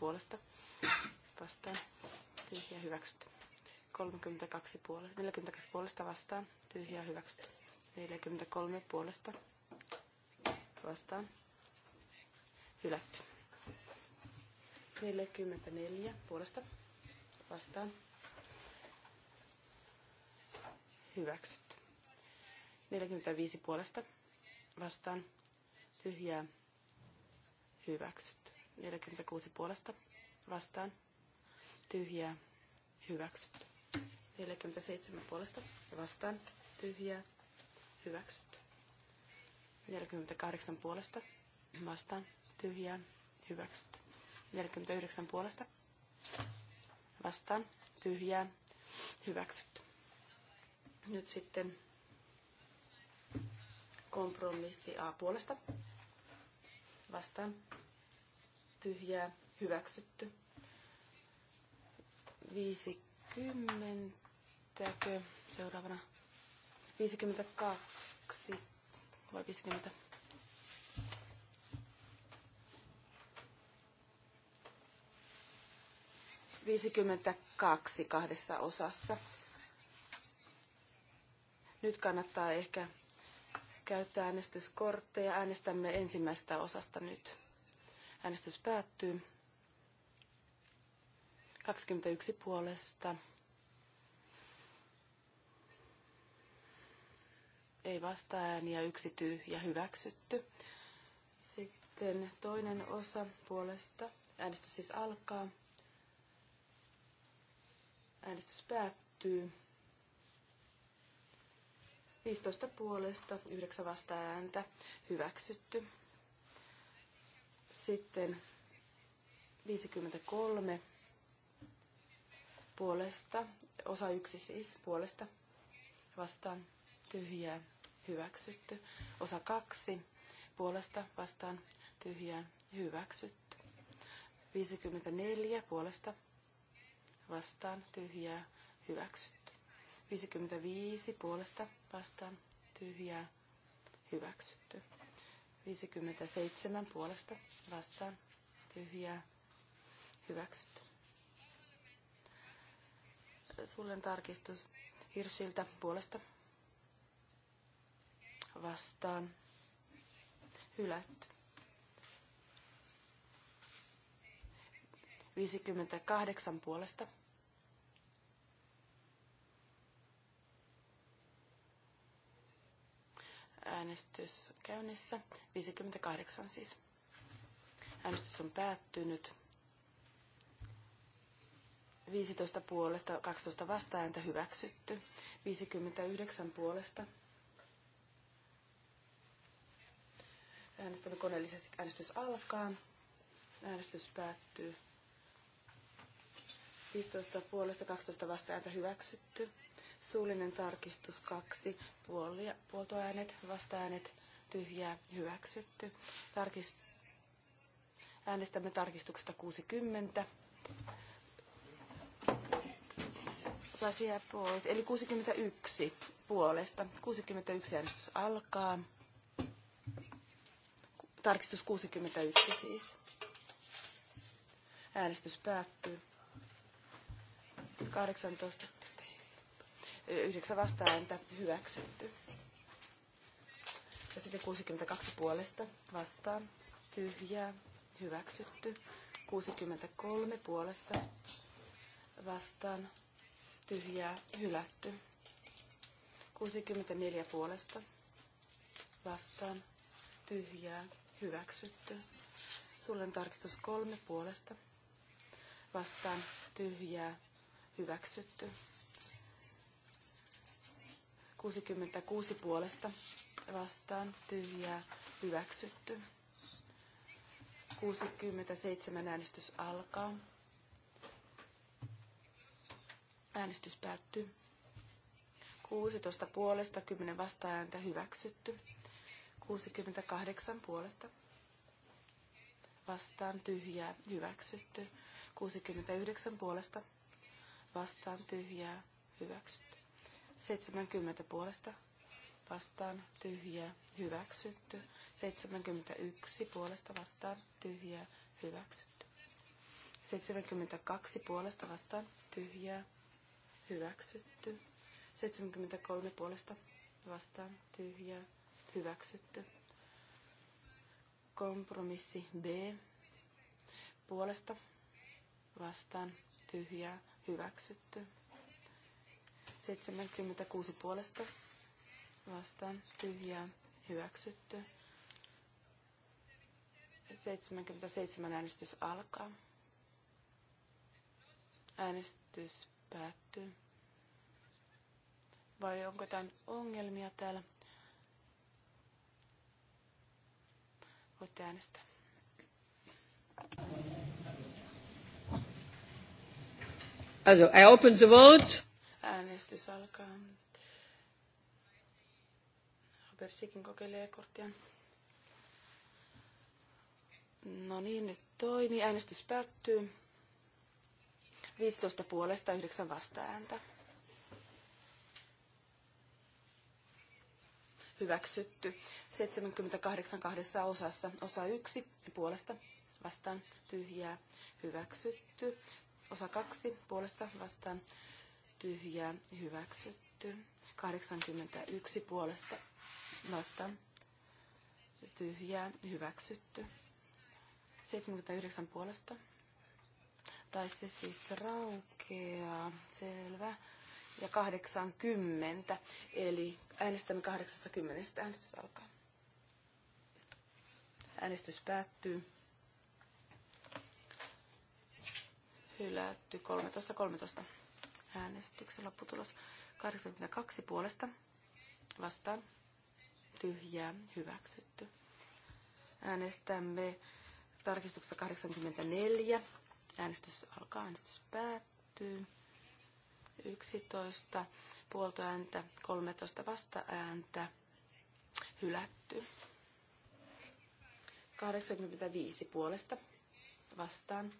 puolesta vastaan Tyhjä hyväksytty. 32 puolesta, 42 puolesta vastaan Tyhjä hyväksytty. 43 puolesta vastaan hylätty. 44 puolesta vastaan hyväksytty. 45 puolesta vastaan tyhjää hyväksytty. 46 puolesta vastaan. Tyhjää. Hyväksytty. 47 puolesta vastaan. Tyhjää. Hyväksytty. 48 puolesta vastaan. Tyhjää. Hyväksytty. 49 puolesta vastaan. Tyhjää. Hyväksytty. Nyt sitten kompromissi A puolesta vastaan tyhjää hyväksytty. 50. Seuraavana 52 vai 50. Viisikymmentäkaksi kahdessa osassa. Nyt kannattaa ehkä käyttää äänestyskortteja. Äänestämme ensimmäistä osasta nyt. Äänestys päättyy. 21 puolesta. Ei vastaääniä, yksi tyhjä hyväksytty. Sitten toinen osa puolesta. Äänestys siis alkaa. Äänestys päättyy. 15 puolesta, 9 vasta ääntä, hyväksytty. Sitten 53 puolesta, osa yksi siis puolesta, vastaan tyhjää, hyväksytty. Osa kaksi puolesta, vastaan tyhjää, hyväksytty. 54 puolesta, vastaan tyhjää, hyväksytty. 55 puolesta, vastaan tyhjää, hyväksytty. 57 puolesta vastaan tyhjää hyväksyt Sullen tarkistus Hirsiltä puolesta vastaan hylätty. 58 puolesta Äänestys käynnissä. 58 siis. Äänestys on päättynyt. 15 puolesta, 12 vastaääntä hyväksytty. 59 puolesta. Äänestämme koneellisesti. Äänestys alkaa. Äänestys päättyy. 15 puolesta, 12 vastaääntä hyväksytty. Suullinen tarkistus kaksi Puolia, puoltoäänet, vastaäänet, tyhjää, hyväksytty. Tarkist... Äänestämme tarkistuksesta 60. Lasia pois. Eli 61 puolesta. 61 äänestys alkaa. Tarkistus 61 siis. Äänestys päättyy. 18 9 vastaääntä hyväksytty. Ja sitten 62 puolesta vastaan tyhjää hyväksytty. 63 puolesta vastaan tyhjää hylätty. 64 puolesta vastaan tyhjää hyväksytty. Sullen tarkistus kolme puolesta vastaan tyhjää hyväksytty. 66 puolesta vastaan tyhjää hyväksytty. 67 äänestys alkaa. Äänestys päättyy. 16 puolesta, 10 vastaääntä hyväksytty. 68 puolesta vastaan tyhjää hyväksytty. 69 puolesta vastaan tyhjää hyväksytty. 70 puolesta vastaan tyhjä hyväksytty. 71 puolesta vastaan tyhjä hyväksytty. 72 puolesta vastaan tyhjä hyväksytty. 73 puolesta vastaan tyhjä hyväksytty. Kompromissi B puolesta vastaan tyhjä hyväksytty. 76 puolesta vastaan tyhjää hyväksytty. 77 äänestys alkaa. Äänestys päättyy. Vai onko jotain ongelmia täällä? Voitte äänestää. Also, I open the vote. Äänestys alkaa. Habersikin kokeilee korttia. No niin, nyt toimi. Äänestys päättyy. 15 puolesta 9 vastaääntä. Hyväksytty. 78 kahdessa osassa. Osa 1 puolesta vastaan tyhjää. Hyväksytty. Osa 2 puolesta vastaan tyhjää hyväksytty. 81 puolesta vastaan tyhjää hyväksytty. 79 puolesta. Tai se siis raukeaa. Selvä. Ja 80. Eli äänestämme 80. Äänestys alkaa. Äänestys päättyy. Hylätty 13.13. 13. 13. Äänestyksen lopputulos 82 puolesta vastaan tyhjää hyväksytty. Äänestämme tarkistuksessa 84. Äänestys alkaa, äänestys päättyy. 11 puolta ääntä, 13 vasta ääntä, hylätty. 85 puolesta vastaan,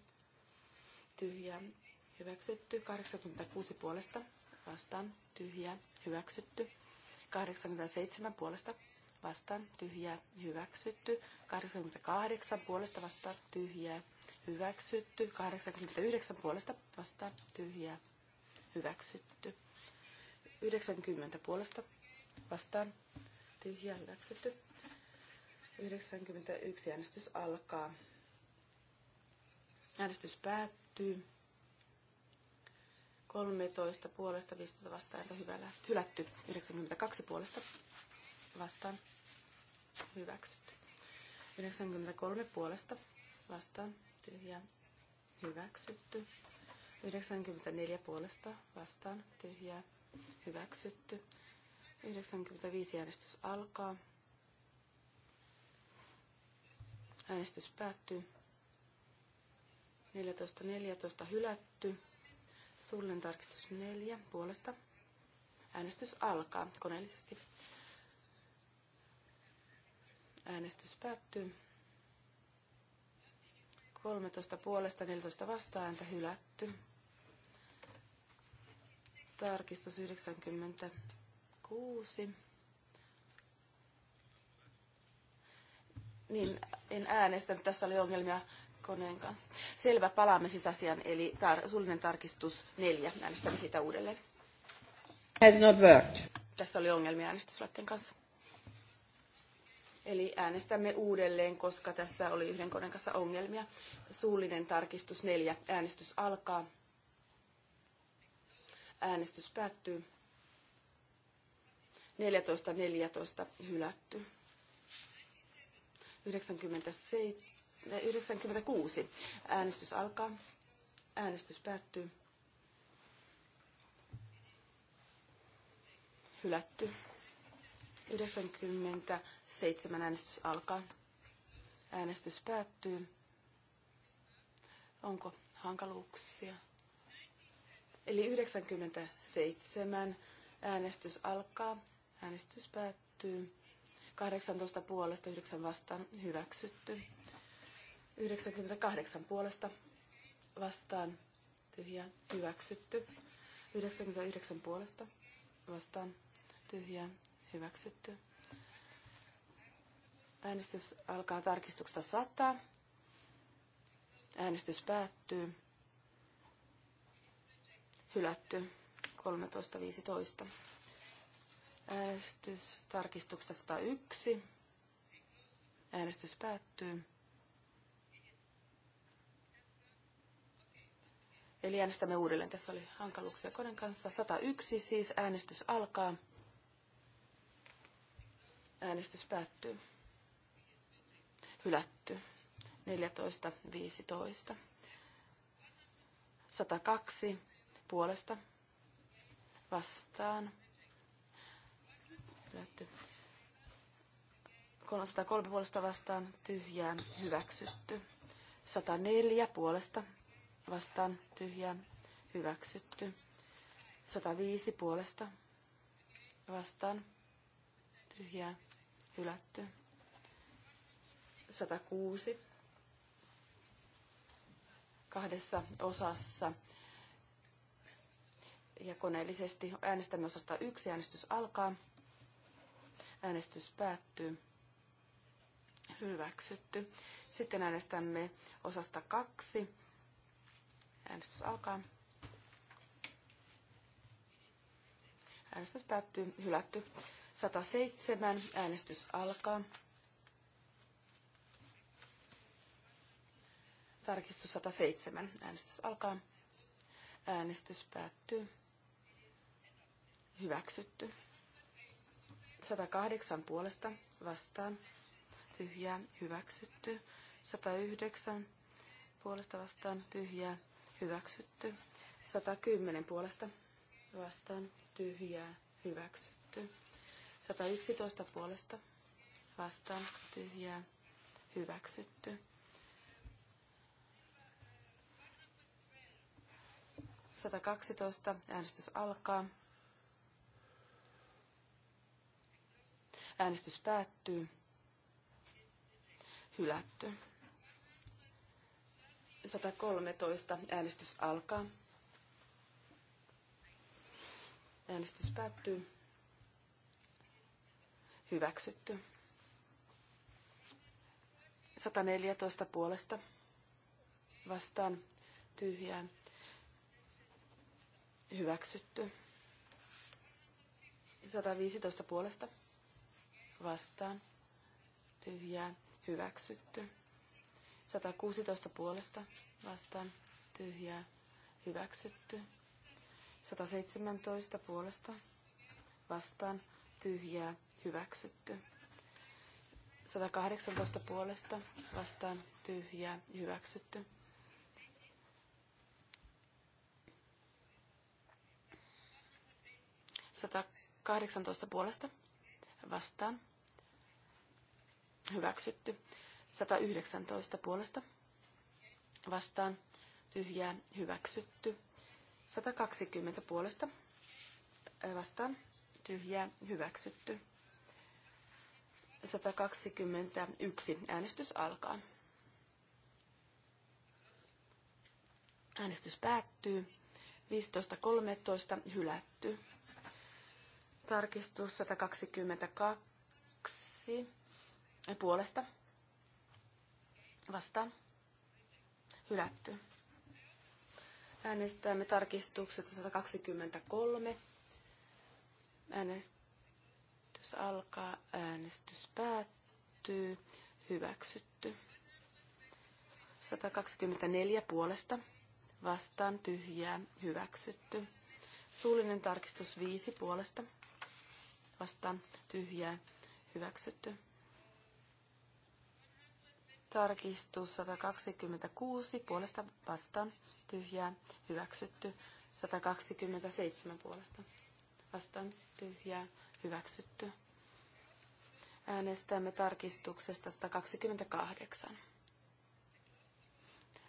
tyhjää hyväksytty. 86 puolesta vastaan Tyhjä. hyväksytty. 87 puolesta vastaan Tyhjä. hyväksytty. 88 puolesta vastaan Tyhjä. hyväksytty. 89 puolesta vastaan Tyhjä. hyväksytty. 90 puolesta vastaan Tyhjä. hyväksytty. 91 äänestys alkaa. Äänestys päättyy. 13 puolesta, 15 vastaan, että hyvällä, hylätty. 92 puolesta vastaan, hyväksytty. 93 puolesta vastaan, tyhjä, hyväksytty. 94 puolesta vastaan, tyhjä, hyväksytty. 95 äänestys alkaa. Äänestys päättyy. 14.14 14, hylätty. Sullen tarkistus 4 puolesta. Äänestys alkaa koneellisesti. Äänestys päättyy. 13 puolesta, 14 vastaääntä hylätty. Tarkistus 96. Niin, en äänestänyt. Tässä oli ongelmia koneen kanssa. Selvä, palaamme siis eli tar- suullinen tarkistus neljä. Äänestämme sitä uudelleen. Has not worked. Tässä oli ongelmia äänestyslaitteen kanssa. Eli äänestämme uudelleen, koska tässä oli yhden koneen kanssa ongelmia. Suullinen tarkistus neljä. Äänestys alkaa. Äänestys päättyy. 14.14 14, hylätty. 97 96. Äänestys alkaa. Äänestys päättyy. Hylätty. 97 äänestys alkaa. Äänestys päättyy. Onko hankaluuksia? Eli 97 äänestys alkaa. Äänestys päättyy. 18 puolesta 9 vastaan hyväksytty. 98 puolesta vastaan tyhjä hyväksytty. 99 puolesta vastaan tyhjä hyväksytty. Äänestys alkaa tarkistuksesta 100. Äänestys päättyy. Hylätty 13.15. Äänestys tarkistuksesta 101. Äänestys päättyy. Eli äänestämme uudelleen. Tässä oli hankaluuksia koneen kanssa. 101 siis. Äänestys alkaa. Äänestys päättyy. Hylätty. 14, 15. 102 puolesta vastaan. Hylätty. 303 puolesta vastaan tyhjään hyväksytty. 104 puolesta vastaan tyhjä hyväksytty. 105 puolesta vastaan tyhjä hylätty. 106 kahdessa osassa ja koneellisesti äänestämme osasta yksi. Äänestys alkaa. Äänestys päättyy. Hyväksytty. Sitten äänestämme osasta kaksi Äänestys alkaa. Äänestys päättyy. Hylätty. 107. Äänestys alkaa. Tarkistus 107. Äänestys alkaa. Äänestys päättyy. Hyväksytty. 108 puolesta vastaan. Tyhjää. Hyväksytty. 109 puolesta vastaan. Tyhjää hyväksytty. 110 puolesta vastaan tyhjää hyväksytty. 111 puolesta vastaan tyhjää hyväksytty. 112 äänestys alkaa. Äänestys päättyy. Hylätty. 113. Äänestys alkaa. Äänestys päättyy. Hyväksytty. 114 puolesta vastaan tyhjää. Hyväksytty. 115 puolesta vastaan tyhjää. Hyväksytty. 116 puolesta vastaan tyhjää hyväksytty. 117 puolesta vastaan tyhjää hyväksytty. 118 puolesta vastaan tyhjää hyväksytty. Sata 18 puolesta vastaan. Hyväksytty. 119 puolesta vastaan tyhjää hyväksytty. 120 puolesta vastaan tyhjää hyväksytty. 121 äänestys alkaa. Äänestys päättyy. 15.13 hylätty. Tarkistus 122 puolesta Vastaan. Hylätty. Äänestämme tarkistuksesta 123. Äänestys alkaa, äänestys päättyy, hyväksytty. 124 puolesta, vastaan tyhjää, hyväksytty. Suullinen tarkistus 5 puolesta, vastaan tyhjää, hyväksytty. Tarkistus 126 puolesta vastaan tyhjää hyväksytty. 127 puolesta vastaan tyhjää hyväksytty. Äänestämme tarkistuksesta 128.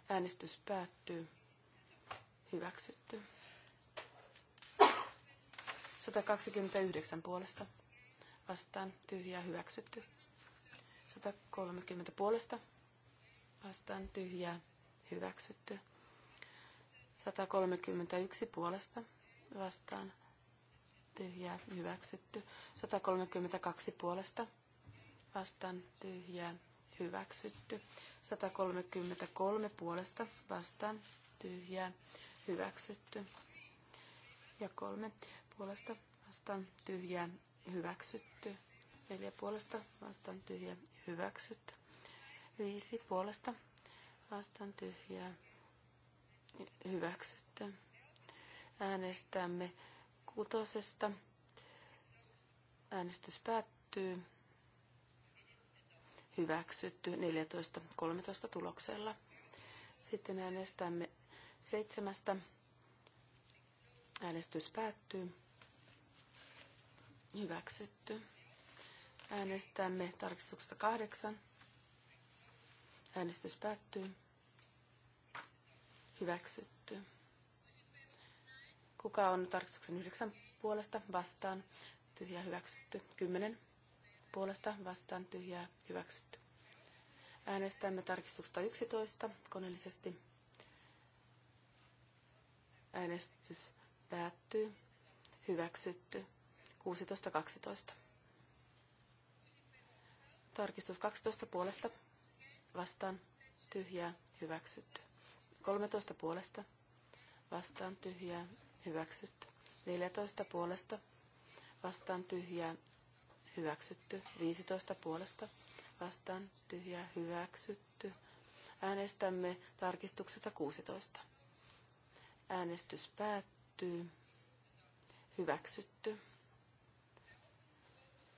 Äänestys päättyy. Hyväksytty. 129 puolesta vastaan tyhjää hyväksytty. 130 puolesta vastaan tyhjää hyväksytty. 131 puolesta vastaan tyhjää hyväksytty. 132 puolesta vastaan tyhjää hyväksytty. 133 puolesta vastaan tyhjää hyväksytty. Ja kolme puolesta vastaan tyhjää hyväksytty. Neljä puolesta vastaan tyhjää hyväksytty. Viisi puolesta vastaan tyhjää. Hyväksytty. Äänestämme kutosesta. Äänestys päättyy. Hyväksytty 14.13 tuloksella. Sitten äänestämme seitsemästä. Äänestys päättyy. Hyväksytty. Äänestämme tarkistuksesta kahdeksan. Äänestys päättyy. Hyväksytty. Kuka on tarkistuksen yhdeksän puolesta vastaan? Tyhjä hyväksytty. kymmenen puolesta vastaan tyhjä hyväksytty. Äänestämme tarkistuksesta 11 koneellisesti. Äänestys päättyy. Hyväksytty. 16.12. Tarkistus 12 puolesta vastaan tyhjää hyväksytty. 13 puolesta vastaan tyhjää hyväksytty. 14 puolesta vastaan tyhjää hyväksytty. 15 puolesta vastaan tyhjää hyväksytty. Äänestämme tarkistuksesta 16. Äänestys päättyy. Hyväksytty.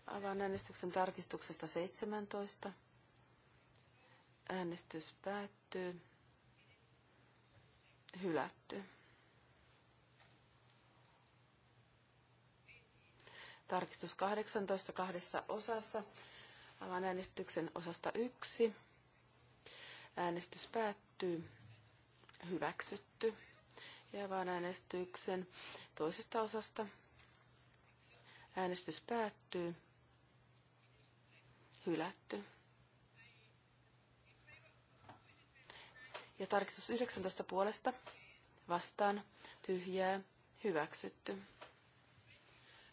Avaan äänestyksen tarkistuksesta 17. Äänestys päättyy. Hylätty. Tarkistus 18 kahdessa osassa. Avaan äänestyksen osasta 1. Äänestys päättyy. Hyväksytty. Ja avaan äänestyksen toisesta osasta. Äänestys päättyy. Hylätty. Ja tarkistus 19 puolesta vastaan tyhjää hyväksytty.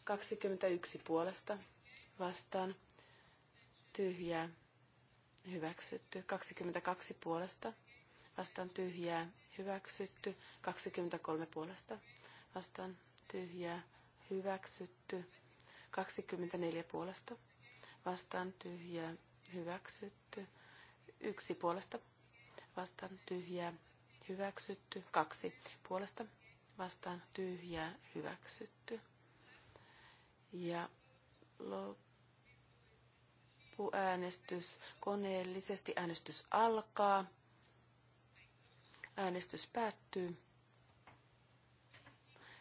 21 puolesta vastaan tyhjää hyväksytty. 22 puolesta vastaan tyhjää hyväksytty. 23 puolesta vastaan tyhjää hyväksytty. 24 puolesta vastaan tyhjää hyväksytty. Yksi puolesta vastaan tyhjää hyväksytty. Kaksi puolesta vastaan tyhjää hyväksytty. Ja loppuäänestys koneellisesti. Äänestys alkaa. Äänestys päättyy.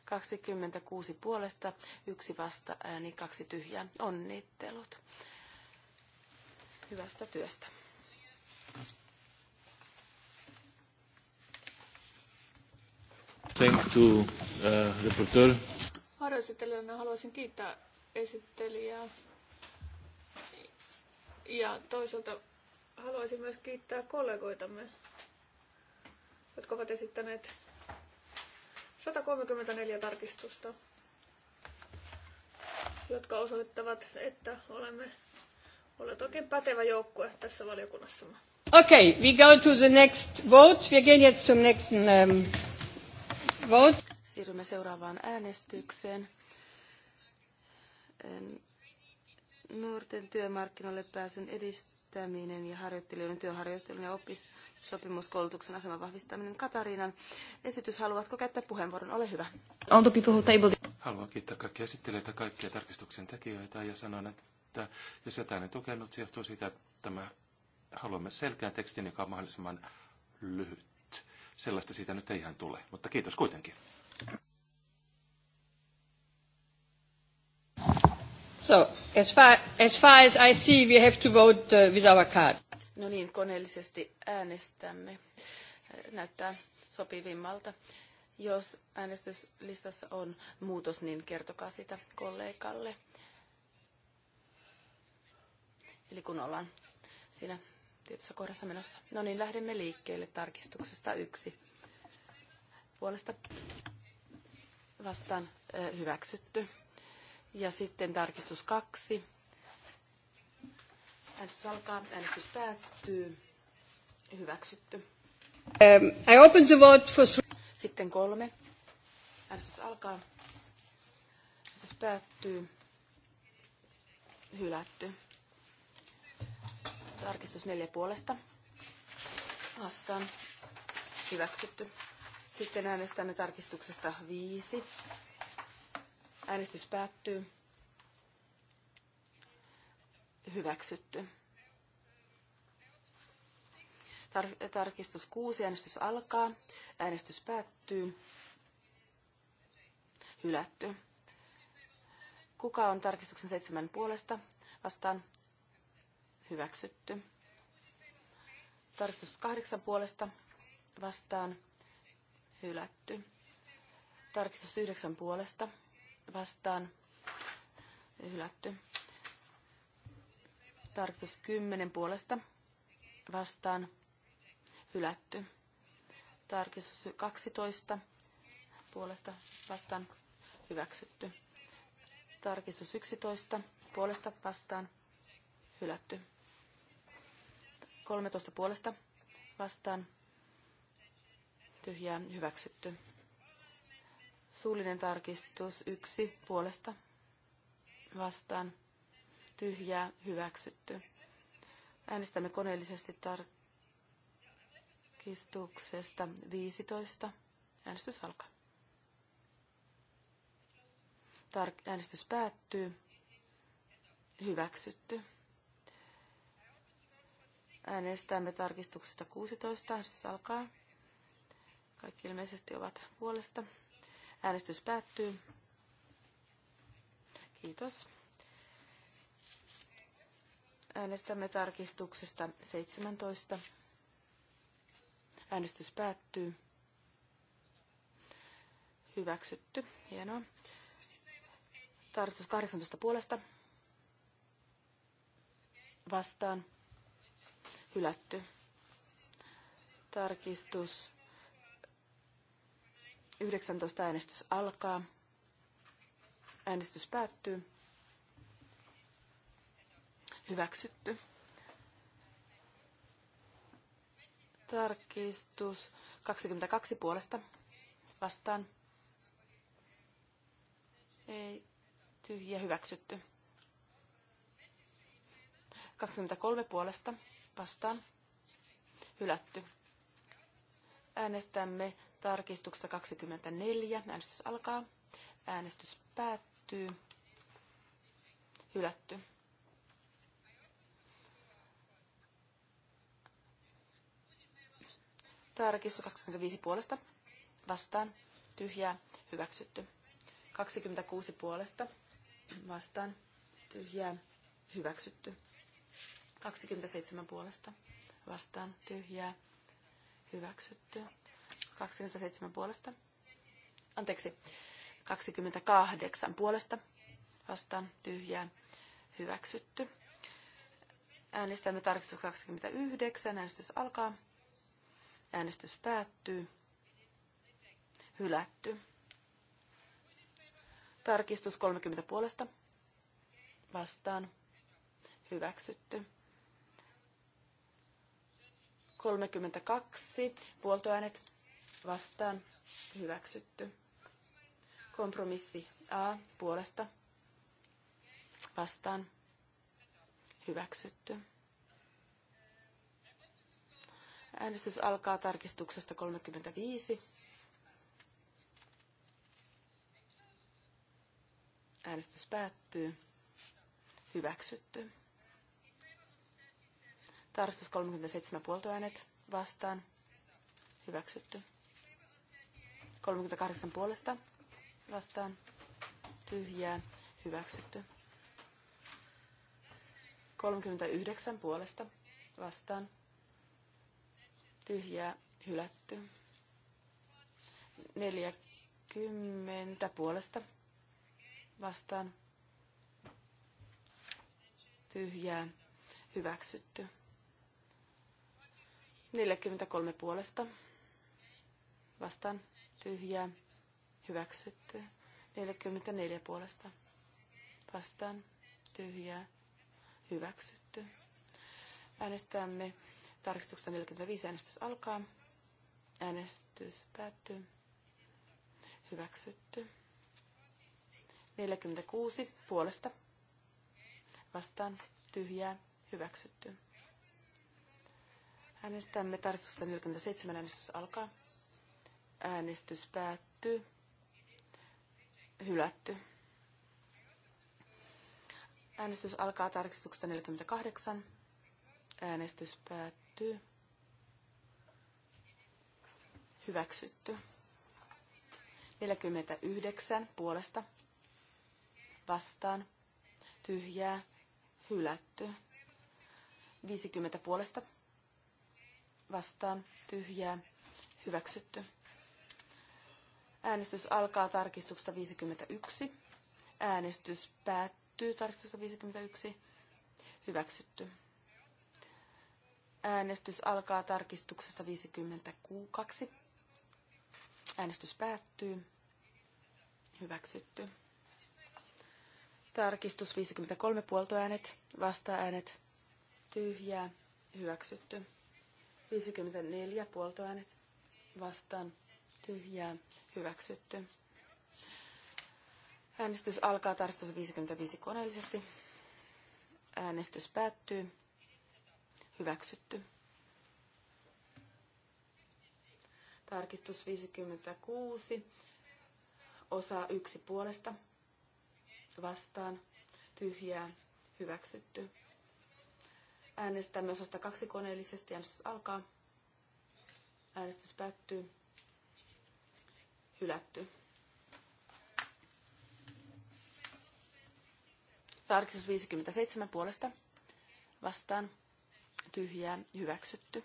26 puolesta, yksi vasta ääni, kaksi tyhjää. Onnittelut hyvästä työstä. thank to uh, reporter. haluaisin kiittää esittelijää. Ja toisaalta haluaisin myös kiittää kollegoitamme, jotka ovat esittäneet 134 tarkistusta, jotka osoittavat, että olemme olleet oikein pätevä joukkue tässä valiokunnassamme. Okay, we go to the next vote. Wir gehen jetzt zum nächsten um... Vote. Siirrymme seuraavaan äänestykseen. Nuorten työmarkkinoille pääsyn edistäminen ja harjoittelijoiden työharjoittelun ja oppisopimuskoulutuksen aseman vahvistaminen. Katariinan esitys. Haluatko käyttää puheenvuoron? Ole hyvä. Haluan kiittää kaikkia esittelijöitä, kaikkia tarkistuksen tekijöitä ja sanon, että jos jotain ei tukenut, se johtuu siitä, että me haluamme selkeän tekstin, joka on mahdollisimman lyhyt Sellaista siitä nyt ei ihan tule, mutta kiitos kuitenkin. So, as far, as far as I see, we have to vote uh, with our card. No niin, koneellisesti äänestämme. Äh, näyttää sopivimmalta. Jos äänestyslistassa on muutos, niin kertokaa sitä kollegalle. Eli kun ollaan siinä tietyssä kohdassa menossa. No niin, lähdemme liikkeelle tarkistuksesta yksi. Puolesta vastaan hyväksytty. Ja sitten tarkistus kaksi. Äänestys alkaa, äänestys päättyy. Hyväksytty. Um, I open the vote for... Sitten kolme. Äänestys alkaa. Äänestys päättyy. Hylätty. Tarkistus neljä puolesta. Vastaan. Hyväksytty. Sitten äänestämme tarkistuksesta viisi. Äänestys päättyy. Hyväksytty. Tar- tarkistus 6. Äänestys alkaa. Äänestys päättyy. Hylätty. Kuka on tarkistuksen seitsemän puolesta? Vastaan Hyväksytty. Tarkistus kahdeksan puolesta vastaan. Hylätty. Tarkistus yhdeksän puolesta vastaan. Hylätty. Tarkistus kymmenen puolesta vastaan. Hylätty. Tarkistus 12 puolesta vastaan. Hyväksytty. Tarkistus 11 puolesta vastaan. Hylätty. 13 puolesta vastaan. Tyhjää hyväksytty. Suullinen tarkistus 1 puolesta vastaan. Tyhjää hyväksytty. Äänestämme koneellisesti tarkistuksesta 15. Äänestys alkaa. tark äänestys päättyy. Hyväksytty. Äänestämme tarkistuksesta 16. Äänestys alkaa. Kaikki ilmeisesti ovat puolesta. Äänestys päättyy. Kiitos. Äänestämme tarkistuksesta 17. Äänestys päättyy. Hyväksytty. Hienoa. Tarkistus 18 puolesta. Vastaan hylätty. Tarkistus 19 äänestys alkaa. Äänestys päättyy. Hyväksytty. Tarkistus 22 puolesta vastaan. Ei tyhjä hyväksytty. 23 puolesta vastaan hylätty. Äänestämme tarkistuksesta 24. Äänestys alkaa. Äänestys päättyy. Hylätty. Tarkistus 25 puolesta. Vastaan. Tyhjää. Hyväksytty. 26 puolesta. Vastaan. Tyhjää. Hyväksytty. 27 puolesta vastaan tyhjää hyväksytty. 27 puolesta. Anteeksi. 28 puolesta vastaan tyhjää hyväksytty. Äänestämme tarkistus 29. Äänestys alkaa. Äänestys päättyy. Hylätty. Tarkistus 30 puolesta. Vastaan. Hyväksytty. 32 puoltoäänet vastaan hyväksytty. Kompromissi A puolesta vastaan hyväksytty. Äänestys alkaa tarkistuksesta 35. Äänestys päättyy. Hyväksytty. Tarkastus 37 puoltoäänet vastaan. Hyväksytty. 38 puolesta vastaan. Tyhjää. Hyväksytty. 39 puolesta vastaan. Tyhjää. Hylätty. 40 puolesta vastaan. Tyhjää. Hyväksytty. 43 puolesta. Vastaan tyhjää. Hyväksytty. 44 puolesta. Vastaan tyhjää. Hyväksytty. Äänestämme tarkistuksesta 45. Äänestys alkaa. Äänestys päättyy. Hyväksytty. 46 puolesta. Vastaan tyhjää. Hyväksytty. Äänestämme tarkistusta 47. Äänestys alkaa. Äänestys päättyy. Hylätty. Äänestys alkaa tarkistuksesta 48. Äänestys päättyy. Hyväksytty. 49 puolesta. Vastaan. Tyhjää. Hylätty. 50 puolesta vastaan tyhjää hyväksytty. Äänestys alkaa tarkistuksesta 51. Äänestys päättyy tarkistuksesta 51. Hyväksytty. Äänestys alkaa tarkistuksesta 52. Äänestys päättyy. Hyväksytty. Tarkistus 53 puoltoäänet, äänet tyhjää, hyväksytty. 54 puoltoäänet vastaan tyhjää hyväksytty. Äänestys alkaa tarkistus 55 koneellisesti. Äänestys päättyy. Hyväksytty. Tarkistus 56. Osa yksi puolesta. Vastaan. Tyhjää. Hyväksytty. Äänestämme osasta kaksi koneellisesti. Äänestys alkaa. Äänestys päättyy. Hylätty. Tarkistus 57 puolesta. Vastaan. Tyhjää. Hyväksytty.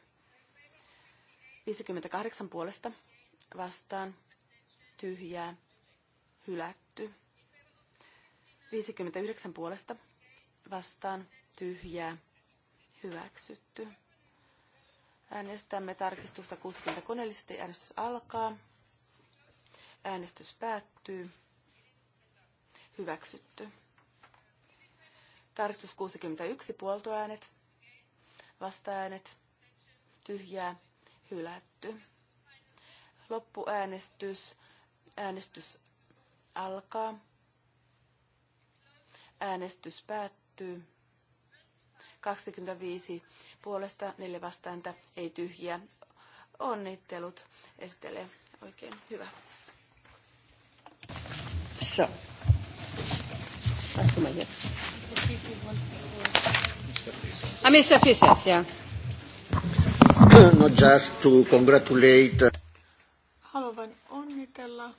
58 puolesta. Vastaan. Tyhjää. Hylätty. 59 puolesta. Vastaan. Tyhjää hyväksytty. Äänestämme tarkistusta 60 koneellisesti. Äänestys alkaa. Äänestys päättyy. Hyväksytty. Tarkistus 61 puoltoäänet. Vastaäänet. Tyhjää. Hylätty. Loppuäänestys. Äänestys alkaa. Äänestys päättyy. 25 puolesta, neljä vastaanta, ei tyhjiä. Onnittelut esittelee oikein hyvä. So. Mr. Ah, Not just to congratulate. Uh, Haluan vain onnitella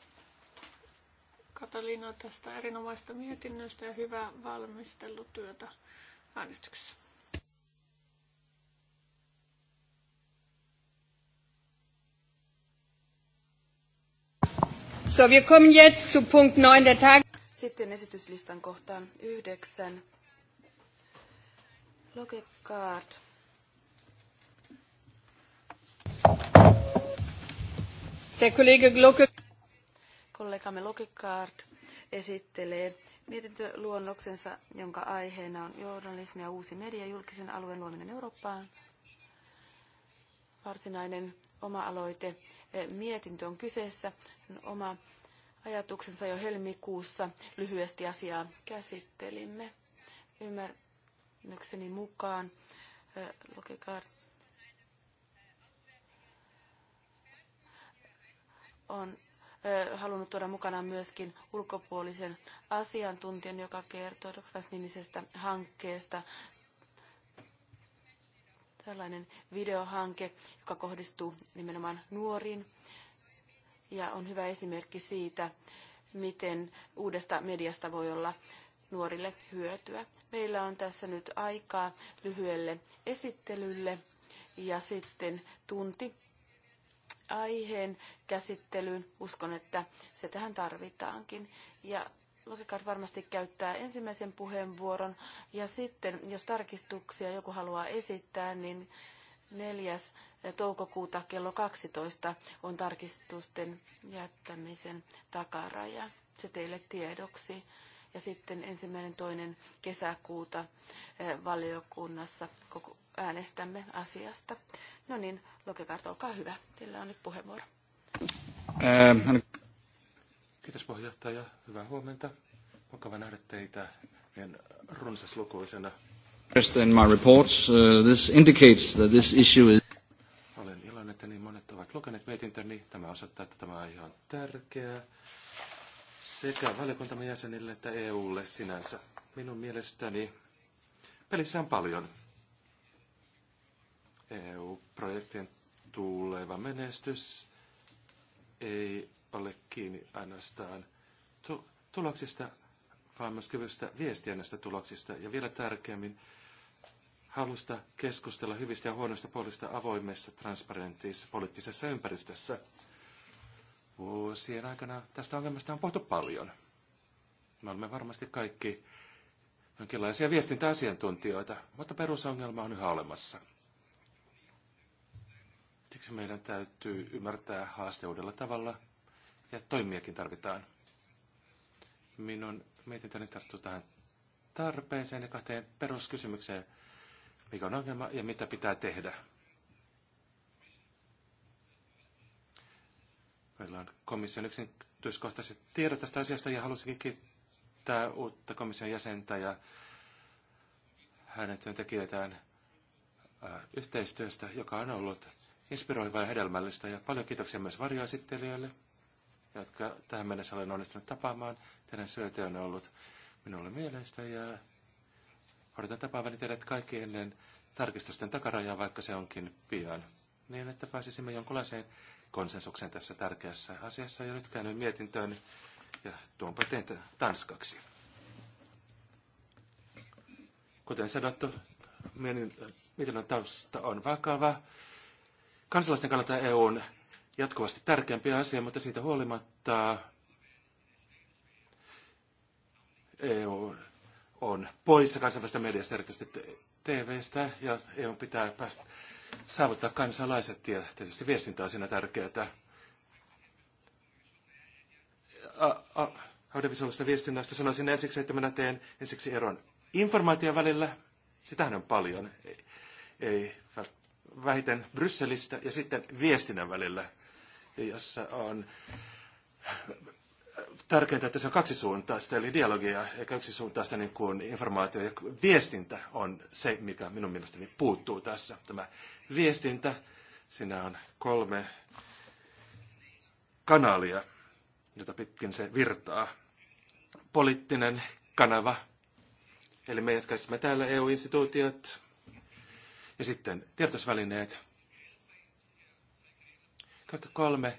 Katalina tästä erinomaista mietinnöstä ja hyvää valmistelutyötä äänestyksessä. So, wir kommen jetzt zu Punkt 9 der Tag. Sitten esityslistan kohtaan 9. Logikaard. Der Kollege Glocke. Kollegamme Logikaard esittelee mietintöluonnoksensa, jonka aiheena on journalismi ja uusi media julkisen alueen luominen Eurooppaan varsinainen oma-aloite eh, mietintö on kyseessä. Oma ajatuksensa jo helmikuussa lyhyesti asiaa käsittelimme. Ymmärrykseni mukaan eh, Lokekar on eh, halunnut tuoda mukana myöskin ulkopuolisen asiantuntijan, joka kertoo Dokfas-nimisestä hankkeesta, tällainen videohanke, joka kohdistuu nimenomaan nuoriin ja on hyvä esimerkki siitä, miten uudesta mediasta voi olla nuorille hyötyä. Meillä on tässä nyt aikaa lyhyelle esittelylle ja sitten tunti aiheen käsittelyyn. Uskon, että se tähän tarvitaankin. Ja Lokikard varmasti käyttää ensimmäisen puheenvuoron ja sitten, jos tarkistuksia joku haluaa esittää, niin 4. toukokuuta kello 12 on tarkistusten jättämisen takaraja. Se teille tiedoksi. Ja sitten ensimmäinen toinen kesäkuuta eh, valiokunnassa koko äänestämme asiasta. No niin, Lokekart, olkaa hyvä. Teillä on nyt puheenvuoro. Ää, Kiitos puheenjohtaja. Hyvää huomenta. Mukava nähdä teitä niin runsaslukuisena. In my reports, uh, this indicates that this issue is... Olen iloinen, että niin monet ovat lukeneet mietintöni. Tämä osoittaa, että tämä aihe on tärkeä sekä valiokuntamme jäsenille että EUlle sinänsä. Minun mielestäni pelissä on paljon. EU-projektien tuleva menestys ei alle kiinni ainoastaan tu- tuloksista, vaan myös kyvystä viestiä näistä tuloksista ja vielä tärkeämmin halusta keskustella hyvistä ja huonoista puolista avoimessa, transparentissa, poliittisessa ympäristössä. Vuosien aikana tästä ongelmasta on puhuttu paljon. Me olemme varmasti kaikki jonkinlaisia viestintäasiantuntijoita, mutta perusongelma on yhä olemassa. Siksi meidän täytyy ymmärtää haaste tavalla – ja toimiakin tarvitaan. Minun mietintäni tarttuu tähän tarpeeseen ja kahteen peruskysymykseen, mikä on ongelma ja mitä pitää tehdä. Meillä on komission yksityiskohtaiset tiedot tästä asiasta ja halusinkin kiittää uutta komission jäsentä ja hänen työntekijöitään yhteistyöstä, joka on ollut inspiroivaa ja hedelmällistä. Ja paljon kiitoksia myös varjoesittelijöille jotka tähän mennessä olen onnistunut tapaamaan. Teidän syöte on ollut minulle mieleistä ja odotan tapaavani teidät kaikki ennen tarkistusten takarajaa, vaikka se onkin pian. Niin, että pääsisimme jonkunlaiseen konsensukseen tässä tärkeässä asiassa ja nyt käännyin mietintöön ja tuonpa teitä tanskaksi. Kuten sanottu, mietinnön tausta on vakava. Kansalaisten kannalta EUn jatkuvasti tärkeämpi asia, mutta siitä huolimatta EU on poissa kansainvälisestä mediasta, erityisesti TVstä, ja EU pitää päästä saavuttaa kansalaiset, ja tietysti viestintä on siinä tärkeää. Audiovisuaalisesta viestinnästä sanoisin ensiksi, että minä teen ensiksi eron informaation välillä, sitähän on paljon, ei, ei vähiten Brysselistä, ja sitten viestinnän välillä – jossa on tärkeintä, että se on kaksisuuntaista, eli dialogia, eikä yksisuuntaista niin kuin informaatio ja viestintä on se, mikä minun mielestäni puuttuu tässä. Tämä viestintä, siinä on kolme kanalia, jota pitkin se virtaa. Poliittinen kanava, eli me, jotka me täällä EU-instituutiot, ja sitten tiedotusvälineet, kaikki kolme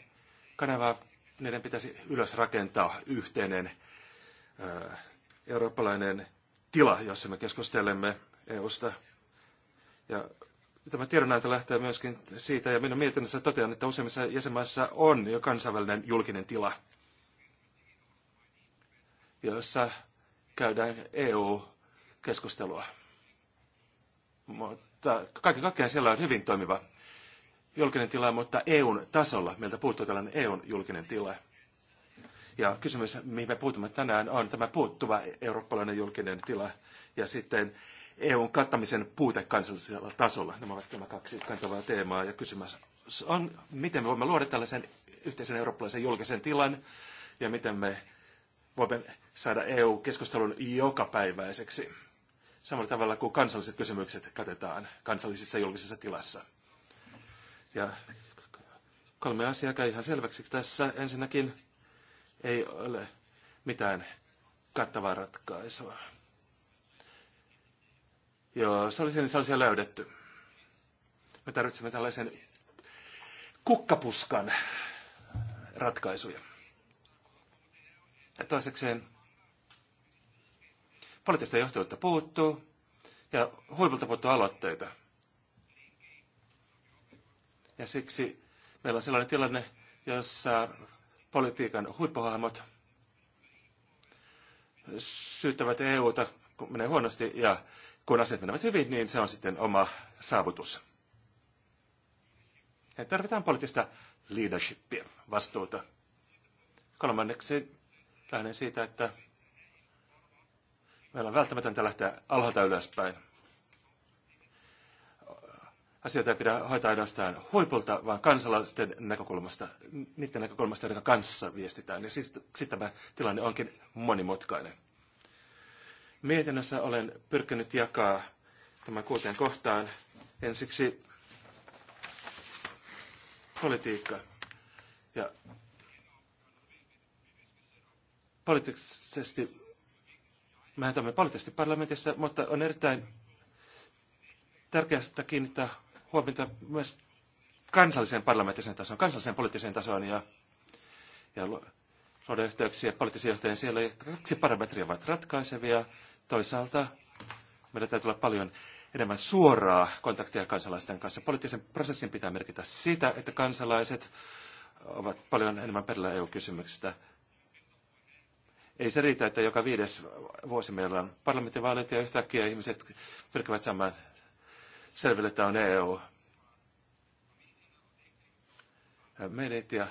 kanavaa, niiden pitäisi ylös rakentaa yhteinen ö, eurooppalainen tila, jossa me keskustelemme EUsta. Ja tämä tiedonanto lähtee myöskin siitä, ja minun mietinnössä totean, että useimmissa jäsenmaissa on jo kansainvälinen julkinen tila, jossa käydään EU-keskustelua. Mutta kaiken kaikkiaan siellä on hyvin toimiva julkinen tila, mutta EUn tasolla. Meiltä puuttuu tällainen EUn julkinen tila. Ja kysymys, mihin me puutumme tänään, on tämä puuttuva eurooppalainen julkinen tila ja sitten EUn kattamisen puute kansallisella tasolla. Nämä ovat tämä kaksi kantavaa teemaa ja kysymys on, miten me voimme luoda tällaisen yhteisen eurooppalaisen julkisen tilan ja miten me voimme saada EU-keskustelun jokapäiväiseksi. Samalla tavalla kuin kansalliset kysymykset katetaan kansallisessa julkisessa tilassa. Ja kolme asiaa käy ihan selväksi tässä. Ensinnäkin ei ole mitään kattavaa ratkaisua. Joo, se olisi, niin se olisi löydetty. Me tarvitsemme tällaisen kukkapuskan ratkaisuja. Ja toisekseen poliittista johtajuutta puuttuu ja huipulta puuttuu aloitteita. Ja siksi meillä on sellainen tilanne, jossa politiikan huippuhahmot syyttävät EUta, kun menee huonosti, ja kun asiat menevät hyvin, niin se on sitten oma saavutus. Ja tarvitaan poliittista leadershipia, vastuuta. Kolmanneksi lähden siitä, että meillä on välttämätöntä lähteä alhaalta ylöspäin asioita ei pidä hoitaa ainoastaan huipulta, vaan kansalaisten näkökulmasta, niiden näkökulmasta, joiden kanssa viestitään. Ja siis, sitten tämä tilanne onkin monimutkainen. Mietinnössä olen pyrkinyt jakaa tämän kuuteen kohtaan. Ensiksi politiikka. Ja poliittisesti, mehän toimimme poliittisesti parlamentissa, mutta on erittäin tärkeää kiinnittää huomiota myös kansalliseen parlamenttiseen tasoon, kansalliseen poliittiseen tasoon ja, ja luoda yhteyksiä poliittisiin johtajien siellä. Kaksi parametria ovat ratkaisevia. Toisaalta meillä täytyy olla paljon enemmän suoraa kontaktia kansalaisten kanssa. Poliittisen prosessin pitää merkitä sitä, että kansalaiset ovat paljon enemmän perillä EU-kysymyksistä. Ei se riitä, että joka viides vuosi meillä on parlamenttivaalit ja yhtäkkiä ihmiset pyrkivät saamaan selville, että on EU. Ja menit ja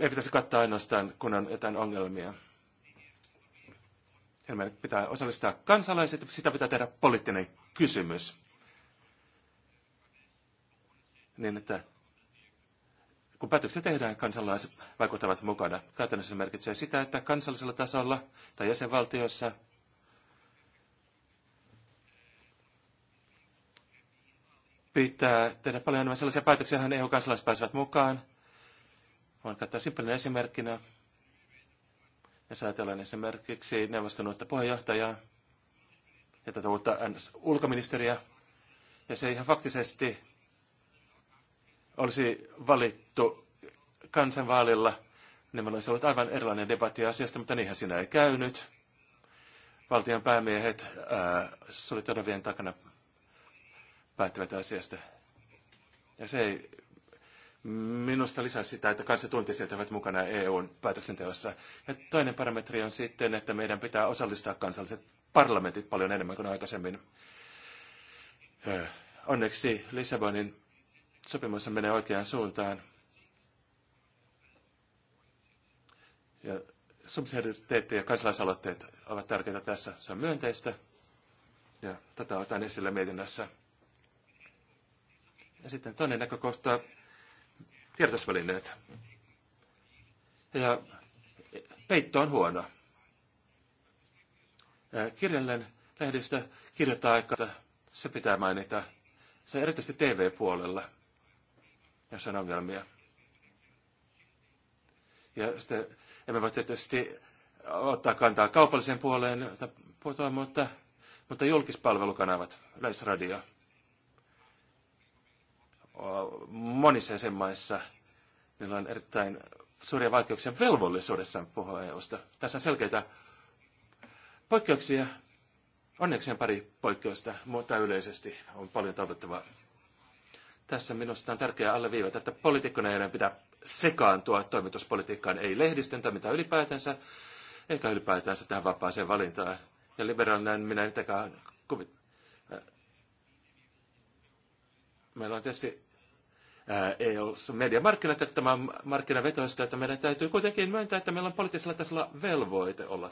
ei pitäisi kattaa ainoastaan, kun on jotain ongelmia. Meidän pitää osallistaa kansalaiset, sitä pitää tehdä poliittinen kysymys. Niin, että kun päätöksiä tehdään, kansalaiset vaikuttavat mukana. Käytännössä se merkitsee sitä, että kansallisella tasolla tai jäsenvaltioissa pitää tehdä paljon enemmän sellaisia päätöksiä, joihin EU-kansalaiset pääsevät mukaan. Voin käyttää simppelinä esimerkkinä. Jos ajatellaan esimerkiksi neuvoston uutta puheenjohtajaa ja tätä uutta ulkoministeriä, ja se ihan faktisesti olisi valittu kansanvaalilla, niin meillä olisi ollut aivan erilainen debatti asiasta, mutta niinhän siinä ei käynyt. Valtion päämiehet ää, takana päättävät asiasta. Ja se ei minusta lisää sitä, että kansatuntisijat ovat mukana EUn päätöksenteossa. Ja toinen parametri on sitten, että meidän pitää osallistaa kansalliset parlamentit paljon enemmän kuin aikaisemmin. Onneksi Lissabonin sopimus menee oikeaan suuntaan. Ja subsidiariteetti ja kansalaisaloitteet ovat tärkeitä tässä. Se on myönteistä. Ja tätä otan esille mietinnässä. Ja sitten toinen näkökohta, tiedotusvälineet. Ja peitto on huono. Kirjallinen lehdistö kirjoittaa aika, se pitää mainita. Se on erityisesti TV-puolella, jos on ongelmia. Ja sitten emme voi tietysti ottaa kantaa kaupalliseen puoleen, mutta, mutta julkispalvelukanavat, yleisradio – monissa jäsenmaissa niillä on erittäin suuria vaikeuksia velvollisuudessaan puhua EUsta. Tässä on selkeitä poikkeuksia. Onneksi on pari poikkeusta, mutta yleisesti on paljon toivottavaa. Tässä minusta on tärkeää alleviivata, että poliitikkojen ei pidä sekaantua toimituspolitiikkaan, ei lehdistön toimintaan ylipäätänsä, eikä ylipäätänsä tähän vapaaseen valintaan. Ja liberaalinen minä mitenkään kuvit. Meillä on tietysti ei ole mediamarkkinat, että tämä on markkinavetoista, että meidän täytyy kuitenkin myöntää, että meillä on poliittisella tasolla velvoite olla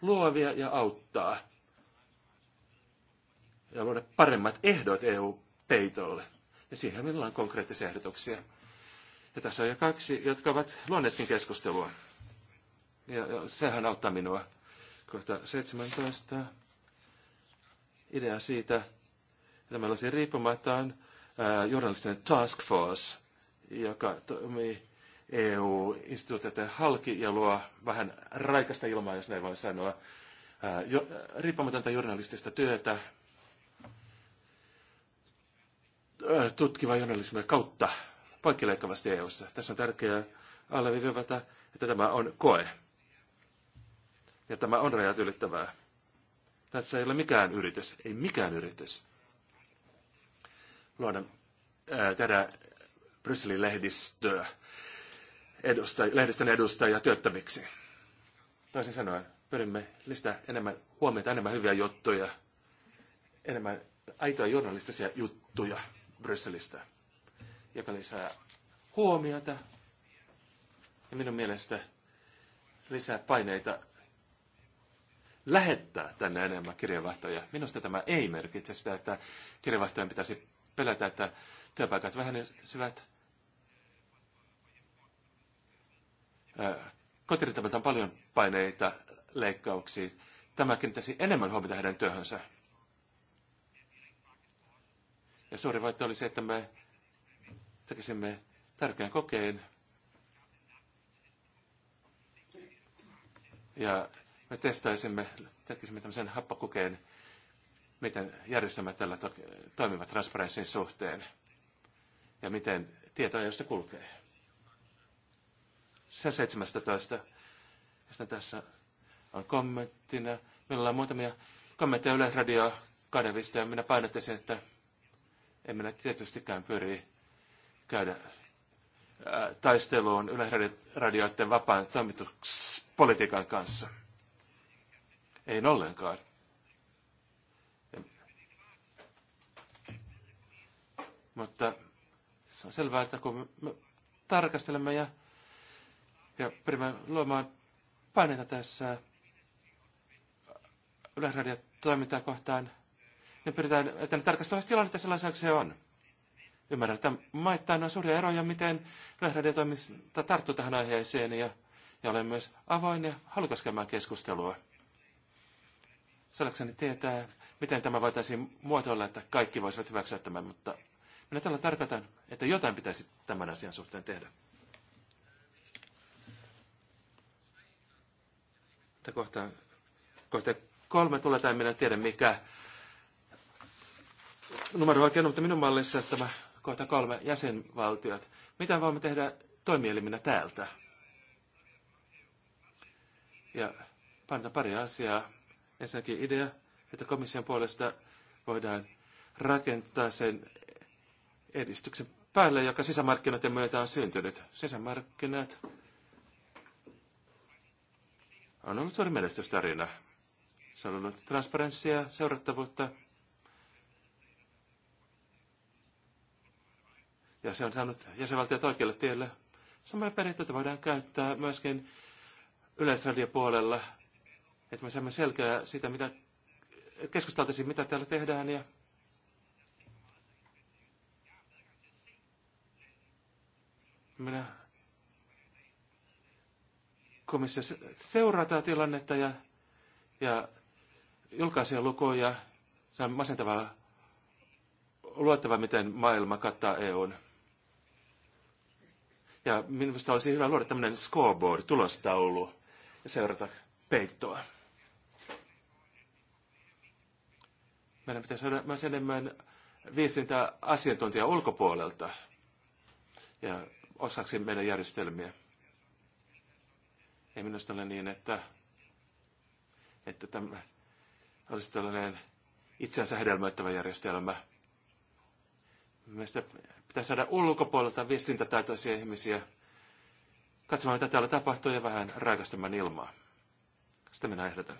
luovia ja auttaa ja luoda paremmat ehdot EU-peitolle. Ja siihen meillä on konkreettisia ehdotuksia. Ja tässä on jo kaksi, jotka ovat luonneetkin keskustelua. Ja, ja sehän auttaa minua. Kohta 17. Idea siitä, että meillä olisi riippumaton Äh, journalistinen task force, joka toimii EU-instituutioiden halki ja luo vähän raikasta ilmaa, jos näin voi sanoa, ää, äh, jo, äh, riippumatonta journalistista työtä, ää, tutkivaa journalismia kautta poikkileikkaavasti EU:ssa. Tässä on tärkeää alleviivata, että tämä on koe. Ja tämä on rajat ylittävää. Tässä ei ole mikään yritys, ei mikään yritys luoda, tehdä Brysselin lehdistöä, edustaj, lehdistön edustajia työttömiksi. Toisin sanoen, pyrimme lisätä enemmän huomiota, enemmän hyviä juttuja, enemmän aitoja journalistisia juttuja Brysselistä, joka lisää huomiota ja minun mielestä lisää paineita lähettää tänne enemmän kirjavahtoja. Minusta tämä ei merkitse sitä, että kirjavahtojen pitäisi pelätä, että työpaikat vähenisivät. Kotirintamalta on paljon paineita leikkauksiin. Tämä kiinnittäisi enemmän huomiota heidän työhönsä. Ja suuri vaihto oli se, että me tekisimme tärkeän kokeen. Ja me testaisimme, tekisimme tämmöisen happakokeen miten järjestelmät tällä to- toimivat transparenssin suhteen ja miten tietoja, josta kulkee. Sen 17. Ja tässä on kommenttina. Meillä on muutamia kommentteja Yleisradio kanavista ja minä painottaisin, että en minä tietystikään pyri käydä ää, taisteluun yleisradioiden vapaan toimituspolitiikan kanssa. Ei ollenkaan. Mutta se on selvää, että kun me tarkastelemme ja, ja pyrimme luomaan paineita tässä yleisradiotoimintaa kohtaan, niin pyritään, että ne tarkastelevat tilannetta sellaisena kuin se on. Ymmärrän, että maittain on suuria eroja, miten yleisradiotoiminta tarttuu tähän aiheeseen ja, ja olen myös avoin ja halukas käymään keskustelua. Saadakseni tietää, miten tämä voitaisiin muotoilla, että kaikki voisivat hyväksyä tämän, mutta minä tällä tarkoitan, että jotain pitäisi tämän asian suhteen tehdä. Mutta kohta, kohta kolme tulee, tai minä tiedä mikä numero oikein mutta minun mallissa tämä kohta kolme jäsenvaltiot. Mitä voimme tehdä toimieliminä täältä? Ja painotan pari asiaa. Ensinnäkin idea, että komission puolesta voidaan rakentaa sen edistyksen päälle, joka sisämarkkinoiden myötä on syntynyt. Sisämarkkinat on ollut suuri menestystarina. Se on ollut transparenssia, seurattavuutta. Ja se on saanut jäsenvaltiot oikealle tielle. Samoja periaatteita voidaan käyttää myöskin yleisradiopuolella, että me saamme selkeää sitä, mitä keskusteltaisiin, mitä täällä tehdään ja Minä komissio seuraa tätä tilannetta ja, ja julkaisee lukuja. Se on masentavaa luettava, miten maailma kattaa EUn. Ja minusta olisi hyvä luoda tämmöinen scoreboard, tulostaulu ja seurata peittoa. Meidän pitäisi saada myös enemmän viestintää asiantuntija ulkopuolelta. Ja osaksi meidän järjestelmiä. Ei minusta ole niin, että, että tämä olisi tällainen itseänsä hedelmöittävä järjestelmä. Meistä pitää saada ulkopuolelta viestintätaitoisia ihmisiä katsomaan, mitä täällä tapahtuu ja vähän raikastamaan ilmaa. Sitä minä ehdotan.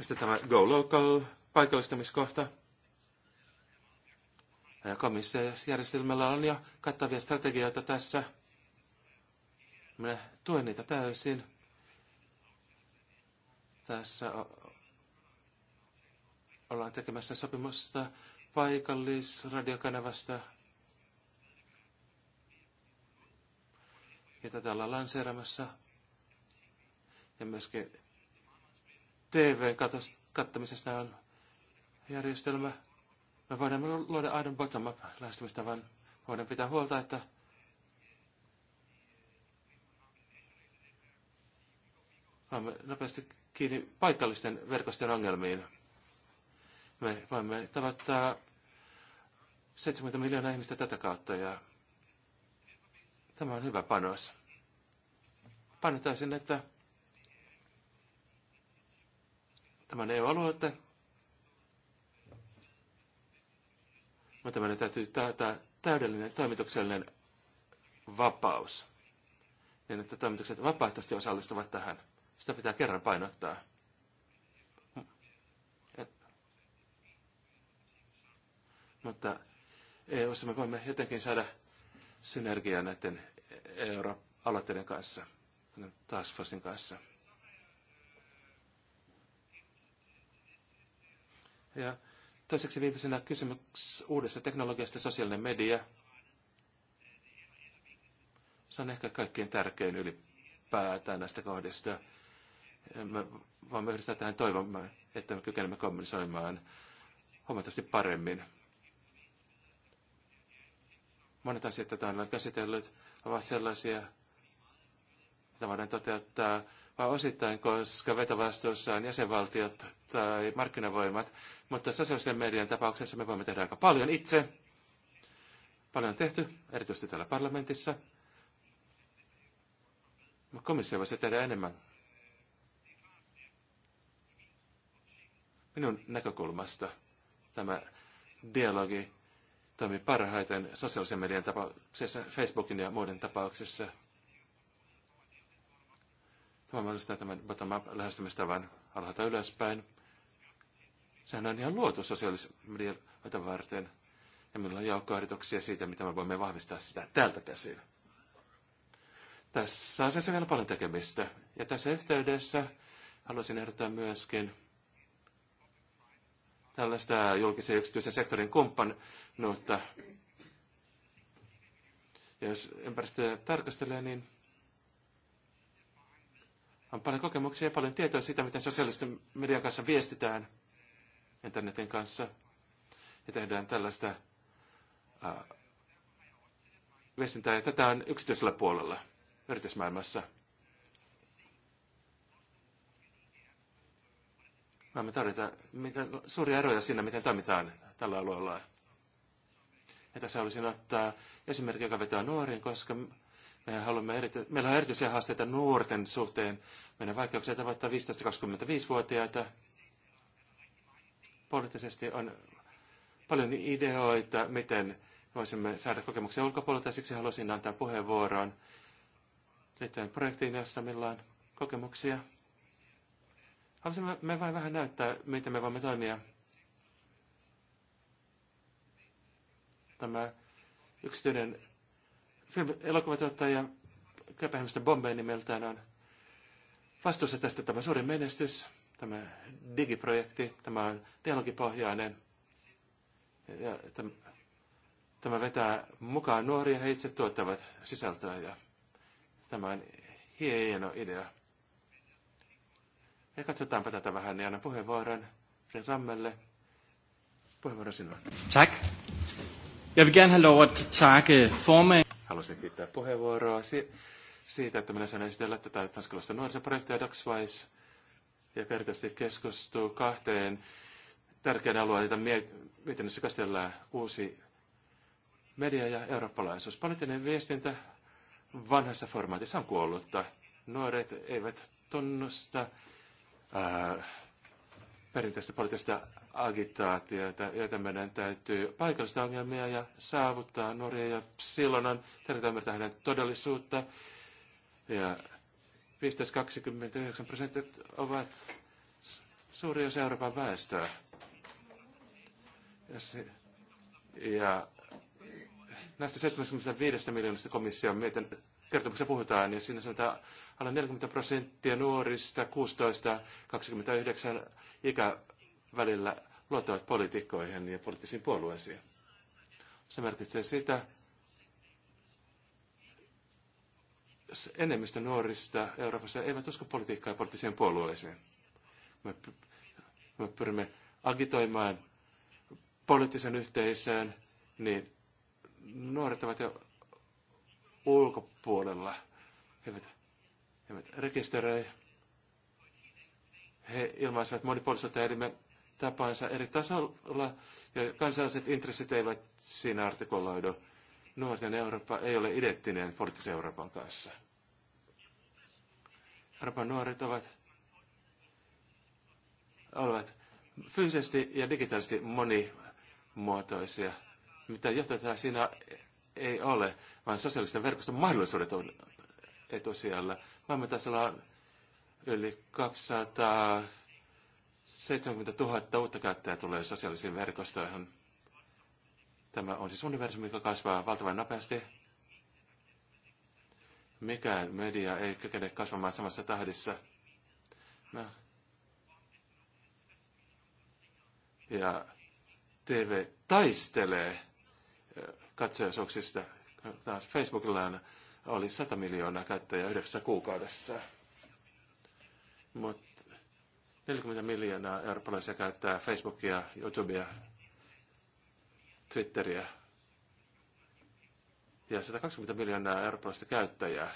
sitten tämä Go Local paikallistamiskohta komissiojärjestelmällä on jo kattavia strategioita tässä. Minä tuen niitä täysin. Tässä ollaan tekemässä sopimusta paikallisradiokanavasta. Ja tätä ollaan lanseeramassa. Ja myöskin tv kattamisesta on järjestelmä. Me voidaan luoda aidon bottom-up lähestymistavan. Voidaan pitää huolta, että voimme nopeasti kiinni paikallisten verkostojen ongelmiin. Me voimme tavoittaa 70 miljoonaa ihmistä tätä kautta ja tämä on hyvä panos. Painotaisin, että tämä ei EU-alueiden mutta meidän täytyy tää täydellinen toimituksellinen vapaus, niin että toimitukset vapaaehtoisesti osallistuvat tähän. Sitä pitää kerran painottaa. Mutta EU-ssa me voimme jotenkin saada synergiaa näiden euroaloitteiden kanssa, taas Fosin kanssa. Ja Toiseksi viimeisenä kysymys uudesta teknologiasta sosiaalinen media. Se on ehkä kaikkein tärkein ylipäätään näistä kohdista. Me voimme yhdistää tähän toivomme, että me kykenemme kommunisoimaan huomattavasti paremmin. Monet asiat, joita olen käsitellyt, ovat sellaisia, että voidaan toteuttaa vaan osittain, koska vetovastuussa on jäsenvaltiot tai markkinavoimat, mutta sosiaalisen median tapauksessa me voimme tehdä aika paljon itse. Paljon on tehty, erityisesti täällä parlamentissa. Komissio voisi tehdä enemmän. Minun näkökulmasta tämä dialogi toimii parhaiten sosiaalisen median tapauksessa, Facebookin ja muiden tapauksessa – Tämä mahdollistaa tämän bottom-up lähestymistavan alhaalta ylöspäin. Sehän on ihan luotu sosiaalista varten. Ja meillä on joukko siitä, mitä me voimme vahvistaa sitä täältä käsin. Tässä on se vielä paljon tekemistä. Ja tässä yhteydessä haluaisin ehdottaa myöskin tällaista julkisen ja yksityisen sektorin kumppanuutta. Ja jos ympäristöä tarkastelee, niin on paljon kokemuksia ja paljon tietoa siitä, miten sosiaalisten median kanssa viestitään internetin kanssa. Ja tehdään tällaista äh, viestintää. Ja tätä on yksityisellä puolella yritysmaailmassa. Voimme tarjota miten, suuria eroja siinä, miten toimitaan tällä alueella. Ja tässä olisin ottaa esimerkki, joka vetää nuoriin, koska me haluamme erity- Meillä on erityisiä haasteita nuorten suhteen. Meidän vaikeuksia tavoittaa 15-25-vuotiaita. Poliittisesti on paljon ideoita, miten voisimme saada kokemuksia ulkopuolelta, siksi haluaisin antaa puheenvuoron liittyen projektiin, josta meillä on kokemuksia. Haluaisimme me vain vähän näyttää, miten me voimme toimia. Tämä yksityinen elokuvatuottaja Köpenhamista Bombay nimeltään on vastuussa tästä tämä suuri menestys, tämä digiprojekti, tämä on dialogipohjainen. Ja tämä, tämä vetää mukaan nuoria, he itse tuottavat sisältöä ja tämä on hieno idea. Ja katsotaanpa tätä vähän, niin annan puheenvuoron Fred Rammelle. Puheenvuoro sinulle. Tack. Jag vill gärna ha lov att tacka formen. Haluaisin kiittää puheenvuoroa si- siitä, että minä saan esitellä tätä tanskalaista nuorisoprojektia DaxWise, ja erityisesti keskustuu kahteen tärkeän alueen, jota mietinnössä käsitellään uusi media ja eurooppalaisuus. Poliittinen viestintä vanhassa formaatissa on kuollutta. Nuoret eivät tunnusta ää, perinteistä poliittista agitaatiota, joita meidän täytyy paikallista ongelmia ja saavuttaa nuoria. Ja silloin on tärkeää ymmärtää heidän todellisuutta. Ja 15-29 prosenttia ovat suuri osa Euroopan väestöä. Ja, se, ja näistä 75 miljoonasta on mietin, kertomuksessa puhutaan, ja siinä sanotaan, että alle 40 prosenttia nuorista 16-29 ikävälillä luottavat poliitikkoihin ja poliittisiin puolueisiin. Se merkitsee sitä, enemmistö nuorista Euroopassa eivät usko politiikkaa ja poliittisiin puolueisiin. Me, me pyrimme agitoimaan poliittisen yhteisöön, niin nuoret ovat jo ulkopuolella. He eivät, he eivät rekisteröi. He ilmaisivat monipuolisuutta elimen tapansa eri tasolla, ja kansalliset intressit eivät siinä artikuloidu. Nuorten Eurooppa ei ole identtinen poliittisen Euroopan kanssa. Euroopan nuoret ovat, ovat fyysisesti ja digitaalisesti monimuotoisia, mitä johtaa siinä ei ole, vaan sosiaalisten verkoston mahdollisuudet on etusijalla. Maailman tasolla on yli 270 000 uutta käyttäjää tulee sosiaalisiin verkostoihin. Tämä on siis universumi, joka kasvaa valtavan nopeasti. Mikään media ei kykene kasvamaan samassa tahdissa. No. Ja TV taistelee katsojaosuuksista. Taas Facebookilla oli 100 miljoonaa käyttäjää yhdeksässä kuukaudessa. Mutta 40 miljoonaa eurooppalaisia käyttää Facebookia, YouTubea, Twitteriä ja 120 miljoonaa eurooppalaista käyttäjää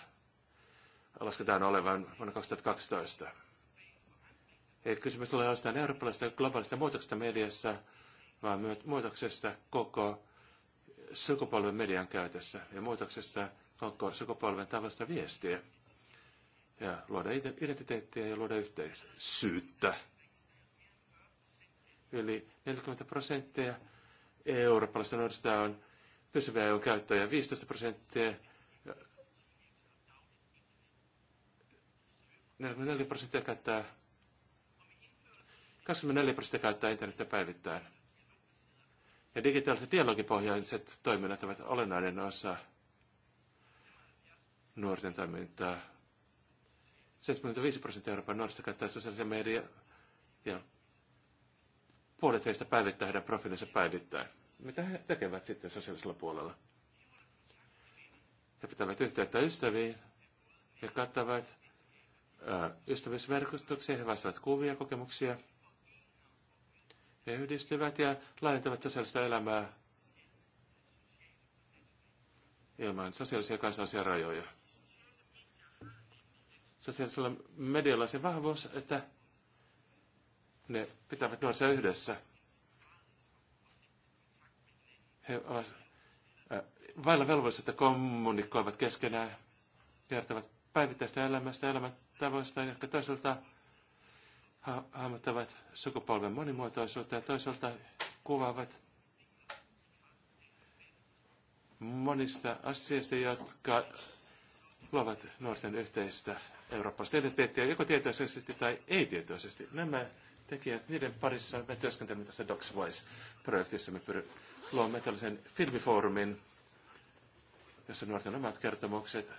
lasketaan olevan vuonna 2012. Ei kysymys ole ainoastaan eurooppalaisesta globaalista muutoksesta mediassa, vaan myös muutoksesta koko sukupolven median käytössä ja muutoksesta koko sukupolven tavasta viestiä ja luoda identiteettiä ja luoda yhteisyyttä. Yli 40 prosenttia eurooppalaisista nuorista on pysyviä eu käyttäjiä, 15 prosenttia 44 prosenttia käyttää 24 prosenttia käyttää internetiä päivittäin. Ja digitaaliset dialogipohjaiset toiminnat ovat olennainen osa nuorten toimintaa. 75 prosenttia Euroopan nuorista käyttää sosiaalisia mediaa ja puolet heistä päivittää heidän profiilinsa päivittäin. Mitä he tekevät sitten sosiaalisella puolella? He pitävät yhteyttä ystäviin, ja kattavat ystävyysverkostuksia, he vastaavat kuvia, kokemuksia – ne yhdistyvät ja laajentavat sosiaalista elämää ilman sosiaalisia ja kansallisia rajoja. Sosiaalisella medialla se vahvuus, että ne pitävät nuorsa yhdessä. He ovat vailla velvollisuutta kommunikoivat keskenään, kertovat päivittäistä elämästä, elämäntavoista, jotka toisaalta hahmottavat sukupolven monimuotoisuutta ja toisaalta kuvaavat monista asioista, jotka luovat nuorten yhteistä eurooppalaista identiteettiä, joko tietoisesti tai ei-tietoisesti. Nämä tekijät, niiden parissa me työskentelemme tässä Docs Voice-projektissa. Me pyr- luomme tällaisen filmifoorumin, jossa nuorten omat kertomukset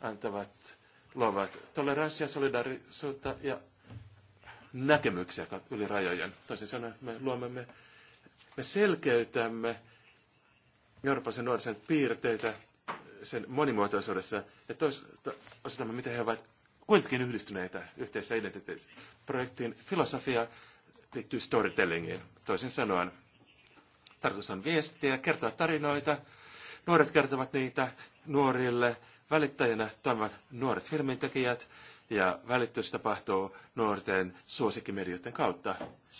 antavat luovat toleranssia, solidaarisuutta ja näkemyksiä yli rajojen. Toisin sanoen me luomme, me, me selkeytämme eurooppalaisen nuorisen piirteitä sen monimuotoisuudessa ja toisaalta osoitamme, miten he ovat kuitenkin yhdistyneitä yhteisessä identiteetissä. Projektin filosofia liittyy storytellingiin. Toisin sanoen, tarkoitus on viestiä, kertoa tarinoita. Nuoret kertovat niitä nuorille välittäjänä toimivat nuoret filmintekijät ja välitys tapahtuu nuorten suosikkimedioiden kautta.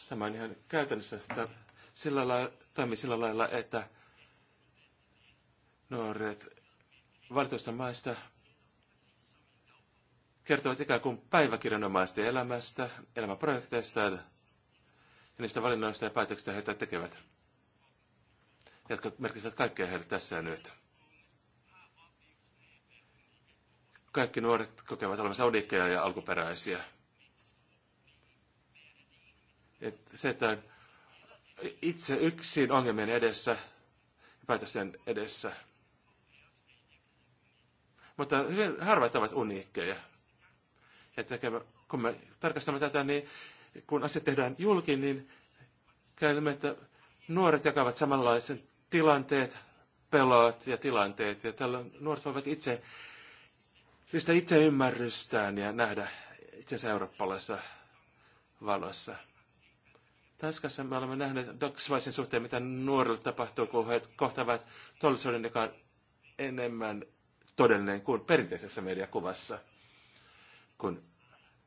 Tämä on ihan käytännössä, että sillä lailla, toimii sillä lailla, että nuoret valituista maista kertovat ikään kuin päiväkirjanomaisten elämästä, elämäprojekteista, ja niistä valinnoista ja päätöksistä heitä tekevät, jotka merkitsevät kaikkea heille tässä ja nyt. kaikki nuoret kokevat olevansa odikkeja ja alkuperäisiä. Et se, että itse yksin ongelmien edessä ja päätösten edessä. Mutta hyvin harvat ovat uniikkeja. Että kun me tarkastamme tätä, niin kun asiat tehdään julki, niin käymme, että nuoret jakavat samanlaisen tilanteet, pelot ja tilanteet. Ja tällöin nuoret voivat itse sitä ymmärrystään ja nähdä itse eurooppalaisessa valossa. Tanskassa me olemme nähneet Doc suhteen, mitä nuorille tapahtuu, kun he kohtavat tollisuuden, joka on enemmän todellinen kuin perinteisessä mediakuvassa. Kun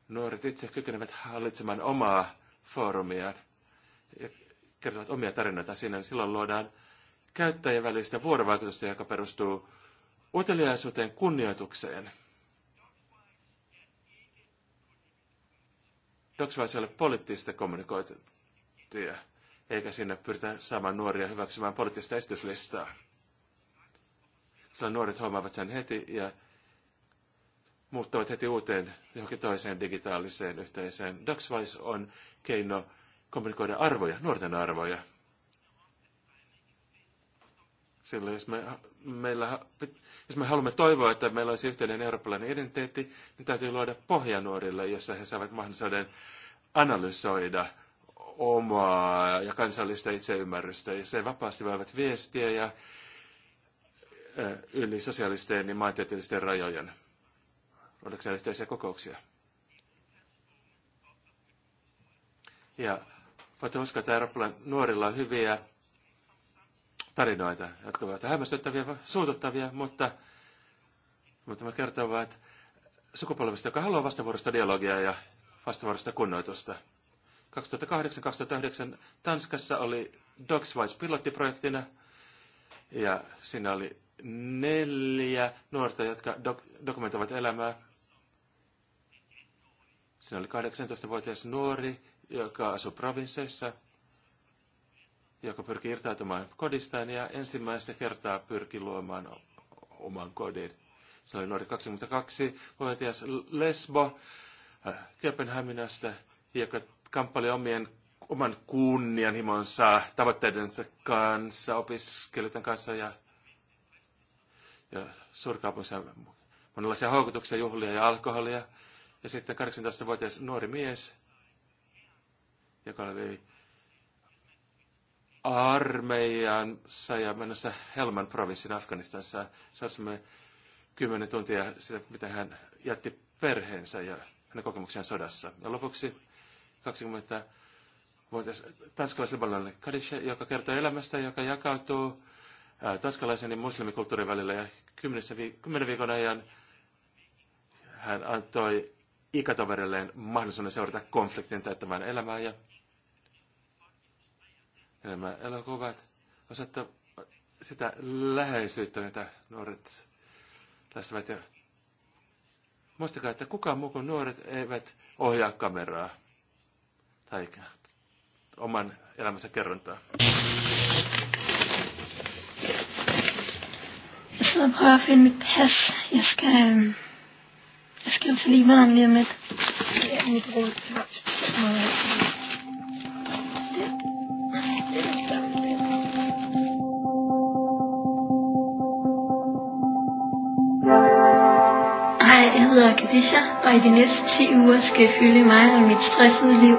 nuoret itse kykenevät hallitsemaan omaa foorumiaan ja kertovat omia tarinoita siinä, niin silloin luodaan käyttäjien välistä vuorovaikutusta, joka perustuu uteliaisuuteen, kunnioitukseen – Joksivais ei ole poliittista kommunikointia, eikä sinne pyritä saamaan nuoria hyväksymään poliittista esityslistaa. Sillä nuoret huomaavat sen heti ja muuttavat heti uuteen johonkin toiseen digitaaliseen yhteiseen. Docswise on keino kommunikoida arvoja, nuorten arvoja. Sillä jos me meillä, jos me haluamme toivoa, että meillä olisi yhteinen eurooppalainen identiteetti, niin täytyy luoda pohja nuorille, jossa he saavat mahdollisuuden analysoida omaa ja kansallista itseymmärrystä. Ja se vapaasti voivat viestiä ja yli sosiaalisten ja maantieteellisten rajojen. Oliko siellä yhteisiä kokouksia? Ja voitte uskoa, että Euroopan nuorilla on hyviä tarinoita, jotka ovat hämmästyttäviä, suututtavia, mutta, mutta me kertovat sukupolvesta, joka haluaa vastavuorosta dialogia ja vastavuorosta kunnoitusta. 2008-2009 Tanskassa oli Dogswise pilottiprojektina ja siinä oli neljä nuorta, jotka dok- dokumentoivat elämää. Siinä oli 18-vuotias nuori, joka asui provinsseissa joka pyrki irtautumaan kodistaan ja ensimmäistä kertaa pyrki luomaan oman kodin. Se oli nuori 22-vuotias lesbo äh, Kööpenhaminasta, joka kamppaili omien oman kunnianhimonsa tavoitteidensa kanssa, opiskelijoiden kanssa ja, ja suurkaupunsa monenlaisia houkutuksia, juhlia ja alkoholia. Ja sitten 18-vuotias nuori mies, joka oli armeijansa ja menossa Helman provinssin Afganistanissa. Saisimme kymmenen tuntia sitä, mitä hän jätti perheensä ja hänen kokemuksiaan sodassa. Ja lopuksi 20 vuotias tanskalais Kadisha, joka kertoo elämästä, joka jakautuu tanskalaisen ja muslimikulttuurin välillä. Ja kymmenessä vi- kymmenen viikon ajan hän antoi ikätoverilleen mahdollisuuden seurata konfliktin täyttämään elämää. Ja nämä elokuvat osoittavat sitä läheisyyttä, mitä nuoret lähtevät. Ja muistakaa, että kukaan muu kuin nuoret eivät ohjaa kameraa tai oman elämänsä kerrontaa. Jag har film mitt häss. Jag ska, jag ska förliva anledningen med mitt råd. Ibiza og i de næste 10 uger skal fylde mig og mit stressede liv.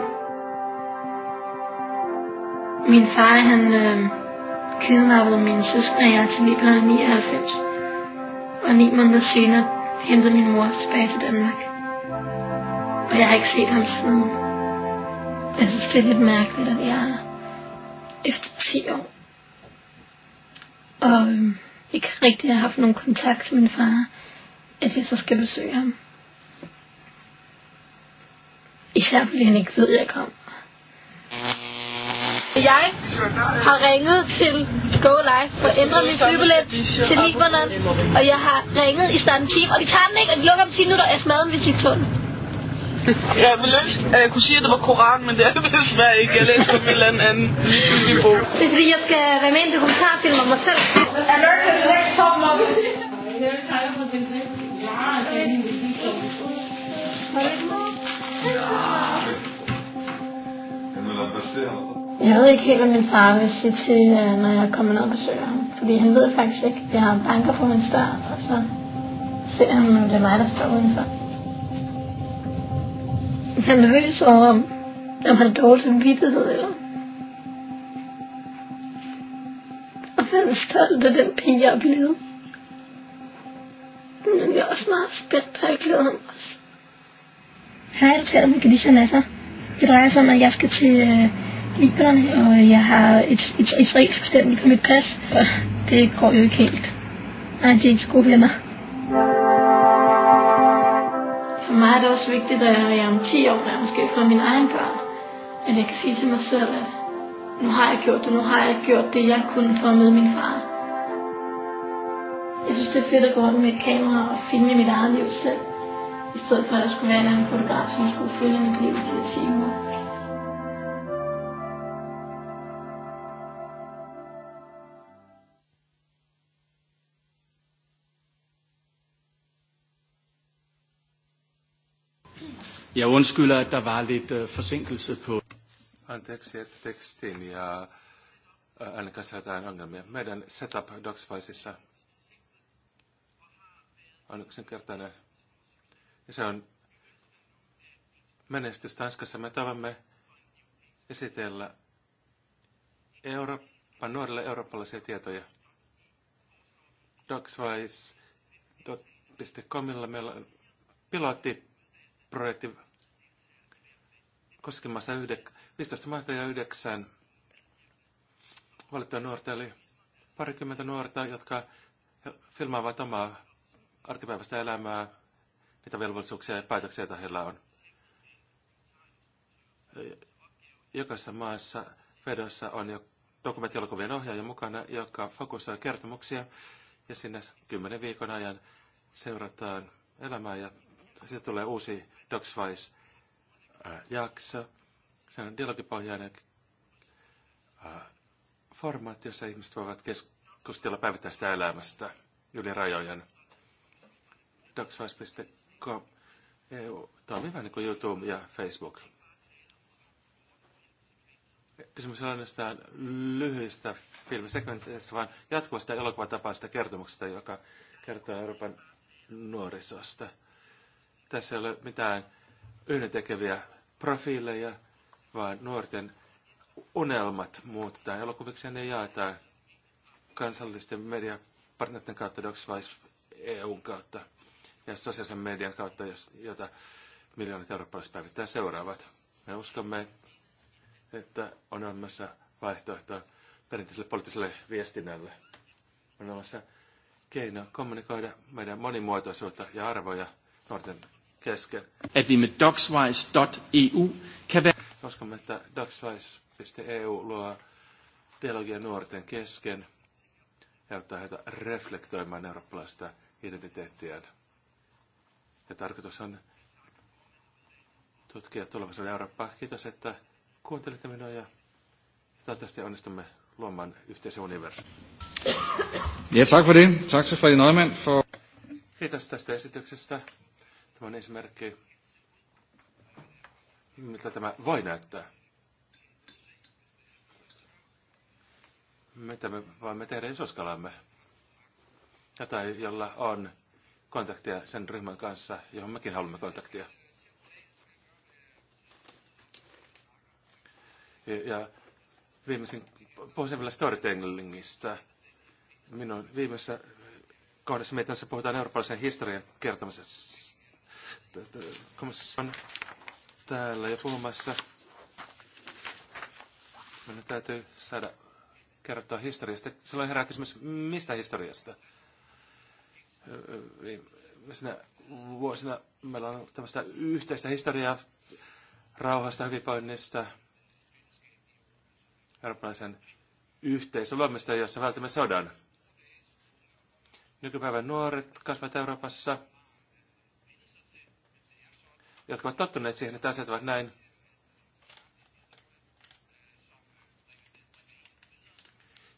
Min far, han øh, kidnappede min søster er og jeg til 1999, og ni måneder senere hentede min mor tilbage til Danmark. Og jeg har ikke set ham siden. Jeg synes, det er lidt mærkeligt, at jeg er efter 10 år og øh, ikke rigtig har haft nogen kontakt til min far, at jeg så skal besøge ham. Ich habe Islamklinik nichts zu kom. Jeg har ringet til Go Live for at ændre min flybillet til Libanon, og jeg har ringet i starten time, og de tager den ikke, og de lukker om 10 minutter, og jeg smadrer den ved sit tunnel. Ja, jeg ville ønske, at jeg kunne sige, at det var Koran, men det er det desværre ikke. Jeg læser om en eller anden ligegyldig bog. Det er fordi, jeg skal være med i en dokumentarfilm om mig selv. America's Next Top Model. Jeg for det. Er- ja, det er min Jeg ved ikke helt, hvad min far vil sige til, øh, når jeg er kommer ned og besøger ham. Fordi han ved faktisk ikke, at jeg har banker på min dør, og så ser han, at det er mig, der står udenfor. Jeg er nervøs over, om jeg har er dårlig samvittighed, eller Og jeg er stolt af den pige, jeg er blevet. Men jeg er også meget spændt, og jeg glæder mig også Hej, jeg taler med Khadija Nasser. Det drejer sig om, at jeg skal til øh, Libanon, og jeg har et, et et israelsk stempel på mit pas, og det går jo ikke helt. Nej, det er ikke gode venner. For mig er det også vigtigt, at jeg er om 10 år, når jeg måske får er min egen børn, at jeg kan sige til mig selv, at nu har jeg gjort det, nu har jeg gjort det, jeg kunne for at møde min far. Jeg synes, det er fedt at gå rundt med et kamera og filme mit eget liv selv i stedet for at skulle være и след това разговарям в Бургас, всичко влизам книгите си има. Jeg undskylder, at der var lidt uh, forsinkelse på. Anteeksi, että tekstin ja äänen äh, kanssa jotain ongelmia. Meidän setup Docsfaisissa on yksinkertainen ja se on menestys. Tanskassa me tavamme esitellä Euroopan nuorille eurooppalaisia tietoja. Docswise.comilla meillä on pilottiprojekti koskemassa 15 maata ja 9 valittua nuorta, eli parikymmentä nuorta, jotka filmaavat omaa arkipäiväistä elämää niitä velvollisuuksia ja päätöksiä, joita heillä on. Jokaisessa maassa vedossa on jo dokumenttielokuvien ohjaaja mukana, joka fokusoi kertomuksia ja sinne kymmenen viikon ajan seurataan elämää ja siitä tulee uusi Docsvice-jakso. Se on dialogipohjainen formaatti, jossa ihmiset voivat keskustella päivittäistä elämästä yli rajojen. Docsvice vaikka EU, tämä on vähän niin kuin YouTube ja Facebook. Kysymys on ainoastaan lyhyistä filmisegmenteistä, vaan jatkuvasta elokuvatapaista kertomuksesta, joka kertoo Euroopan nuorisosta. Tässä ei ole mitään yhdentekeviä profiileja, vaan nuorten unelmat muuttaa elokuviksi ja ne jaetaan kansallisten mediapartnerten kautta, Docs EUn kautta ja sosiaalisen median kautta, jota miljoonat eurooppalaiset päivittäin seuraavat. Me uskomme, että on olemassa vaihtoehto perinteiselle poliittiselle viestinnälle. On olemassa keino kommunikoida meidän monimuotoisuutta ja arvoja nuorten kesken. docswise.eu Uskomme, että docswise.eu luo dialogia nuorten kesken ja auttaa heitä reflektoimaan eurooppalaista identiteettiään. Ja tarkoitus on tutkia tulevaisuuden Eurooppaa. Kiitos, että kuuntelitte minua ja toivottavasti onnistumme luomaan yhteisen universumin. Ja tack för det. Tack så för för... Kiitos tästä esityksestä. Tämä on esimerkki, mitä tämä voi näyttää. Mitä me voimme tehdä, jos uskallamme? Jotain, jolla on kontaktia sen ryhmän kanssa, johon mekin haluamme kontaktia. Ja viimeisin, puhuisin vielä storytellingista. Minun viimeisessä kohdassa mietinnössä puhutaan eurooppalaisen historian kertomisesta. Komissio on täällä jo puhumassa. Minun täytyy saada kertoa historiasta. Silloin herää kysymys, mistä historiasta? viimeisenä vuosina meillä on tämmöistä yhteistä historiaa rauhasta, hyvinvoinnista, eurooppalaisen yhteisön luomista, jossa vältämme sodan. Nykypäivän nuoret kasvavat Euroopassa, jotka ovat tottuneet siihen, että asiat ovat näin.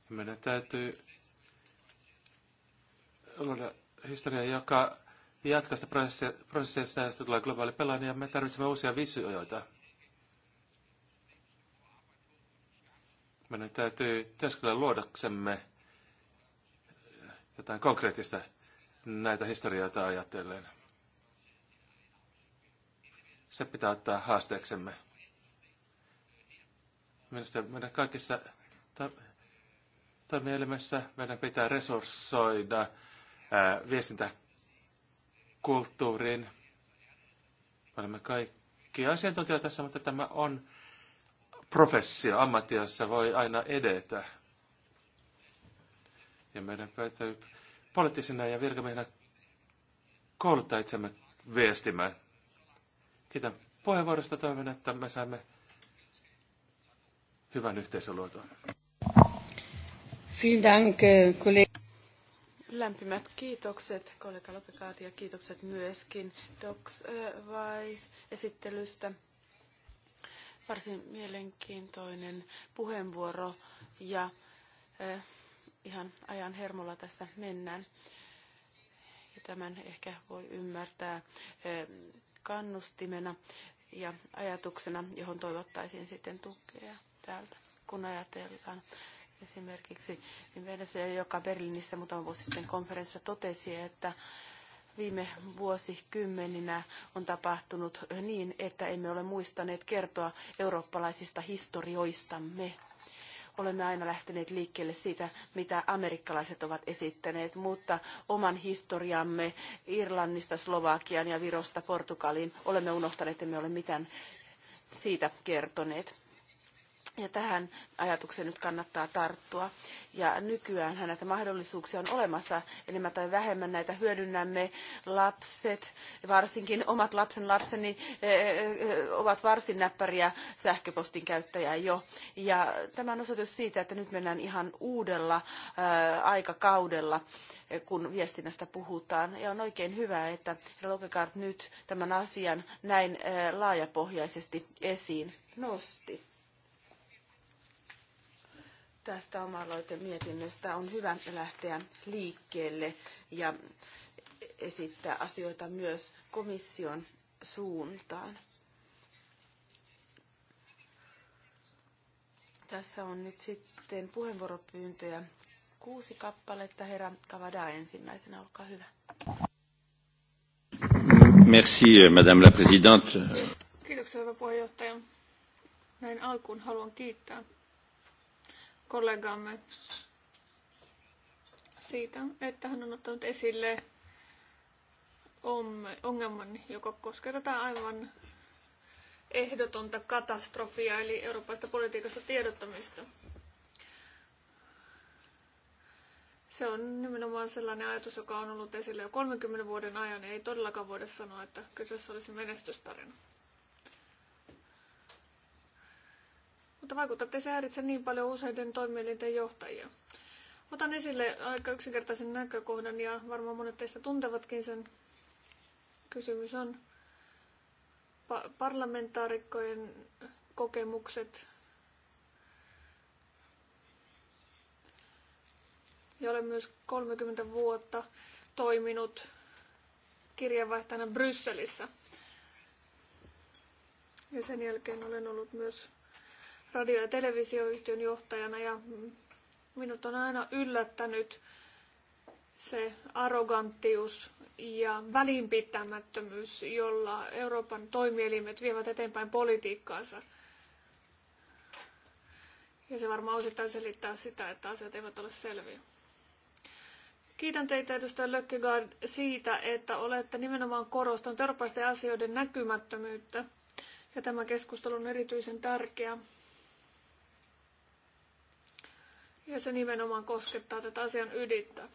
Meidän täytyy luoda historia, joka jatkaa sitä prosessia, prosessia tulee globaali pelaaja, ja me tarvitsemme uusia visioita. Meidän täytyy työskennellä luodaksemme jotain konkreettista näitä historioita ajatellen. Se pitää ottaa haasteeksemme. Minusta meidän kaikissa to- toimielimessä meidän pitää resurssoida viestintäkulttuuriin. Me olemme kaikki asiantuntijoita tässä, mutta tämä on professio, ammattiassa voi aina edetä. Ja meidän täytyy poliittisena ja virkamiehenä kouluttaa itsemme viestimään. Kiitän puheenvuorosta. Toivon, että me saamme hyvän yhteisöluoton. Vielen Dank, äh, Lämpimät kiitokset kollega Lopekaati ja kiitokset myöskin Docs Weiss esittelystä. Varsin mielenkiintoinen puheenvuoro ja ihan ajan hermolla tässä mennään. Ja tämän ehkä voi ymmärtää kannustimena ja ajatuksena, johon toivottaisiin sitten tukea täältä, kun ajatellaan esimerkiksi Venäjässä, joka Berliinissä muutama vuosi sitten konferenssissa totesi, että viime vuosikymmeninä on tapahtunut niin, että emme ole muistaneet kertoa eurooppalaisista historioistamme. Olemme aina lähteneet liikkeelle siitä, mitä amerikkalaiset ovat esittäneet, mutta oman historiamme Irlannista, Slovakian ja Virosta Portugaliin olemme unohtaneet, emme ole mitään siitä kertoneet. Ja tähän ajatukseen nyt kannattaa tarttua. Ja nykyään näitä mahdollisuuksia on olemassa enemmän tai vähemmän. Näitä hyödynnämme lapset, varsinkin omat lapsen lapseni eh, eh, eh, ovat varsin näppäriä sähköpostin käyttäjiä jo. Ja tämä on osoitus siitä, että nyt mennään ihan uudella aikakaudella, kun viestinnästä puhutaan. Ja on oikein hyvä, että Lokekart nyt tämän asian näin laajapohjaisesti esiin nosti tästä oma mietinnöstä on hyvä lähteä liikkeelle ja esittää asioita myös komission suuntaan. Tässä on nyt sitten puheenvuoropyyntöjä kuusi kappaletta. Herra Kavada ensimmäisenä, olkaa hyvä. Merci, Madame la Présidente. Kiitoksia, hyvä puheenjohtaja. Näin alkuun haluan kiittää kollegamme siitä, että hän on ottanut esille ongelman, joka koskee tätä aivan ehdotonta katastrofia, eli eurooppaista politiikasta tiedottamista. Se on nimenomaan sellainen ajatus, joka on ollut esillä jo 30 vuoden ajan, ei todellakaan voida sanoa, että kyseessä olisi menestystarina. mutta vaikuttaa, että se häiritse niin paljon useiden toimielinten johtajia. Otan esille aika yksinkertaisen näkökohdan ja varmaan monet teistä tuntevatkin sen. Kysymys on pa- parlamentaarikkojen kokemukset. Ja olen myös 30 vuotta toiminut kirjanvaihtajana Brysselissä. Ja sen jälkeen olen ollut myös radio- ja televisioyhtiön johtajana ja minut on aina yllättänyt se arroganttius ja välinpitämättömyys, jolla Euroopan toimielimet vievät eteenpäin politiikkaansa. Ja se varmaan osittain selittää sitä, että asiat eivät ole selviä. Kiitän teitä, edustaja Lökkegaard, siitä, että olette nimenomaan korostanut eurooppalaisten asioiden näkymättömyyttä. Ja tämä keskustelu on erityisen tärkeä. Ja se nimenomaan koskettaa tätä asian ydintä.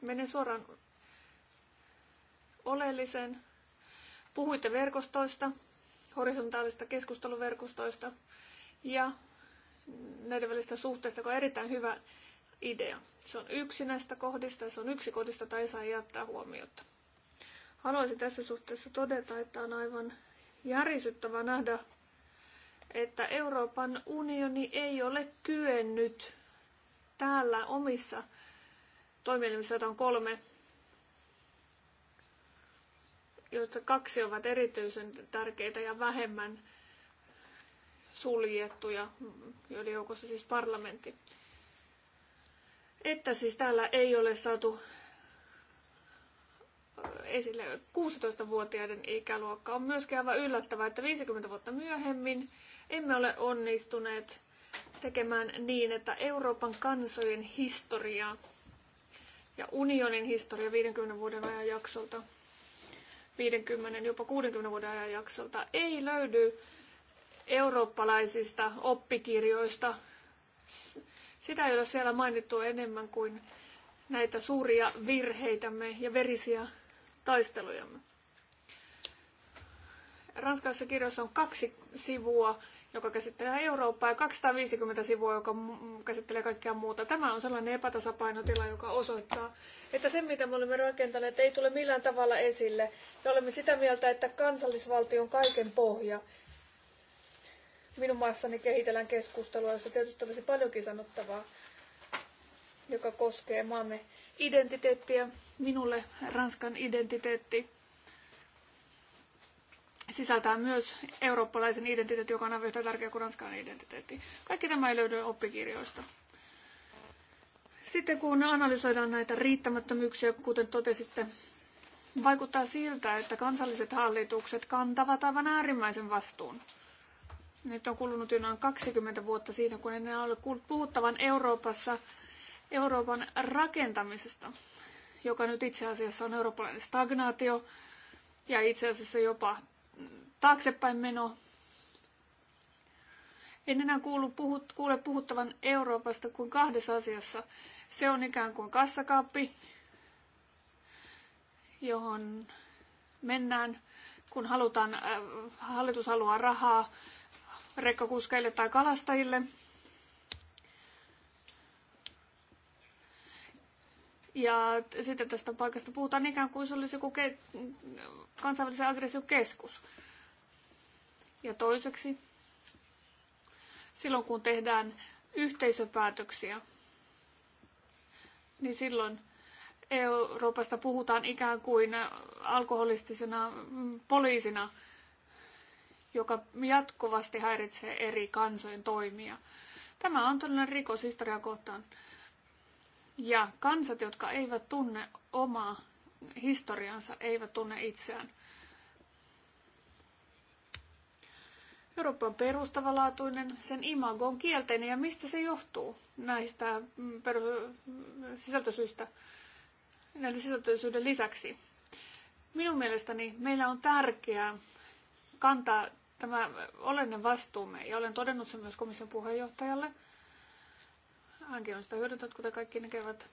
Menen suoraan oleelliseen. Puhuitte verkostoista, horisontaalista keskusteluverkostoista ja näiden välistä suhteista, joka on erittäin hyvä idea. Se on yksi näistä kohdista ja se on yksi kohdista, jota ei saa jättää huomiota. Haluaisin tässä suhteessa todeta, että on aivan järisyttävää nähdä, että Euroopan unioni ei ole kyennyt täällä omissa toimielimissä, joita on kolme, joista kaksi ovat erityisen tärkeitä ja vähemmän suljettuja, joiden joukossa siis parlamentti. Että siis täällä ei ole saatu esille 16-vuotiaiden ikäluokka. On myöskin aivan yllättävää, että 50 vuotta myöhemmin emme ole onnistuneet tekemään niin, että Euroopan kansojen historia ja unionin historia 50 vuoden ajan jaksolta, 50 jopa 60 vuoden ajan jaksolta ei löydy eurooppalaisista oppikirjoista. Sitä ei ole siellä mainittu enemmän kuin näitä suuria virheitämme ja verisiä taistelujamme. Ranskalaisessa kirjassa on kaksi sivua joka käsittelee Eurooppaa, ja 250 sivua, joka käsittelee kaikkea muuta. Tämä on sellainen epätasapainotila, joka osoittaa, että se, mitä me olemme rakentaneet, ei tule millään tavalla esille. Ja olemme sitä mieltä, että kansallisvaltio on kaiken pohja. Minun maassani kehitellään keskustelua, jossa tietysti olisi paljonkin sanottavaa, joka koskee maamme identiteettiä. Minulle Ranskan identiteetti sisältää myös eurooppalaisen identiteetin, joka on yhtä tärkeä kuin ranskalainen identiteetti. Kaikki tämä ei löydy oppikirjoista. Sitten kun analysoidaan näitä riittämättömyyksiä, kuten totesitte, vaikuttaa siltä, että kansalliset hallitukset kantavat aivan äärimmäisen vastuun. Nyt on kulunut jo noin 20 vuotta siitä, kun enää ole kuullut puhuttavan Euroopassa Euroopan rakentamisesta, joka nyt itse asiassa on eurooppalainen stagnaatio ja itse asiassa jopa taaksepäin meno. En enää kuulu puhut, kuule puhuttavan Euroopasta kuin kahdessa asiassa. Se on ikään kuin kassakaappi, johon mennään, kun halutaan, äh, hallitus haluaa rahaa rekkakuskeille tai kalastajille – Ja sitten tästä paikasta puhutaan ikään kuin se olisi joku ke- kansainvälisen aggression keskus. Ja toiseksi, silloin kun tehdään yhteisöpäätöksiä, niin silloin Euroopasta puhutaan ikään kuin alkoholistisena poliisina, joka jatkuvasti häiritsee eri kansojen toimia. Tämä on todellinen rikos kohtaan. Ja kansat, jotka eivät tunne omaa historiansa, eivät tunne itseään. Eurooppa on perustavalaatuinen, sen imago on kielteinen ja mistä se johtuu näistä mm, perus- sisältösyistä, näiden sisältöisyyden lisäksi. Minun mielestäni meillä on tärkeää kantaa tämä olenne vastuumme ja olen todennut sen myös komission puheenjohtajalle – hänkin on sitä hyödyntänyt, kuten kaikki näkevät.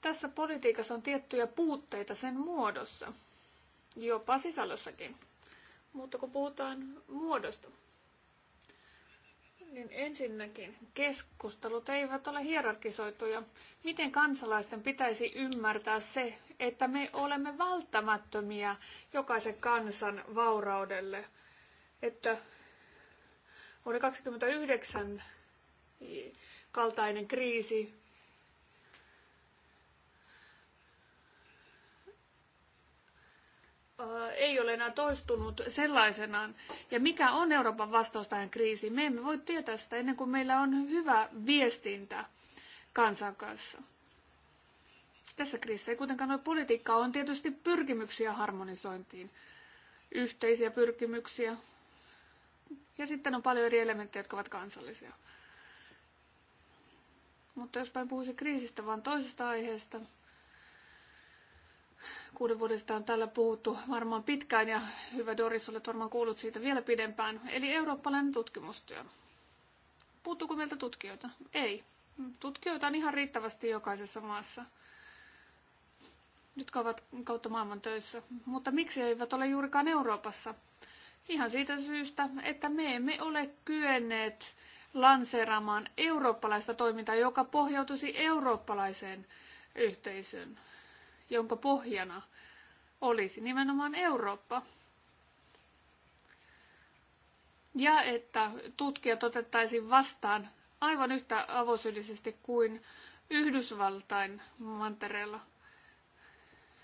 Tässä politiikassa on tiettyjä puutteita sen muodossa, jopa sisällössäkin. Mutta kun puhutaan muodosta, niin ensinnäkin keskustelut eivät ole hierarkisoituja. Miten kansalaisten pitäisi ymmärtää se, että me olemme välttämättömiä jokaisen kansan vauraudelle? Että vuoden 29 kaltainen kriisi. ei ole enää toistunut sellaisenaan. Ja mikä on Euroopan vastaus tähän kriisiin? Me emme voi tietää sitä ennen kuin meillä on hyvä viestintä kansan kanssa. Tässä kriisissä ei kuitenkaan ole politiikkaa, on tietysti pyrkimyksiä harmonisointiin, yhteisiä pyrkimyksiä. Ja sitten on paljon eri elementtejä, jotka ovat kansallisia. Mutta jos en puhuisi kriisistä, vaan toisesta aiheesta. Kuuden vuodesta on täällä puhuttu varmaan pitkään ja hyvä Doris, olet varmaan kuullut siitä vielä pidempään. Eli eurooppalainen tutkimustyö. Puuttuuko meiltä tutkijoita? Ei. Tutkijoita on ihan riittävästi jokaisessa maassa, jotka ovat kautta maailman töissä. Mutta miksi eivät ole juurikaan Euroopassa? Ihan siitä syystä, että me emme ole kyenneet lanseeraamaan eurooppalaista toimintaa, joka pohjautuisi eurooppalaiseen yhteisöön, jonka pohjana olisi nimenomaan Eurooppa. Ja että tutkijat otettaisiin vastaan aivan yhtä avosylisesti kuin Yhdysvaltain mantereella.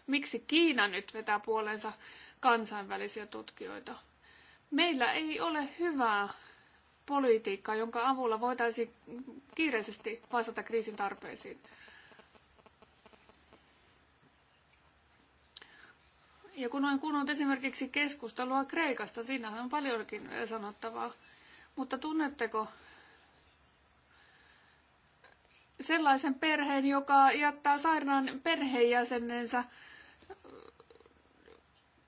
Miksi Kiina nyt vetää puoleensa kansainvälisiä tutkijoita? Meillä ei ole hyvää politiikkaa, jonka avulla voitaisiin kiireisesti vastata kriisin tarpeisiin. Ja kun olen kuunnellut esimerkiksi keskustelua Kreikasta, siinähän on paljonkin sanottavaa. Mutta tunnetteko sellaisen perheen, joka jättää sairaan perheenjäsenensä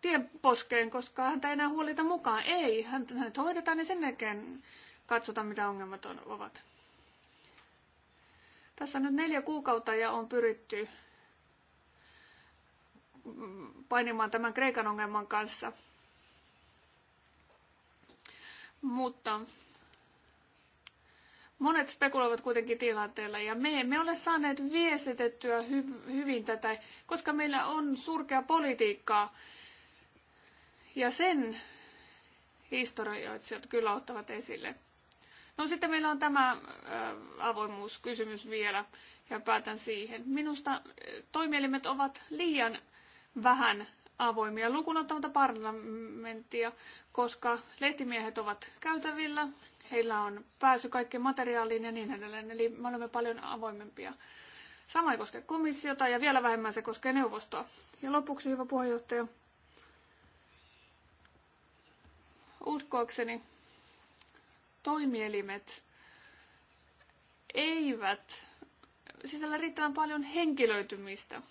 tienposkeen, koska häntä ei enää huolita mukaan. Ei, häntä, hoidetaan ja sen jälkeen katsotaan mitä ongelmat on, ovat. Tässä nyt neljä kuukautta ja on pyritty mm, painimaan tämän Kreikan ongelman kanssa. Mutta monet spekuloivat kuitenkin tilanteella ja me emme ole saaneet viestitettyä hy- hyvin tätä, koska meillä on surkea politiikkaa ja sen historioitsijat kyllä ottavat esille. No sitten meillä on tämä avoimuuskysymys vielä ja päätän siihen. Minusta toimielimet ovat liian vähän avoimia lukunottamatta parlamenttia, koska lehtimiehet ovat käytävillä, heillä on pääsy kaikkeen materiaaliin ja niin edelleen, eli me olemme paljon avoimempia. Sama ei koske komissiota ja vielä vähemmän se koskee neuvostoa. Ja lopuksi, hyvä puheenjohtaja, uskoakseni toimielimet eivät sisällä riittävän paljon henkilöitymistä.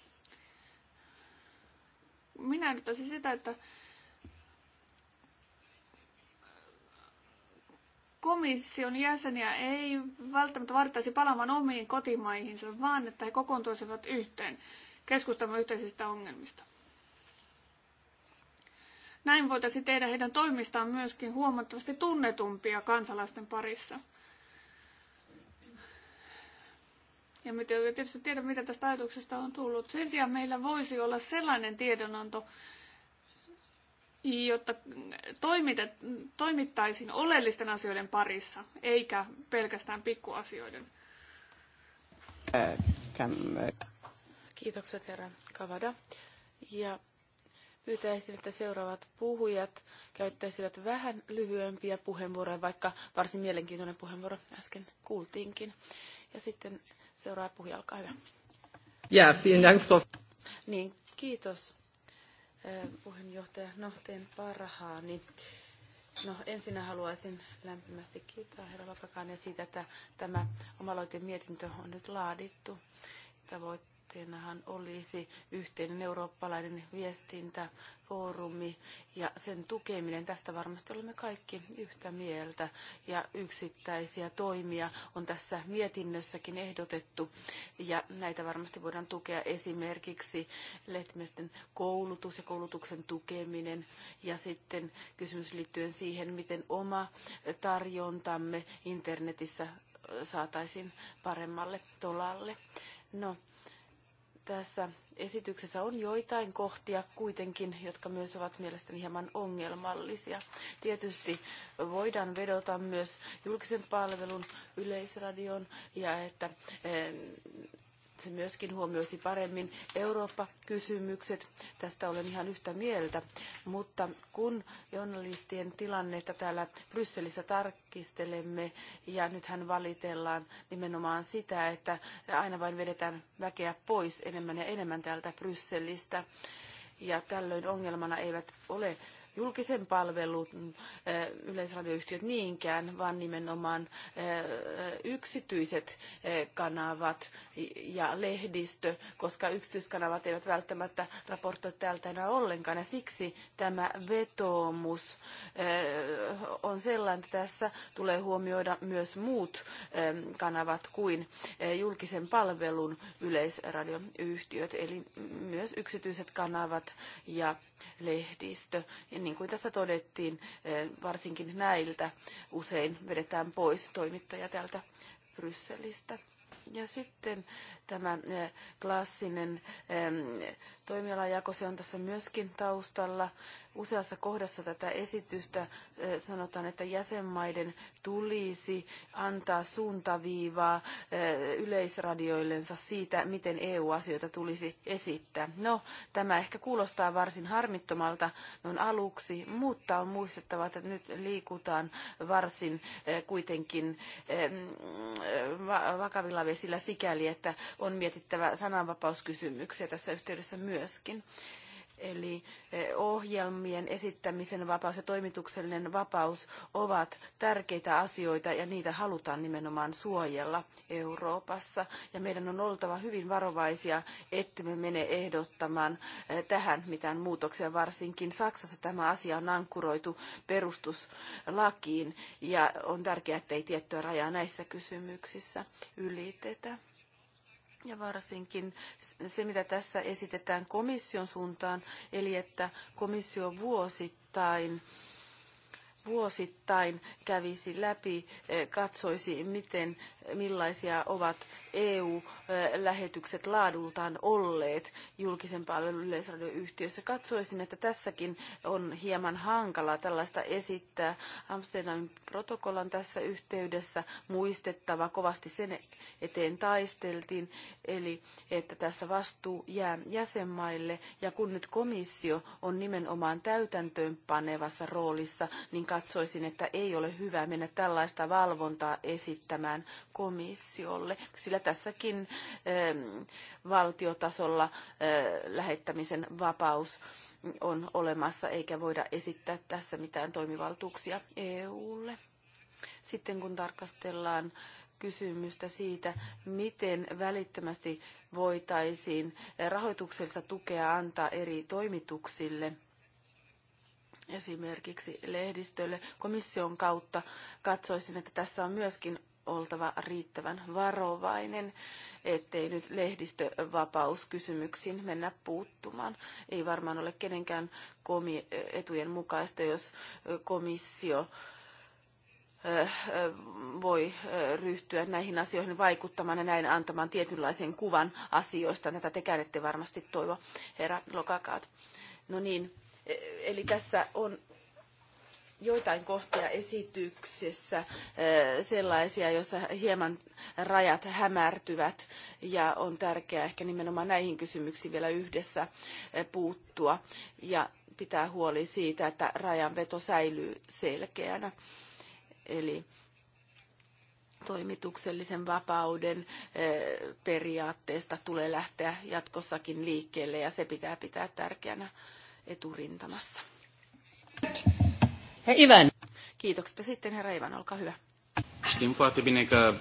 Minä ehdottaisin sitä, että komission jäseniä ei välttämättä vartaisi palaamaan omiin kotimaihinsa, vaan että he kokoontuisivat yhteen keskustelmaan yhteisistä ongelmista. Näin voitaisiin tehdä heidän toimistaan myöskin huomattavasti tunnetumpia kansalaisten parissa. Ja me tietysti tiedä, mitä tästä ajatuksesta on tullut. Sen sijaan meillä voisi olla sellainen tiedonanto, jotta toimittaisiin oleellisten asioiden parissa, eikä pelkästään pikkuasioiden. Kiitokset herra Kavada. Ja pyytäisin, että seuraavat puhujat käyttäisivät vähän lyhyempiä puheenvuoroja, vaikka varsin mielenkiintoinen puheenvuoro äsken kuultiinkin. Ja sitten seuraava puhuja, olkaa hyvä. Ja, vielen Dank, Frau. Niin, kiitos eh, puheenjohtaja. No, teen parhaani. No, ensinnä haluaisin lämpimästi kiittää herra ja siitä, että tämä omaloitin mietintö on nyt laadittu. Tavoitteena tavoitteenahan olisi yhteinen eurooppalainen viestintäfoorumi ja sen tukeminen. Tästä varmasti olemme kaikki yhtä mieltä ja yksittäisiä toimia on tässä mietinnössäkin ehdotettu ja näitä varmasti voidaan tukea esimerkiksi lehtimiesten koulutus ja koulutuksen tukeminen ja sitten kysymys liittyen siihen, miten oma tarjontamme internetissä saataisiin paremmalle tolalle. No, tässä esityksessä on joitain kohtia kuitenkin, jotka myös ovat mielestäni hieman ongelmallisia. Tietysti voidaan vedota myös julkisen palvelun yleisradion ja että eh, myöskin huomioisi paremmin Eurooppa-kysymykset. Tästä olen ihan yhtä mieltä. Mutta kun journalistien tilannetta täällä Brysselissä tarkistelemme, ja nythän valitellaan nimenomaan sitä, että aina vain vedetään väkeä pois enemmän ja enemmän täältä Brysselistä, ja tällöin ongelmana eivät ole julkisen palvelun eh, yleisradioyhtiöt niinkään, vaan nimenomaan eh, yksityiset eh, kanavat ja lehdistö, koska yksityiskanavat eivät välttämättä raportoi täältä enää ollenkaan. Ja siksi tämä vetoomus on sellainen, että tässä tulee huomioida myös muut kanavat kuin julkisen palvelun yleisradioyhtiöt, eli myös yksityiset kanavat ja lehdistö. Ja niin kuin tässä todettiin, eh, varsinkin näiltä usein vedetään pois toimittaja täältä Brysselistä. Ja sitten tämä eh, klassinen toimialajako, se on tässä myöskin taustalla. Useassa kohdassa tätä esitystä eh, sanotaan, että jäsenmaiden tulisi antaa suuntaviivaa eh, yleisradioillensa siitä, miten EU-asioita tulisi esittää. No, tämä ehkä kuulostaa varsin harmittomalta noin aluksi, mutta on muistettava, että nyt liikutaan varsin kuitenkin vakavilla vesillä sikäli, että on mietittävä sananvapauskysymyksiä tässä yhteydessä myöskin. Eli eh, ohjelmien esittämisen vapaus ja toimituksellinen vapaus ovat tärkeitä asioita ja niitä halutaan nimenomaan suojella Euroopassa. Ja meidän on oltava hyvin varovaisia, ettemme mene ehdottamaan eh, tähän mitään muutoksia. Varsinkin Saksassa tämä asia on ankkuroitu perustuslakiin ja on tärkeää, ettei tiettyä rajaa näissä kysymyksissä ylitetä ja varsinkin se, mitä tässä esitetään komission suuntaan, eli että komissio vuosittain vuosittain kävisi läpi, eh, katsoisi, miten millaisia ovat EU-lähetykset laadultaan olleet julkisen palvelun yleisradioyhtiössä. Katsoisin, että tässäkin on hieman hankala tällaista esittää. Amsterdamin protokollan tässä yhteydessä muistettava kovasti sen eteen taisteltiin, eli että tässä vastuu jää jäsenmaille. Ja kun nyt komissio on nimenomaan täytäntöönpanevassa roolissa, niin katsoisin, että ei ole hyvä mennä tällaista valvontaa esittämään komissiolle, sillä tässäkin ähm, valtiotasolla äh, lähettämisen vapaus on olemassa, eikä voida esittää tässä mitään toimivaltuuksia EUlle. Sitten kun tarkastellaan kysymystä siitä, miten välittömästi voitaisiin rahoituksellista tukea antaa eri toimituksille, esimerkiksi lehdistölle komission kautta. Katsoisin, että tässä on myöskin oltava riittävän varovainen, ettei nyt lehdistövapauskysymyksiin mennä puuttumaan. Ei varmaan ole kenenkään komi- etujen mukaista, jos komissio äh, äh, voi äh, ryhtyä näihin asioihin vaikuttamaan ja näin antamaan tietynlaisen kuvan asioista. Tätä tekään ette varmasti toivo, herra Lokakaat. No niin, e- eli tässä on joitain kohtia esityksessä eh, sellaisia, joissa hieman rajat hämärtyvät ja on tärkeää ehkä nimenomaan näihin kysymyksiin vielä yhdessä eh, puuttua ja pitää huoli siitä, että rajanveto säilyy selkeänä. Eli toimituksellisen vapauden eh, periaatteesta tulee lähteä jatkossakin liikkeelle ja se pitää pitää tärkeänä eturintamassa. Herra Ivan. Kiitokset. Sitten herra Ivan, olkaa hyvä. Știm foarte bine că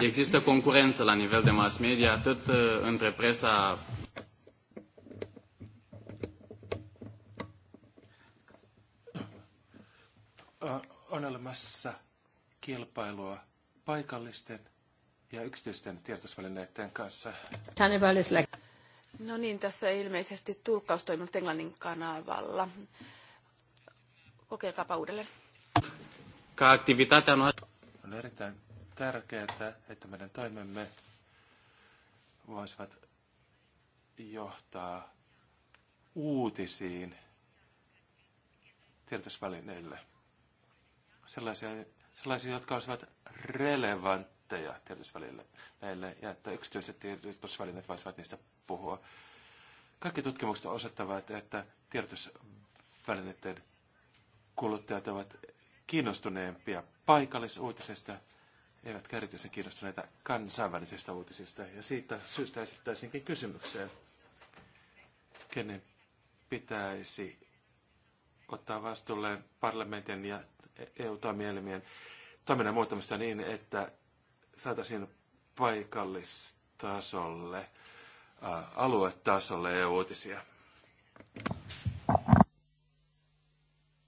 există concurență la nivel de mass media, atât uh, între presa on olemassa kilpailua paikallisten ja yksityisten tiedotusvälineiden kanssa. No niin, tässä ilmeisesti tulkkaustoiminnot Englannin kanavalla. Kokeilkaapa uudelleen. On erittäin tärkeää, että meidän toimemme voisivat johtaa uutisiin tiedotusvälineille. Sellaisia, sellaisia, jotka olisivat relevantteja tiedotusvälineille ja että yksityiset tiedotusvälineet voisivat niistä puhua. Kaikki tutkimukset osoittavat, että tiedotusvälineiden kuluttajat ovat kiinnostuneempia paikallisuutisesta, eivät erityisen kiinnostuneita kansainvälisistä uutisista. Ja siitä syystä esittäisinkin kysymykseen, kenen pitäisi ottaa vastuulleen parlamentin ja EU-toimielimien toiminnan muuttamista niin, että saataisiin paikallistasolle, aluetasolle EU-uutisia.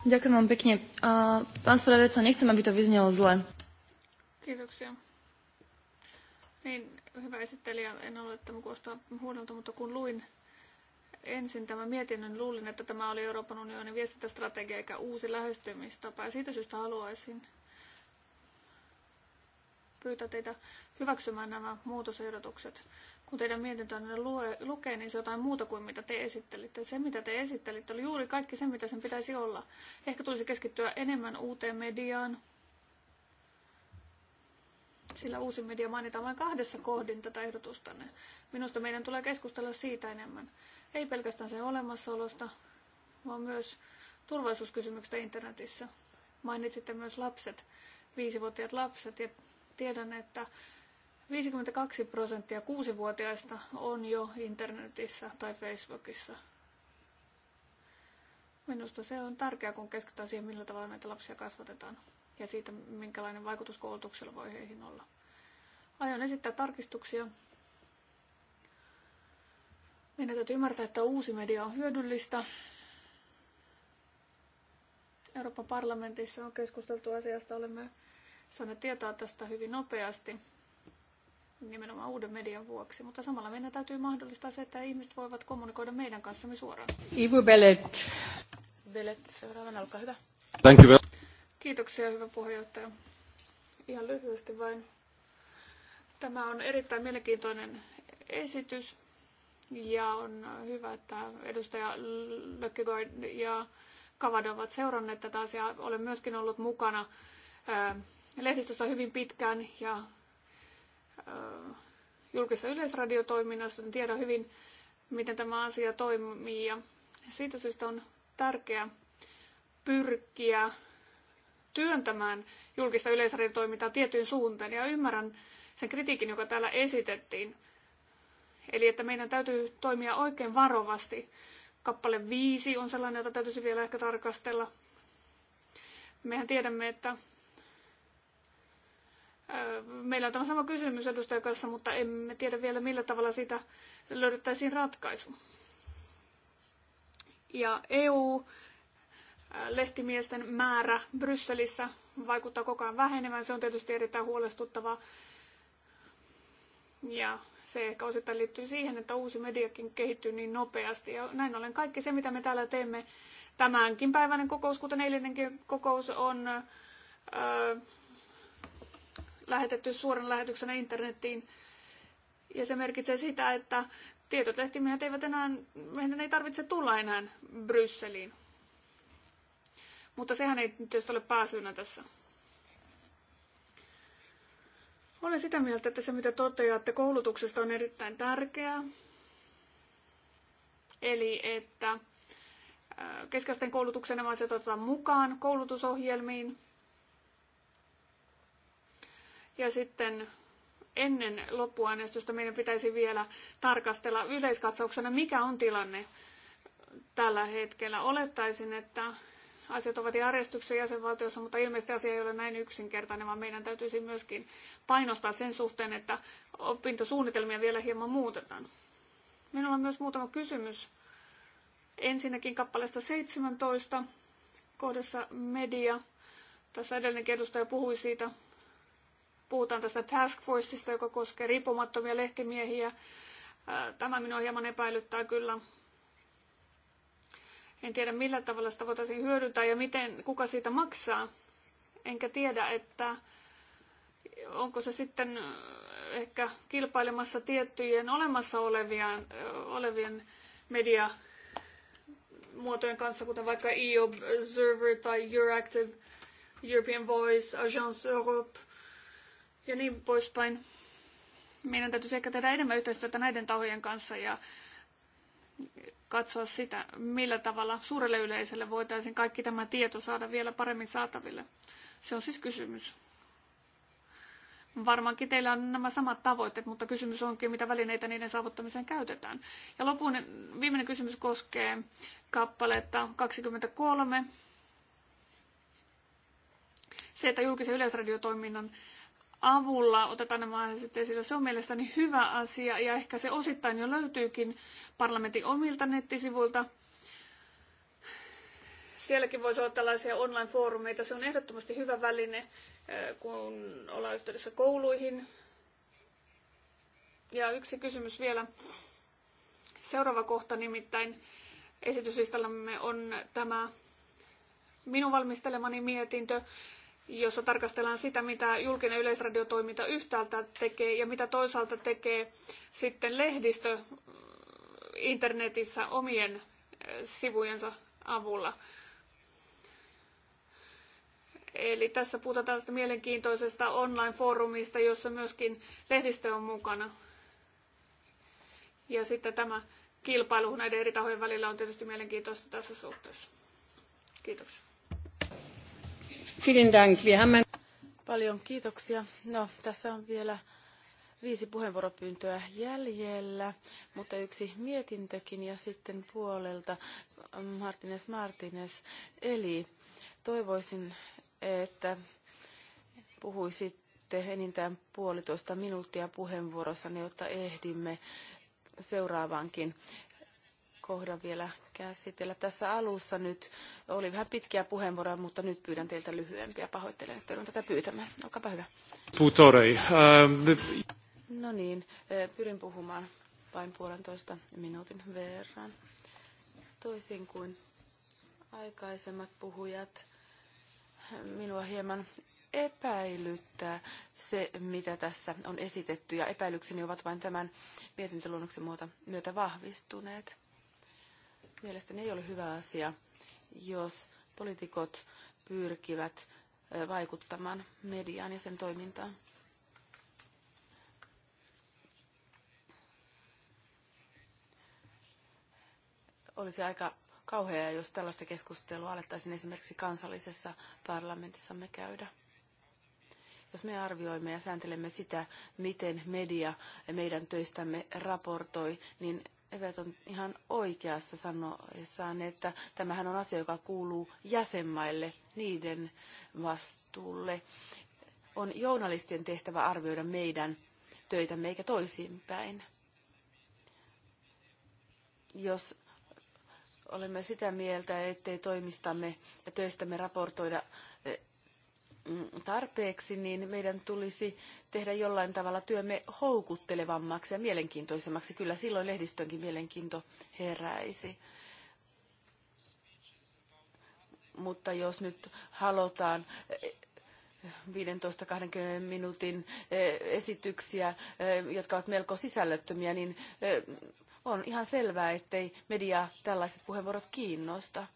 Ďakujem vám pekne. A, pán spravodajca, nechcem, aby to vyznelo zle. Kiitoksia. Niin, hyvä esittelijä. En ole tämän kuulostaa huonolta, mutta kun luin ensin tämän mietinnön, niin luulin, että tämä oli Euroopan unionin viestintästrategia eikä uusi lähestymistapa. Ja siitä syystä haluaisin pyytää teitä hyväksymään nämä muutosehdotukset. Kun teidän mietintönne lukee, niin se on jotain muuta kuin mitä te esittelitte. Se, mitä te esittelitte, oli juuri kaikki se, mitä sen pitäisi olla. Ehkä tulisi keskittyä enemmän uuteen mediaan, sillä uusi media mainitaan vain kahdessa kohdin tätä ehdotustanne. Minusta meidän tulee keskustella siitä enemmän. Ei pelkästään sen olemassaolosta, vaan myös turvallisuuskysymyksistä internetissä. Mainitsitte myös lapset, viisivuotiaat lapset, ja tiedän, että 52 prosenttia kuusivuotiaista on jo internetissä tai Facebookissa. Minusta se on tärkeää, kun keskitytään siihen, millä tavalla näitä lapsia kasvatetaan ja siitä, minkälainen vaikutus koulutuksella voi heihin olla. Aion esittää tarkistuksia. Meidän täytyy ymmärtää, että uusi media on hyödyllistä. Euroopan parlamentissa on keskusteltu asiasta, olemme saaneet tietää tästä hyvin nopeasti nimenomaan uuden median vuoksi, mutta samalla meidän täytyy mahdollistaa se, että ihmiset voivat kommunikoida meidän kanssamme suoraan. Ivo Belet. Belet, seuraavana, olkaa hyvä. Thank you. Kiitoksia, hyvä puheenjohtaja. Ihan lyhyesti vain. Tämä on erittäin mielenkiintoinen esitys ja on hyvä, että edustaja Lökkegaard ja Kavada ovat seuranneet tätä asiaa. Olen myöskin ollut mukana lehdistössä hyvin pitkään ja julkisessa yleisradiotoiminnassa, niin tiedän hyvin, miten tämä asia toimii. Ja siitä syystä on tärkeää pyrkiä työntämään julkista yleisradiotoimintaa tiettyyn suuntaan. Ja ymmärrän sen kritiikin, joka täällä esitettiin. Eli että meidän täytyy toimia oikein varovasti. Kappale viisi on sellainen, jota täytyisi vielä ehkä tarkastella. Mehän tiedämme, että Meillä on tämä sama kysymys edustajan kanssa, mutta emme tiedä vielä millä tavalla siitä löydettäisiin ratkaisu. Ja EU lehtimiesten määrä Brysselissä vaikuttaa koko ajan vähenevän. Se on tietysti erittäin huolestuttavaa. Ja se ehkä osittain liittyy siihen, että uusi mediakin kehittyy niin nopeasti. Ja näin ollen kaikki se, mitä me täällä teemme, tämänkin päiväinen kokous, kuten eilinenkin kokous, on lähetetty suoran lähetyksenä internettiin. Ja se merkitsee sitä, että tietotehtimiehet eivät enää, meidän ei tarvitse tulla enää Brysseliin. Mutta sehän ei tietysti ole pääsyynä tässä. Olen sitä mieltä, että se mitä toteatte koulutuksesta on erittäin tärkeää. Eli että keskeisten koulutuksen nämä asiat otetaan mukaan koulutusohjelmiin, ja sitten ennen loppuaineistosta meidän pitäisi vielä tarkastella yleiskatsauksena, mikä on tilanne tällä hetkellä. Olettaisin, että asiat ovat järjestyksessä jäsenvaltiossa, mutta ilmeisesti asia ei ole näin yksinkertainen, vaan meidän täytyisi myöskin painostaa sen suhteen, että opintosuunnitelmia vielä hieman muutetaan. Minulla on myös muutama kysymys. Ensinnäkin kappaleesta 17 kohdassa media. Tässä edellinen edustaja puhui siitä puhutaan tästä task forceista, joka koskee riippumattomia lehtimiehiä. Äh, tämä minua hieman epäilyttää kyllä. En tiedä millä tavalla sitä voitaisiin hyödyntää ja miten, kuka siitä maksaa. Enkä tiedä, että onko se sitten äh, ehkä kilpailemassa tiettyjen olemassa olevien, äh, olevien media muotojen kanssa, kuten vaikka EU Observer tai Euractiv, European Voice, Agence Europe – ja niin poispäin. Meidän täytyisi ehkä tehdä enemmän yhteistyötä näiden tahojen kanssa ja katsoa sitä, millä tavalla suurelle yleisölle voitaisiin kaikki tämä tieto saada vielä paremmin saataville. Se on siis kysymys. Varmaankin teillä on nämä samat tavoitteet, mutta kysymys onkin, mitä välineitä niiden saavuttamiseen käytetään. Ja lopun viimeinen kysymys koskee kappaletta 23. Se, että julkisen yleisradiotoiminnan avulla otetaan nämä asiat esille. Se on mielestäni hyvä asia ja ehkä se osittain jo löytyykin parlamentin omilta nettisivuilta. Sielläkin voisi olla tällaisia online-foorumeita. Se on ehdottomasti hyvä väline, eh, kun ollaan yhteydessä kouluihin. Ja yksi kysymys vielä. Seuraava kohta nimittäin esityslistallamme on tämä minun valmistelemani mietintö jossa tarkastellaan sitä, mitä julkinen yleisradiotoiminta yhtäältä tekee ja mitä toisaalta tekee sitten lehdistö mm, internetissä omien äh, sivujensa avulla. Eli tässä puhutaan tällaista mielenkiintoisesta online-foorumista, jossa myöskin lehdistö on mukana. Ja sitten tämä kilpailu näiden eri tahojen välillä on tietysti mielenkiintoista tässä suhteessa. Kiitoksia. Vielen Dank. Wir haben... Paljon kiitoksia. No, tässä on vielä viisi puheenvuoropyyntöä jäljellä, mutta yksi mietintökin ja sitten puolelta Martines Martines. Eli toivoisin, että puhuisitte enintään puolitoista minuuttia puheenvuorossa, jotta ehdimme seuraavaankin kohdan vielä käsitellä. Tässä alussa nyt oli vähän pitkiä puheenvuoroja, mutta nyt pyydän teiltä lyhyempiä. Pahoittelen, että tätä pyytämään. Olkaapa hyvä. Putorei. Ähm, no niin, eh, pyrin puhumaan vain puolentoista minuutin verran. Toisin kuin aikaisemmat puhujat, minua hieman epäilyttää se, mitä tässä on esitetty, ja epäilykseni ovat vain tämän mietintöluonnoksen myötä vahvistuneet. Mielestäni ei ole hyvä asia, jos poliitikot pyrkivät vaikuttamaan mediaan ja sen toimintaan. Olisi aika kauheaa, jos tällaista keskustelua alettaisiin esimerkiksi kansallisessa parlamentissamme käydä. Jos me arvioimme ja sääntelemme sitä, miten media meidän töistämme raportoi, niin Evet on ihan oikeassa sanoessaan, että tämähän on asia, joka kuuluu jäsenmaille, niiden vastuulle. On journalistien tehtävä arvioida meidän töitämme eikä toisinpäin. Jos olemme sitä mieltä, ettei toimistamme ja töistämme raportoida Mm, tarpeeksi, niin meidän tulisi tehdä jollain tavalla työmme houkuttelevammaksi ja mielenkiintoisemmaksi. Kyllä silloin lehdistönkin mielenkiinto heräisi. Mutta jos nyt halutaan 15-20 eh, minuutin eh, esityksiä, eh, jotka ovat melko sisällöttömiä, niin on ihan selvää, ettei media tällaiset puheenvuorot kiinnosta.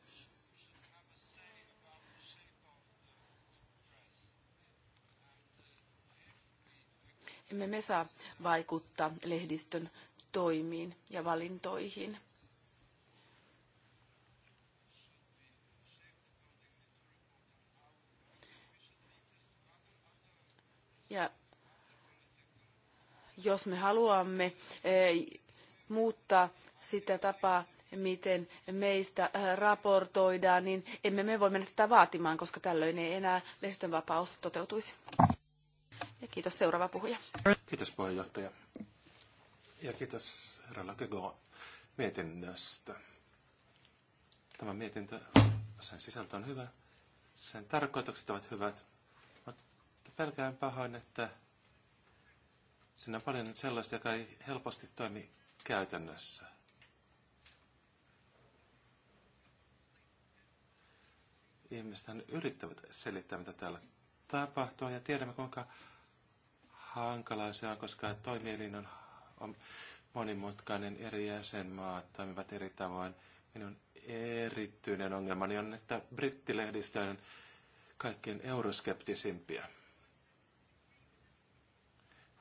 Emme me saa vaikuttaa lehdistön toimiin ja valintoihin. Ja jos me haluamme e, muuttaa sitä tapaa, miten meistä e, raportoidaan, niin emme me voi mennä tätä vaatimaan, koska tällöin ei enää lehdistönvapaus toteutuisi. Kiitos seuraava puhuja. Kiitos puheenjohtaja. Ja kiitos herra Lakego mietinnöstä. Tämä mietintö, sen sisältö on hyvä, sen tarkoitukset ovat hyvät, mutta pelkään pahoin, että siinä on paljon sellaista, joka ei helposti toimi käytännössä. Ihmiset yrittävät selittää, mitä täällä tapahtuu, ja tiedämme, kuinka hankalaa se on, koska toimielin on, on monimutkainen, eri jäsenmaat toimivat eri tavoin. Minun erityinen ongelmani on, että brittilehdistö on kaikkein euroskeptisimpiä.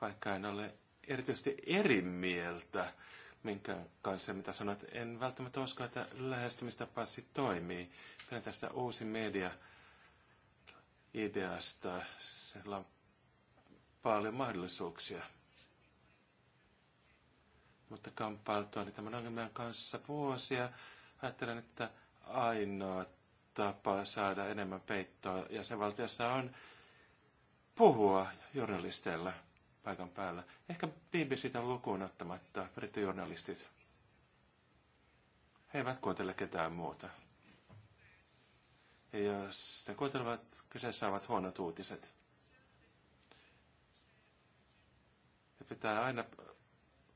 Vaikka en ole erityisesti eri mieltä minkä kanssa, mitä sanot, en välttämättä usko, että lähestymistapasi toimii. Pidän tästä uusi media ideasta. Sillä on paljon mahdollisuuksia. Mutta kamppailtuani niin tämän ongelman kanssa vuosia, ajattelen, että ainoa tapa saada enemmän peittoa jäsenvaltiossa on puhua journalisteilla paikan päällä. Ehkä BBCtä lukuun ottamatta brittijournalistit. He eivät kuuntele ketään muuta. Ja jos ne kuuntelevat, kyseessä ovat huonot uutiset. pitää aina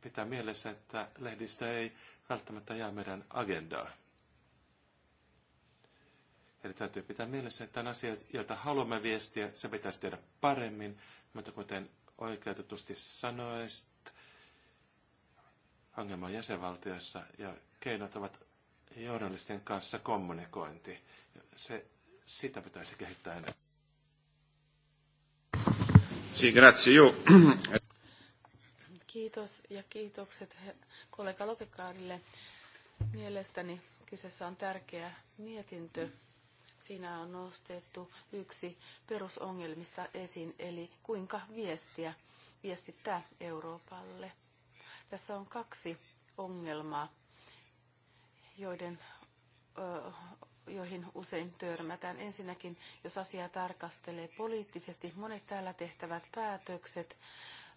pitää mielessä, että lehdistä ei välttämättä jää meidän agendaa. Eli täytyy pitää mielessä, että on asiat, joita haluamme viestiä, se pitäisi tehdä paremmin, mutta kuten oikeutetusti sanoit, ongelma on jäsenvaltiossa ja keinot ovat journalistien kanssa kommunikointi. Se, sitä pitäisi kehittää enemmän. Si, grazie. Io... Kiitos ja kiitokset kollega Lokekaarille. Mielestäni kyseessä on tärkeä mietintö. Siinä on nostettu yksi perusongelmista esiin, eli kuinka viestiä, viestittää Euroopalle. Tässä on kaksi ongelmaa, joiden, joihin usein törmätään. Ensinnäkin, jos asiaa tarkastelee poliittisesti, monet täällä tehtävät päätökset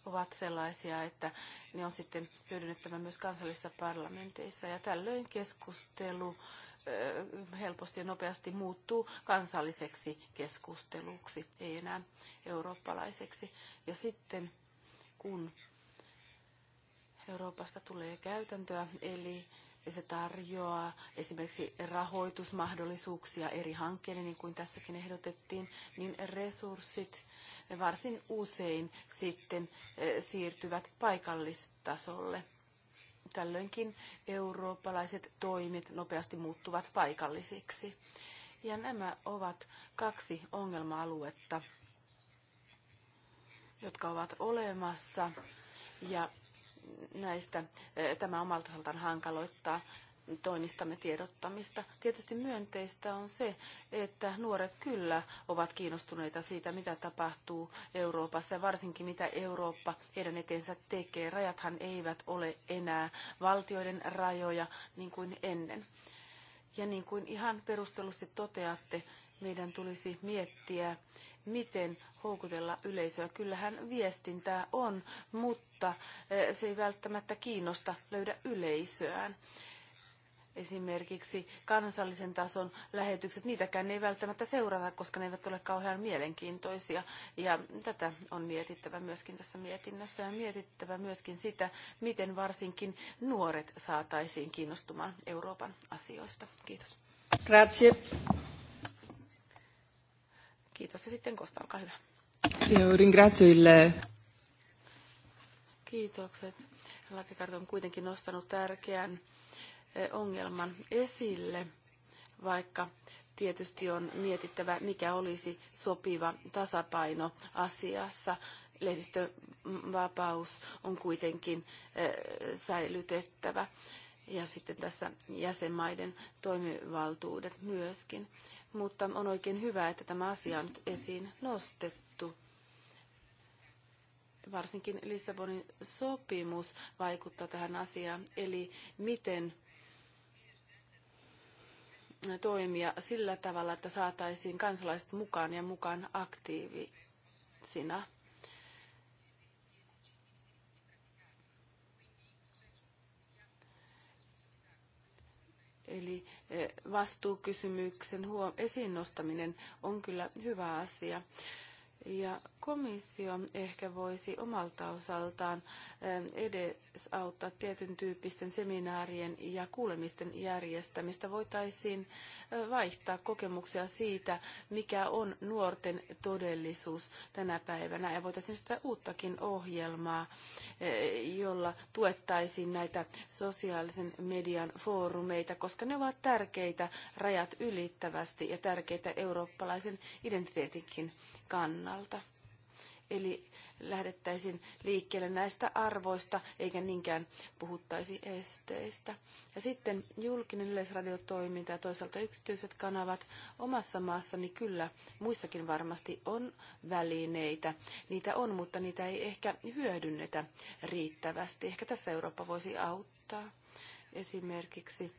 ovat sellaisia, että ne on sitten hyödynnettävä myös kansallisissa parlamenteissa. Ja tällöin keskustelu helposti ja nopeasti muuttuu kansalliseksi keskusteluksi, ei enää eurooppalaiseksi. Ja sitten kun Euroopasta tulee käytäntöä, eli se tarjoaa esimerkiksi rahoitusmahdollisuuksia eri hankkeille, niin kuin tässäkin ehdotettiin, niin resurssit varsin usein sitten eh, siirtyvät paikallistasolle. Tällöinkin eurooppalaiset toimet nopeasti muuttuvat paikallisiksi. Ja nämä ovat kaksi ongelma-aluetta, jotka ovat olemassa. Ja näistä eh, tämä omalta osaltaan hankaloittaa toimistamme tiedottamista. Tietysti myönteistä on se, että nuoret kyllä ovat kiinnostuneita siitä, mitä tapahtuu Euroopassa ja varsinkin mitä Eurooppa heidän eteensä tekee. Rajathan eivät ole enää valtioiden rajoja niin kuin ennen. Ja niin kuin ihan perustellusti toteatte, meidän tulisi miettiä, miten houkutella yleisöä. Kyllähän viestintää on, mutta eh, se ei välttämättä kiinnosta löydä yleisöään esimerkiksi kansallisen tason lähetykset, niitäkään ei välttämättä seurata, koska ne eivät ole kauhean mielenkiintoisia. Ja tätä on mietittävä myöskin tässä mietinnössä ja mietittävä myöskin sitä, miten varsinkin nuoret saataisiin kiinnostumaan Euroopan asioista. Kiitos. Grazie. Kiitos ja sitten Kosta, olkaa hyvä. Ringrazio il... Kiitokset. Lakikarta on kuitenkin nostanut tärkeän Eh, ongelman esille, vaikka tietysti on mietittävä, mikä olisi sopiva tasapaino asiassa. Lehdistövapaus on kuitenkin eh, säilytettävä ja sitten tässä jäsenmaiden toimivaltuudet myöskin. Mutta on oikein hyvä, että tämä asia on nyt esiin nostettu. Varsinkin Lissabonin sopimus vaikuttaa tähän asiaan, eli miten toimia sillä tavalla, että saataisiin kansalaiset mukaan ja mukaan aktiivisina. Eli eh, vastuukysymyksen huom- esiin nostaminen on kyllä hyvä asia. Ja komissio ehkä voisi omalta osaltaan ähm, edesauttaa tietyn tyyppisten seminaarien ja kuulemisten järjestämistä. Voitaisiin äh, vaihtaa kokemuksia siitä, mikä on nuorten todellisuus tänä päivänä. Ja voitaisiin sitä uuttakin ohjelmaa, äh, jolla tuettaisiin näitä sosiaalisen median foorumeita, koska ne ovat tärkeitä rajat ylittävästi ja tärkeitä eurooppalaisen identiteetinkin kannalta. Eli lähdettäisiin liikkeelle näistä arvoista, eikä niinkään puhuttaisi esteistä. Ja sitten julkinen yleisradiotoiminta ja toisaalta yksityiset kanavat omassa maassani niin kyllä, muissakin varmasti on välineitä. Niitä on, mutta niitä ei ehkä hyödynnetä riittävästi. Ehkä tässä Eurooppa voisi auttaa esimerkiksi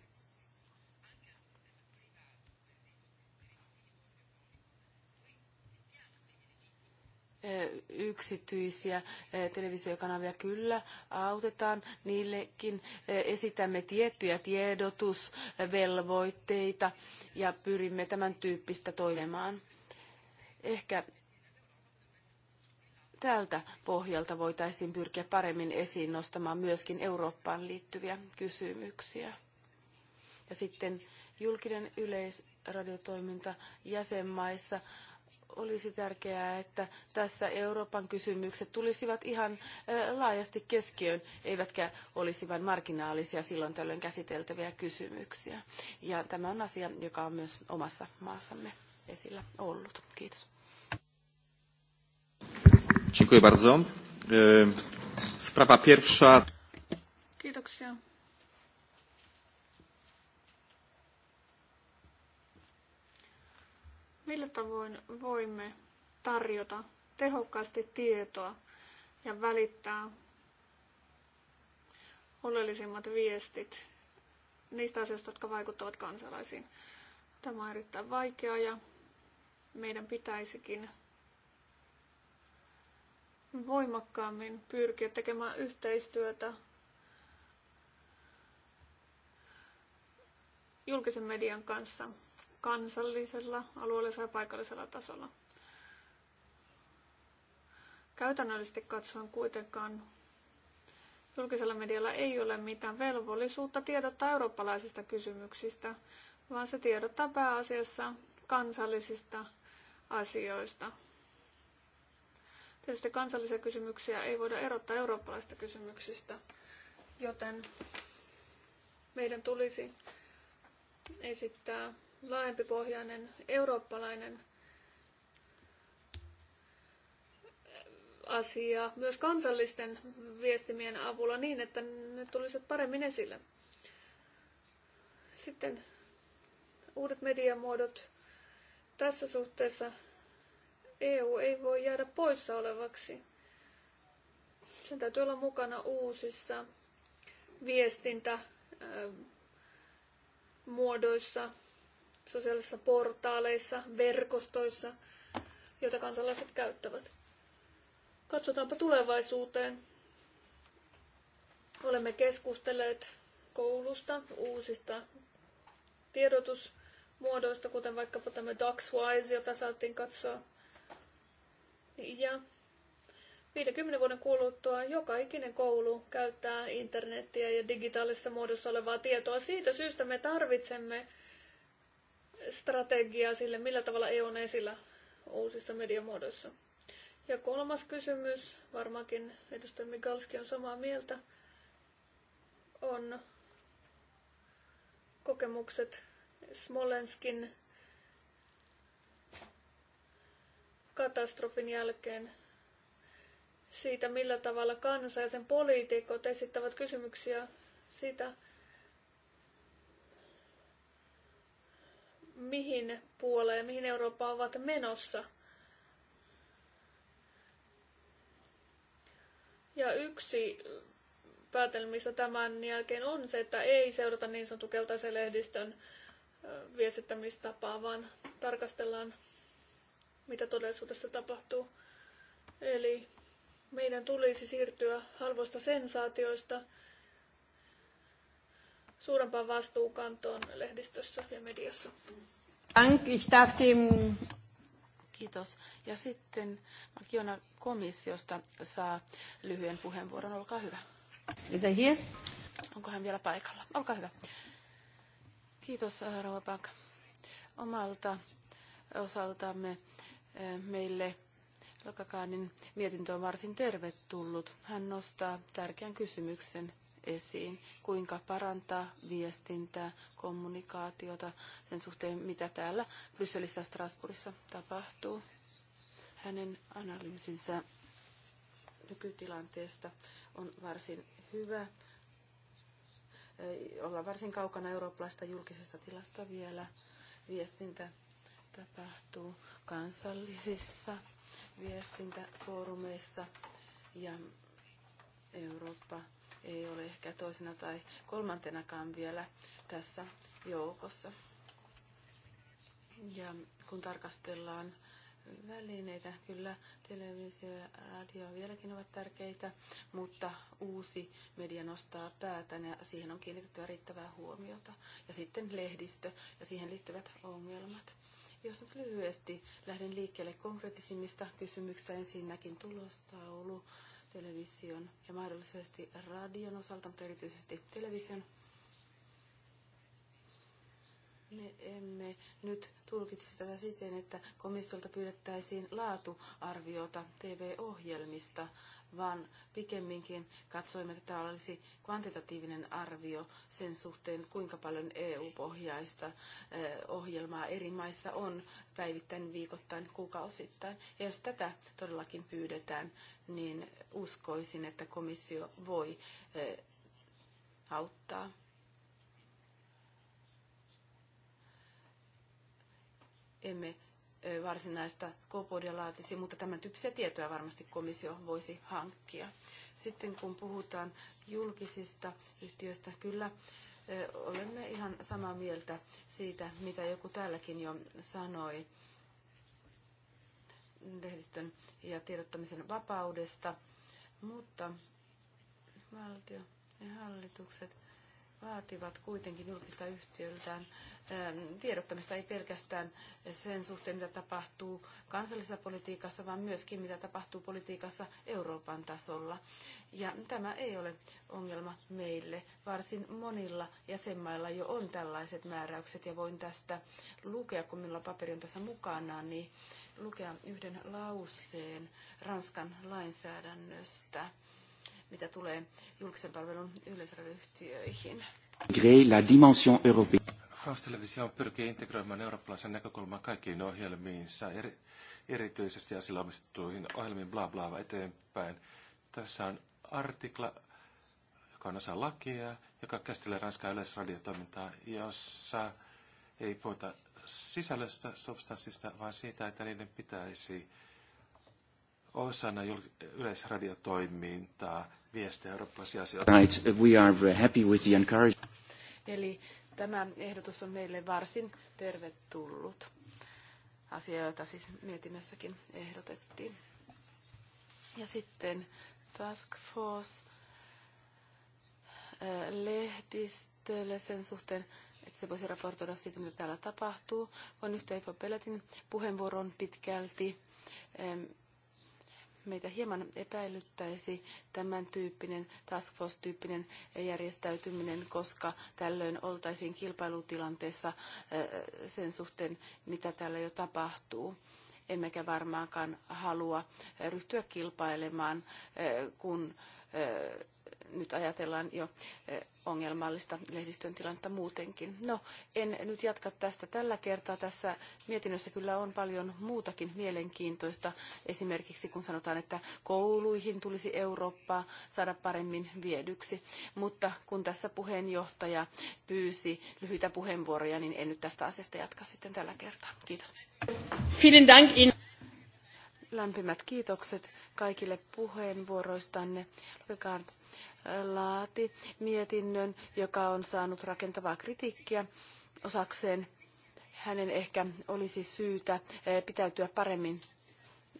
yksityisiä televisiokanavia kyllä autetaan. Niillekin esitämme tiettyjä tiedotusvelvoitteita ja pyrimme tämän tyyppistä toimimaan. Ehkä tältä pohjalta voitaisiin pyrkiä paremmin esiin nostamaan myöskin Eurooppaan liittyviä kysymyksiä. Ja sitten julkinen yleisradiotoiminta jäsenmaissa olisi tärkeää, että tässä Euroopan kysymykset tulisivat ihan laajasti keskiöön, eivätkä olisi vain marginaalisia silloin tällöin käsiteltäviä kysymyksiä. Ja tämä on asia, joka on myös omassa maassamme esillä ollut. Kiitos. Dziękuję bardzo. E, sprawa pierwsza. Kiitoksia. millä tavoin voimme tarjota tehokkaasti tietoa ja välittää oleellisimmat viestit niistä asioista, jotka vaikuttavat kansalaisiin. Tämä on erittäin vaikeaa ja meidän pitäisikin voimakkaammin pyrkiä tekemään yhteistyötä julkisen median kanssa kansallisella, alueellisella ja paikallisella tasolla. Käytännöllisesti katsoen kuitenkaan julkisella medialla ei ole mitään velvollisuutta tiedottaa eurooppalaisista kysymyksistä, vaan se tiedottaa pääasiassa kansallisista asioista. Tietysti kansallisia kysymyksiä ei voida erottaa eurooppalaisista kysymyksistä, joten meidän tulisi esittää laajempipohjainen eurooppalainen asia myös kansallisten viestimien avulla niin, että ne tulisivat paremmin esille. Sitten uudet mediamuodot. Tässä suhteessa EU ei voi jäädä poissa olevaksi. Sen täytyy olla mukana uusissa viestintämuodoissa, sosiaalisissa portaaleissa, verkostoissa, joita kansalaiset käyttävät. Katsotaanpa tulevaisuuteen. Olemme keskustelleet koulusta, uusista tiedotusmuodoista, kuten vaikkapa tämä DuxWise, jota saatiin katsoa. Ja 50 vuoden kuluttua joka ikinen koulu käyttää internettiä ja digitaalisessa muodossa olevaa tietoa. Siitä syystä me tarvitsemme strategiaa sille, millä tavalla EU on esillä uusissa mediamuodoissa. Ja kolmas kysymys, varmaankin edustaja Migalski on samaa mieltä, on kokemukset Smolenskin katastrofin jälkeen siitä, millä tavalla kansa ja sen poliitikot esittävät kysymyksiä siitä, mihin puoleen, mihin Eurooppa ovat menossa. Ja yksi päätelmistä tämän jälkeen on se, että ei seurata niin sanottu keltaisen lehdistön viestittämistapaa, vaan tarkastellaan, mitä todellisuudessa tapahtuu. Eli meidän tulisi siirtyä halvoista sensaatioista suurempaan vastuukantoon lehdistössä ja mediassa. Kiitos. Ja sitten Makiona komissiosta saa lyhyen puheenvuoron. Olkaa hyvä. Onko hän vielä paikalla? Olkaa hyvä. Kiitos, äh, Rouva Pak. Omalta osaltamme äh, meille Lokakaanin mietintö on varsin tervetullut. Hän nostaa tärkeän kysymyksen esiin, kuinka parantaa viestintää, kommunikaatiota sen suhteen, mitä täällä Brysselissä Strasbourgissa tapahtuu. Hänen analyysinsä nykytilanteesta on varsin hyvä. Ollaan varsin kaukana eurooppalaista julkisesta tilasta vielä. Viestintä tapahtuu kansallisissa viestintäfoorumeissa ja Eurooppa ei ole ehkä toisena tai kolmantenakaan vielä tässä joukossa. Ja kun tarkastellaan välineitä, kyllä televisio ja radio vieläkin ovat tärkeitä, mutta uusi media nostaa päätä ja siihen on kiinnitettävä riittävää huomiota. Ja sitten lehdistö ja siihen liittyvät ongelmat. Jos nyt lyhyesti lähden liikkeelle konkreettisimmista kysymyksistä, ensinnäkin tulostaulu television ja mahdollisesti radion osalta, mutta erityisesti television. Me emme nyt tulkitse sitä siten, että komissiolta pyydettäisiin laatuarviota TV-ohjelmista, vaan pikemminkin katsoimme, että tämä olisi kvantitatiivinen arvio sen suhteen, kuinka paljon EU-pohjaista eh, ohjelmaa eri maissa on päivittäin, viikoittain, kuukausittain. Ja jos tätä todellakin pyydetään, niin uskoisin, että komissio voi eh, auttaa. Emme varsinaista skopodia laatisi, mutta tämän tyyppisiä tietoja varmasti komissio voisi hankkia. Sitten kun puhutaan julkisista yhtiöistä, kyllä olemme ihan samaa mieltä siitä, mitä joku täälläkin jo sanoi lehdistön ja tiedottamisen vapaudesta, mutta valtio ja hallitukset vaativat kuitenkin julkisilta yhtiöltään ähm, tiedottamista ei pelkästään sen suhteen, mitä tapahtuu kansallisessa politiikassa, vaan myöskin mitä tapahtuu politiikassa Euroopan tasolla. Ja tämä ei ole ongelma meille. Varsin monilla jäsenmailla jo on tällaiset määräykset ja voin tästä lukea, kun minulla paperi on tässä mukanaan, niin lukea yhden lauseen Ranskan lainsäädännöstä mitä tulee julkisen palvelun yleisradioyhtiöihin. La dimension européenne. Kaustelevisio pyrkii integroimaan eurooppalaisen näkökulman kaikkiin ohjelmiinsa, eri, erityisesti asilla omistettuihin ohjelmiin bla bla eteenpäin. Tässä on artikla, joka on osa lakia, joka käsittelee Ranskan yleisradiotoimintaa, jossa ei puhuta sisällöstä, substanssista, vaan siitä, että niiden pitäisi osana yleisradiotoimintaa viestejä eurooppalaisia asioita. We are happy with the encouragement. Eli tämä ehdotus on meille varsin tervetullut asia, jota siis mietinnössäkin ehdotettiin. Ja sitten Task Force äh, lehdistölle sen suhteen, että se voisi raportoida siitä, mitä täällä tapahtuu. Voin yhtä Eva Peletin puheenvuoron pitkälti meitä hieman epäilyttäisi tämän tyyppinen task force-tyyppinen järjestäytyminen, koska tällöin oltaisiin kilpailutilanteessa sen suhteen, mitä täällä jo tapahtuu. Emmekä varmaankaan halua ryhtyä kilpailemaan, kun nyt ajatellaan jo eh, ongelmallista lehdistön tilannetta muutenkin. No, en nyt jatka tästä tällä kertaa. Tässä mietinnössä kyllä on paljon muutakin mielenkiintoista. Esimerkiksi kun sanotaan, että kouluihin tulisi Eurooppaa saada paremmin viedyksi. Mutta kun tässä puheenjohtaja pyysi lyhyitä puheenvuoroja, niin en nyt tästä asiasta jatka sitten tällä kertaa. Kiitos. Vielen lämpimät kiitokset kaikille puheenvuoroistanne. Lukekaa laati mietinnön, joka on saanut rakentavaa kritiikkiä osakseen. Hänen ehkä olisi syytä eh, pitäytyä paremmin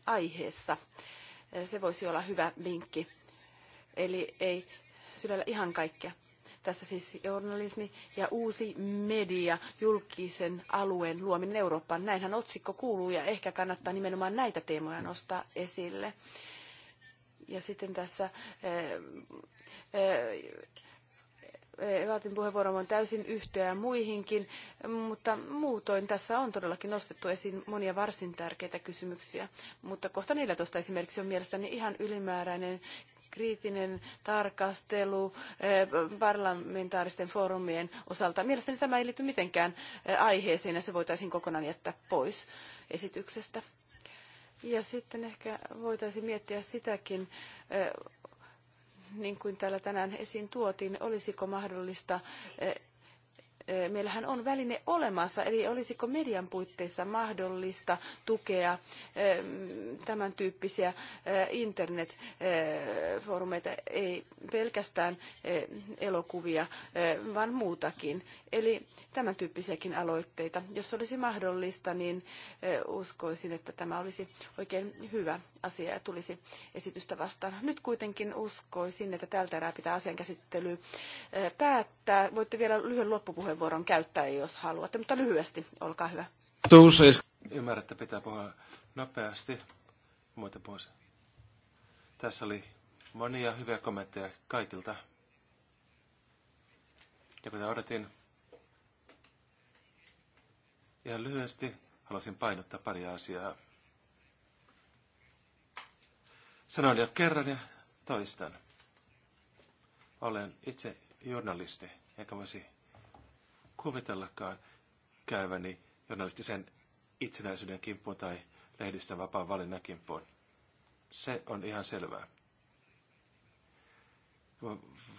aiheessa. Eh, se voisi olla hyvä vinkki. Eli ei sylällä ihan kaikkea. Tässä siis journalismi ja uusi media, julkisen alueen luominen Eurooppaan. Näinhän otsikko kuuluu ja ehkä kannattaa nimenomaan näitä teemoja nostaa esille. Ja sitten tässä eh, eh, eh, Vaatin puheenvuoro on täysin yhtyä muihinkin, mutta muutoin tässä on todellakin nostettu esiin monia varsin tärkeitä kysymyksiä. Mutta kohta 14 esimerkiksi on mielestäni ihan ylimääräinen kriittinen tarkastelu parlamentaaristen foorumien osalta. Mielestäni tämä ei liity mitenkään aiheeseen ja se voitaisiin kokonaan jättää pois esityksestä. Ja sitten ehkä voitaisiin miettiä sitäkin, niin kuin täällä tänään esiin tuotiin, olisiko mahdollista meillähän on väline olemassa, eli olisiko median puitteissa mahdollista tukea tämän tyyppisiä internetfoorumeita, ei pelkästään elokuvia, vaan muutakin. Eli tämän tyyppisiäkin aloitteita. Jos olisi mahdollista, niin uskoisin, että tämä olisi oikein hyvä asia ja tulisi esitystä vastaan. Nyt kuitenkin uskoisin, että tältä erää pitää asian käsittely päättää. Voitte vielä lyhyen loppupuheen puheenvuoron käyttää, jos haluatte, mutta lyhyesti, olkaa hyvä. Ymmärrän, että pitää puhua nopeasti. Muuten pois. Tässä oli monia hyviä kommentteja kaikilta. Ja kuten odotin, ihan lyhyesti haluaisin painottaa pari asiaa. Sanoin jo kerran ja toistan. Olen itse journalisti, enkä voisi kuvitellakaan käyväni journalistisen itsenäisyyden kimppuun tai lehdistön vapaan valinnan kimppuun. Se on ihan selvää.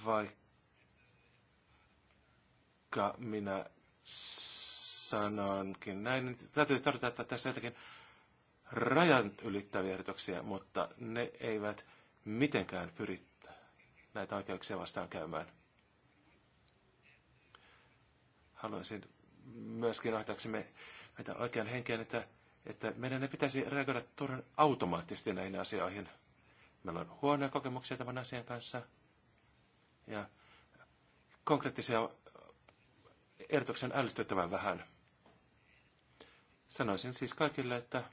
Vaikka minä sanonkin näin, niin täytyy todeta, että tässä on jotakin rajan ylittäviä ehdotuksia, mutta ne eivät mitenkään pyri näitä oikeuksia vastaan käymään haluaisin myöskin ohjataksemme meitä oikean henkeen, että, että meidän ei pitäisi reagoida turhan automaattisesti näihin asioihin. Meillä on huonoja kokemuksia tämän asian kanssa ja konkreettisia ehdotuksen ällistyttävän vähän. Sanoisin siis kaikille, että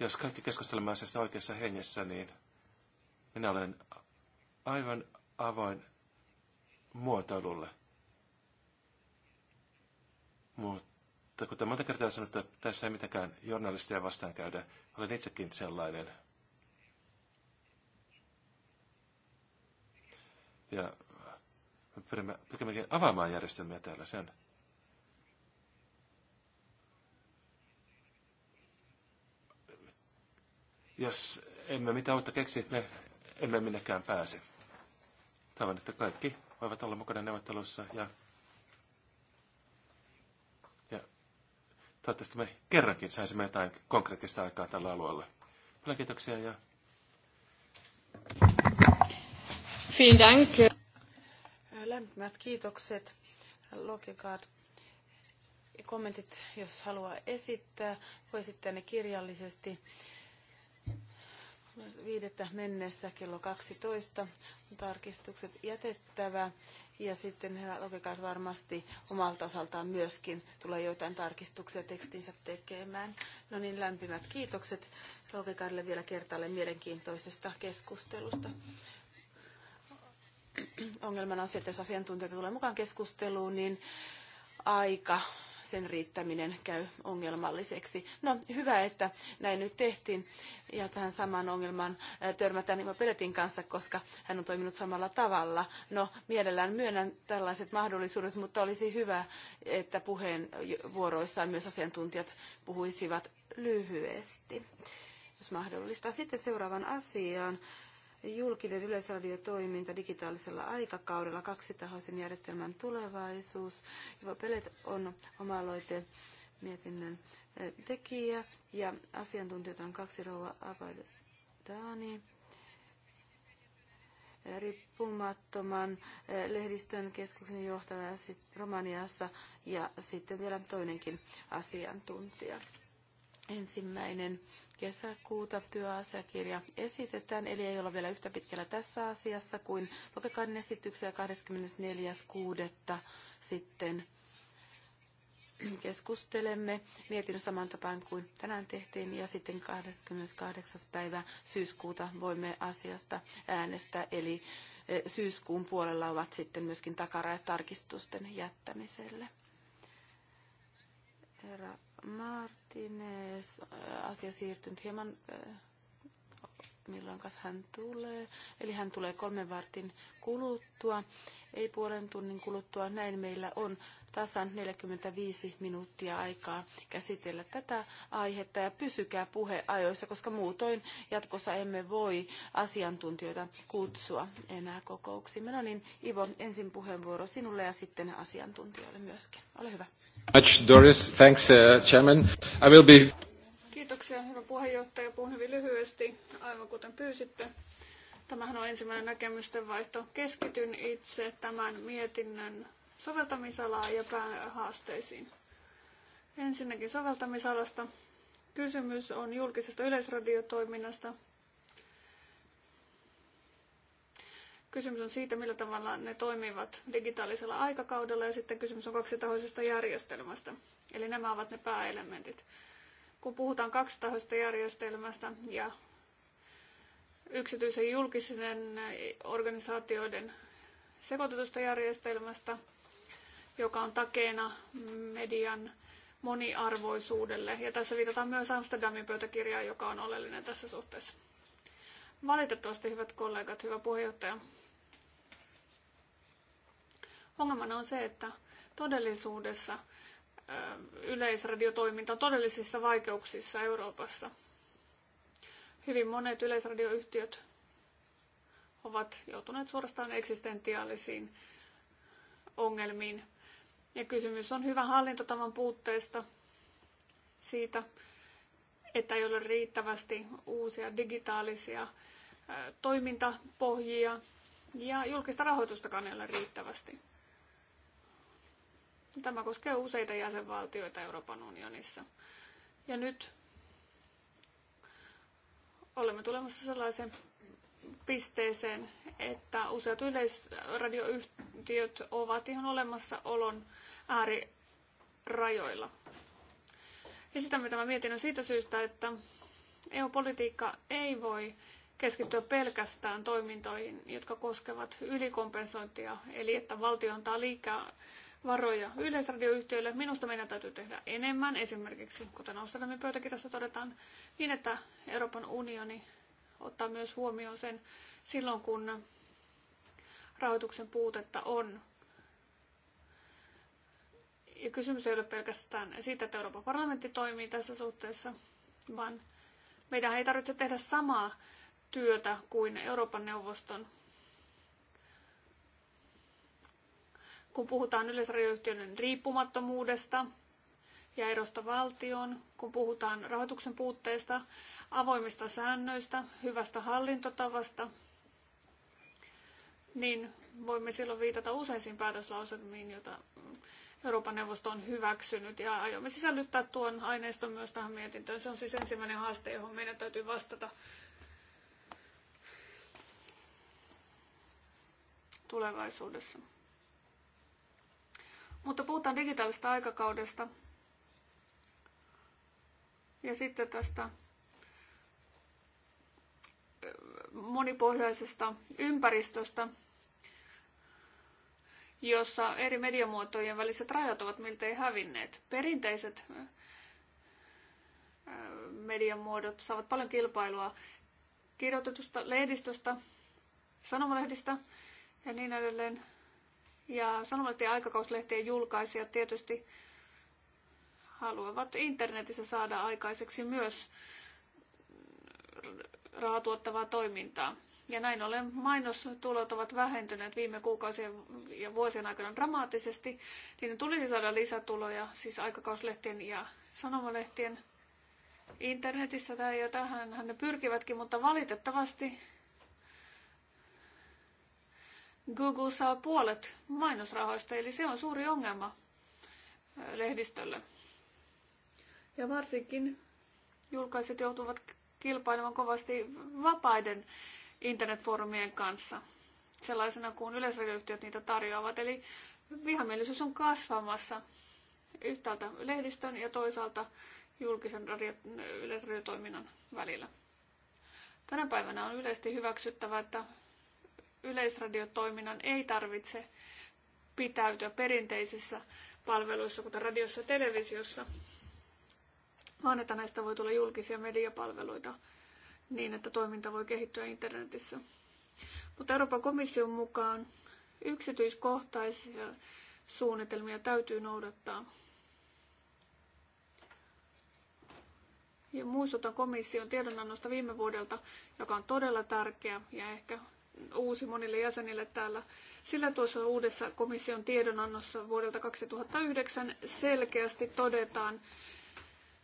jos kaikki keskustelemme asiasta oikeassa hengessä, niin minä olen aivan avoin muotoilulle. Mutta kuten monta kertaa sanottu, että tässä ei mitenkään journalistia vastaan käydä. Olen itsekin sellainen. Ja pyrimme pikemminkin avaamaan järjestelmiä täällä. sen. jos emme mitään uutta keksi, me emme minnekään pääse. Toivon, että kaikki voivat olla mukana neuvottelussa ja, ja toivottavasti me kerrankin saisimme jotain konkreettista aikaa tällä alueella. Paljon kiitoksia ja... Vielen Dank. Lämpimät kiitokset, Lokikaat. Kommentit, jos haluaa esittää, voi esittää ne kirjallisesti viidettä mennessä kello 12 tarkistukset jätettävä. Ja sitten herra Lokekas varmasti omalta osaltaan myöskin tulee joitain tarkistuksia tekstinsä tekemään. No niin, lämpimät kiitokset Lokekarille vielä kertaalle mielenkiintoisesta keskustelusta. Ongelmana on se, että jos asiantuntijat tulee mukaan keskusteluun, niin aika sen riittäminen käy ongelmalliseksi. No hyvä, että näin nyt tehtiin ja tähän samaan ongelmaan äh, törmätään Imo Peletin kanssa, koska hän on toiminut samalla tavalla. No mielellään myönnän tällaiset mahdollisuudet, mutta olisi hyvä, että puheenvuoroissaan myös asiantuntijat puhuisivat lyhyesti, jos mahdollista. Sitten seuraavan asiaan. Julkinen yleisradiotoiminta digitaalisella aikakaudella, kaksitahoisen järjestelmän tulevaisuus. Ivo Pelet on oma aloite mietinnön eh, tekijä ja asiantuntijoita on kaksi rouva Abadani eh, riippumattoman eh, lehdistön keskuksen johtaja Romaniassa ja sitten vielä toinenkin asiantuntija ensimmäinen kesäkuuta työasiakirja esitetään, eli ei olla vielä yhtä pitkällä tässä asiassa kuin Lopekainen esityksiä 24.6. sitten keskustelemme mietinnön saman tapaan kuin tänään tehtiin ja sitten 28. päivä syyskuuta voimme asiasta äänestää, eli e, syyskuun puolella ovat sitten myöskin takarajat tarkistusten jättämiselle. Herra Martinez äh, asia siirtynyt hieman, äh, milloin hän tulee. Eli hän tulee kolmen vartin kuluttua, ei puolen tunnin kuluttua. Näin meillä on tasan 45 minuuttia aikaa käsitellä tätä aihetta ja pysykää puheajoissa, koska muutoin jatkossa emme voi asiantuntijoita kutsua enää kokouksiin. No niin, Ivo, ensin puheenvuoro sinulle ja sitten asiantuntijoille myöskin. Ole hyvä. Much, Doris. Thanks, uh, Chairman. I will be... Kiitoksia, hyvä puheenjohtaja. Puhun hyvin lyhyesti, aivan kuten pyysitte. Tämähän on ensimmäinen näkemysten vaihto. Keskityn itse tämän mietinnön soveltamisalaa ja päähaasteisiin. Ensinnäkin soveltamisalasta. Kysymys on julkisesta yleisradiotoiminnasta, Kysymys on siitä, millä tavalla ne toimivat digitaalisella aikakaudella ja sitten kysymys on kaksitahoisesta järjestelmästä. Eli nämä ovat ne pääelementit. Kun puhutaan kaksitahoisesta järjestelmästä ja yksityisen ja julkisen organisaatioiden sekoitetusta järjestelmästä, joka on takeena median moniarvoisuudelle. Ja tässä viitataan myös Amsterdamin pöytäkirjaan, joka on oleellinen tässä suhteessa. Valitettavasti, hyvät kollegat, hyvä puheenjohtaja, Ongelmana on se, että todellisuudessa yleisradiotoiminta on todellisissa vaikeuksissa Euroopassa. Hyvin monet yleisradioyhtiöt ovat joutuneet suorastaan eksistentiaalisiin ongelmiin. Ja kysymys on hyvän hallintotavan puutteesta, siitä, että ei ole riittävästi uusia digitaalisia toimintapohjia ja julkista rahoitustakaan ei ole riittävästi. Tämä koskee useita jäsenvaltioita Euroopan unionissa. Ja nyt olemme tulemassa sellaiseen pisteeseen, että useat yleisradioyhtiöt ovat ihan olemassaolon äärirajoilla. Esitämme tämän mietinnön siitä syystä, että EU-politiikka ei voi keskittyä pelkästään toimintoihin, jotka koskevat ylikompensointia, eli että valtio antaa liikaa varoja yleisradioyhtiöille. Minusta meidän täytyy tehdä enemmän, esimerkiksi kuten Australian pöytäkirjassa todetaan, niin että Euroopan unioni ottaa myös huomioon sen silloin, kun rahoituksen puutetta on. Ja kysymys ei ole pelkästään siitä, että Euroopan parlamentti toimii tässä suhteessa, vaan meidän ei tarvitse tehdä samaa työtä kuin Euroopan neuvoston kun puhutaan yleisradioyhtiöiden riippumattomuudesta ja erosta valtioon, kun puhutaan rahoituksen puutteesta, avoimista säännöistä, hyvästä hallintotavasta, niin voimme silloin viitata useisiin päätöslauselmiin, joita Euroopan neuvosto on hyväksynyt ja aiomme sisällyttää tuon aineiston myös tähän mietintöön. Se on siis ensimmäinen haaste, johon meidän täytyy vastata tulevaisuudessa. Mutta puhutaan digitaalista aikakaudesta ja sitten tästä monipohjaisesta ympäristöstä, jossa eri mediamuotojen väliset rajat ovat miltei hävinneet. Perinteiset mediamuodot saavat paljon kilpailua kirjoitetusta lehdistöstä, sanomalehdistä ja niin edelleen ja sanomalehteen aikakauslehtien julkaisijat tietysti haluavat internetissä saada aikaiseksi myös rahaa tuottavaa toimintaa. Ja näin ollen mainostulot ovat vähentyneet viime kuukausien ja vuosien aikana dramaattisesti. Niiden tulisi saada lisätuloja, siis aikakauslehtien ja sanomalehtien internetissä tai jo tähän ne pyrkivätkin, mutta valitettavasti Google saa puolet mainosrahoista, eli se on suuri ongelma lehdistölle. Ja varsinkin julkaiset joutuvat kilpailemaan kovasti vapaiden internetfoorumien kanssa, sellaisena kuin yleisradioyhtiöt niitä tarjoavat. Eli vihamielisyys on kasvamassa yhtäältä lehdistön ja toisaalta julkisen radio, yleisradiotoiminnan välillä. Tänä päivänä on yleisesti hyväksyttävä, että yleisradiotoiminnan ei tarvitse pitäytyä perinteisissä palveluissa, kuten radiossa ja televisiossa, vaan että näistä voi tulla julkisia mediapalveluita niin, että toiminta voi kehittyä internetissä. Mutta Euroopan komission mukaan yksityiskohtaisia suunnitelmia täytyy noudattaa. Ja muistutan komission tiedonannosta viime vuodelta, joka on todella tärkeä ja ehkä uusi monille jäsenille täällä, sillä tuossa uudessa komission tiedonannossa vuodelta 2009 selkeästi todetaan,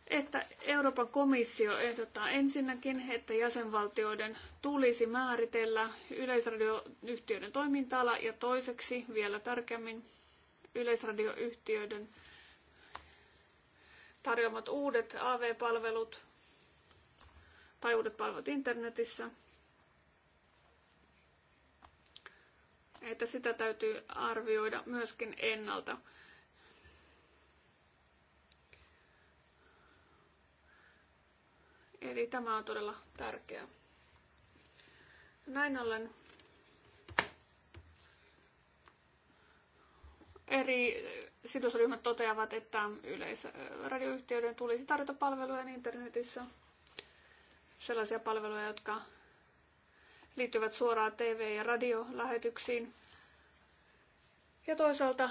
että Euroopan komissio ehdottaa ensinnäkin, että jäsenvaltioiden tulisi määritellä yleisradioyhtiöiden toiminta-ala ja toiseksi vielä tärkeämmin yleisradioyhtiöiden tarjoamat uudet AV-palvelut tai uudet palvelut internetissä – että sitä täytyy arvioida myöskin ennalta. Eli tämä on todella tärkeää. Näin ollen eri sidosryhmät toteavat, että yleisradioyhtiöiden tulisi tarjota palveluja internetissä. Sellaisia palveluja, jotka liittyvät suoraan TV- ja radiolähetyksiin. Ja toisaalta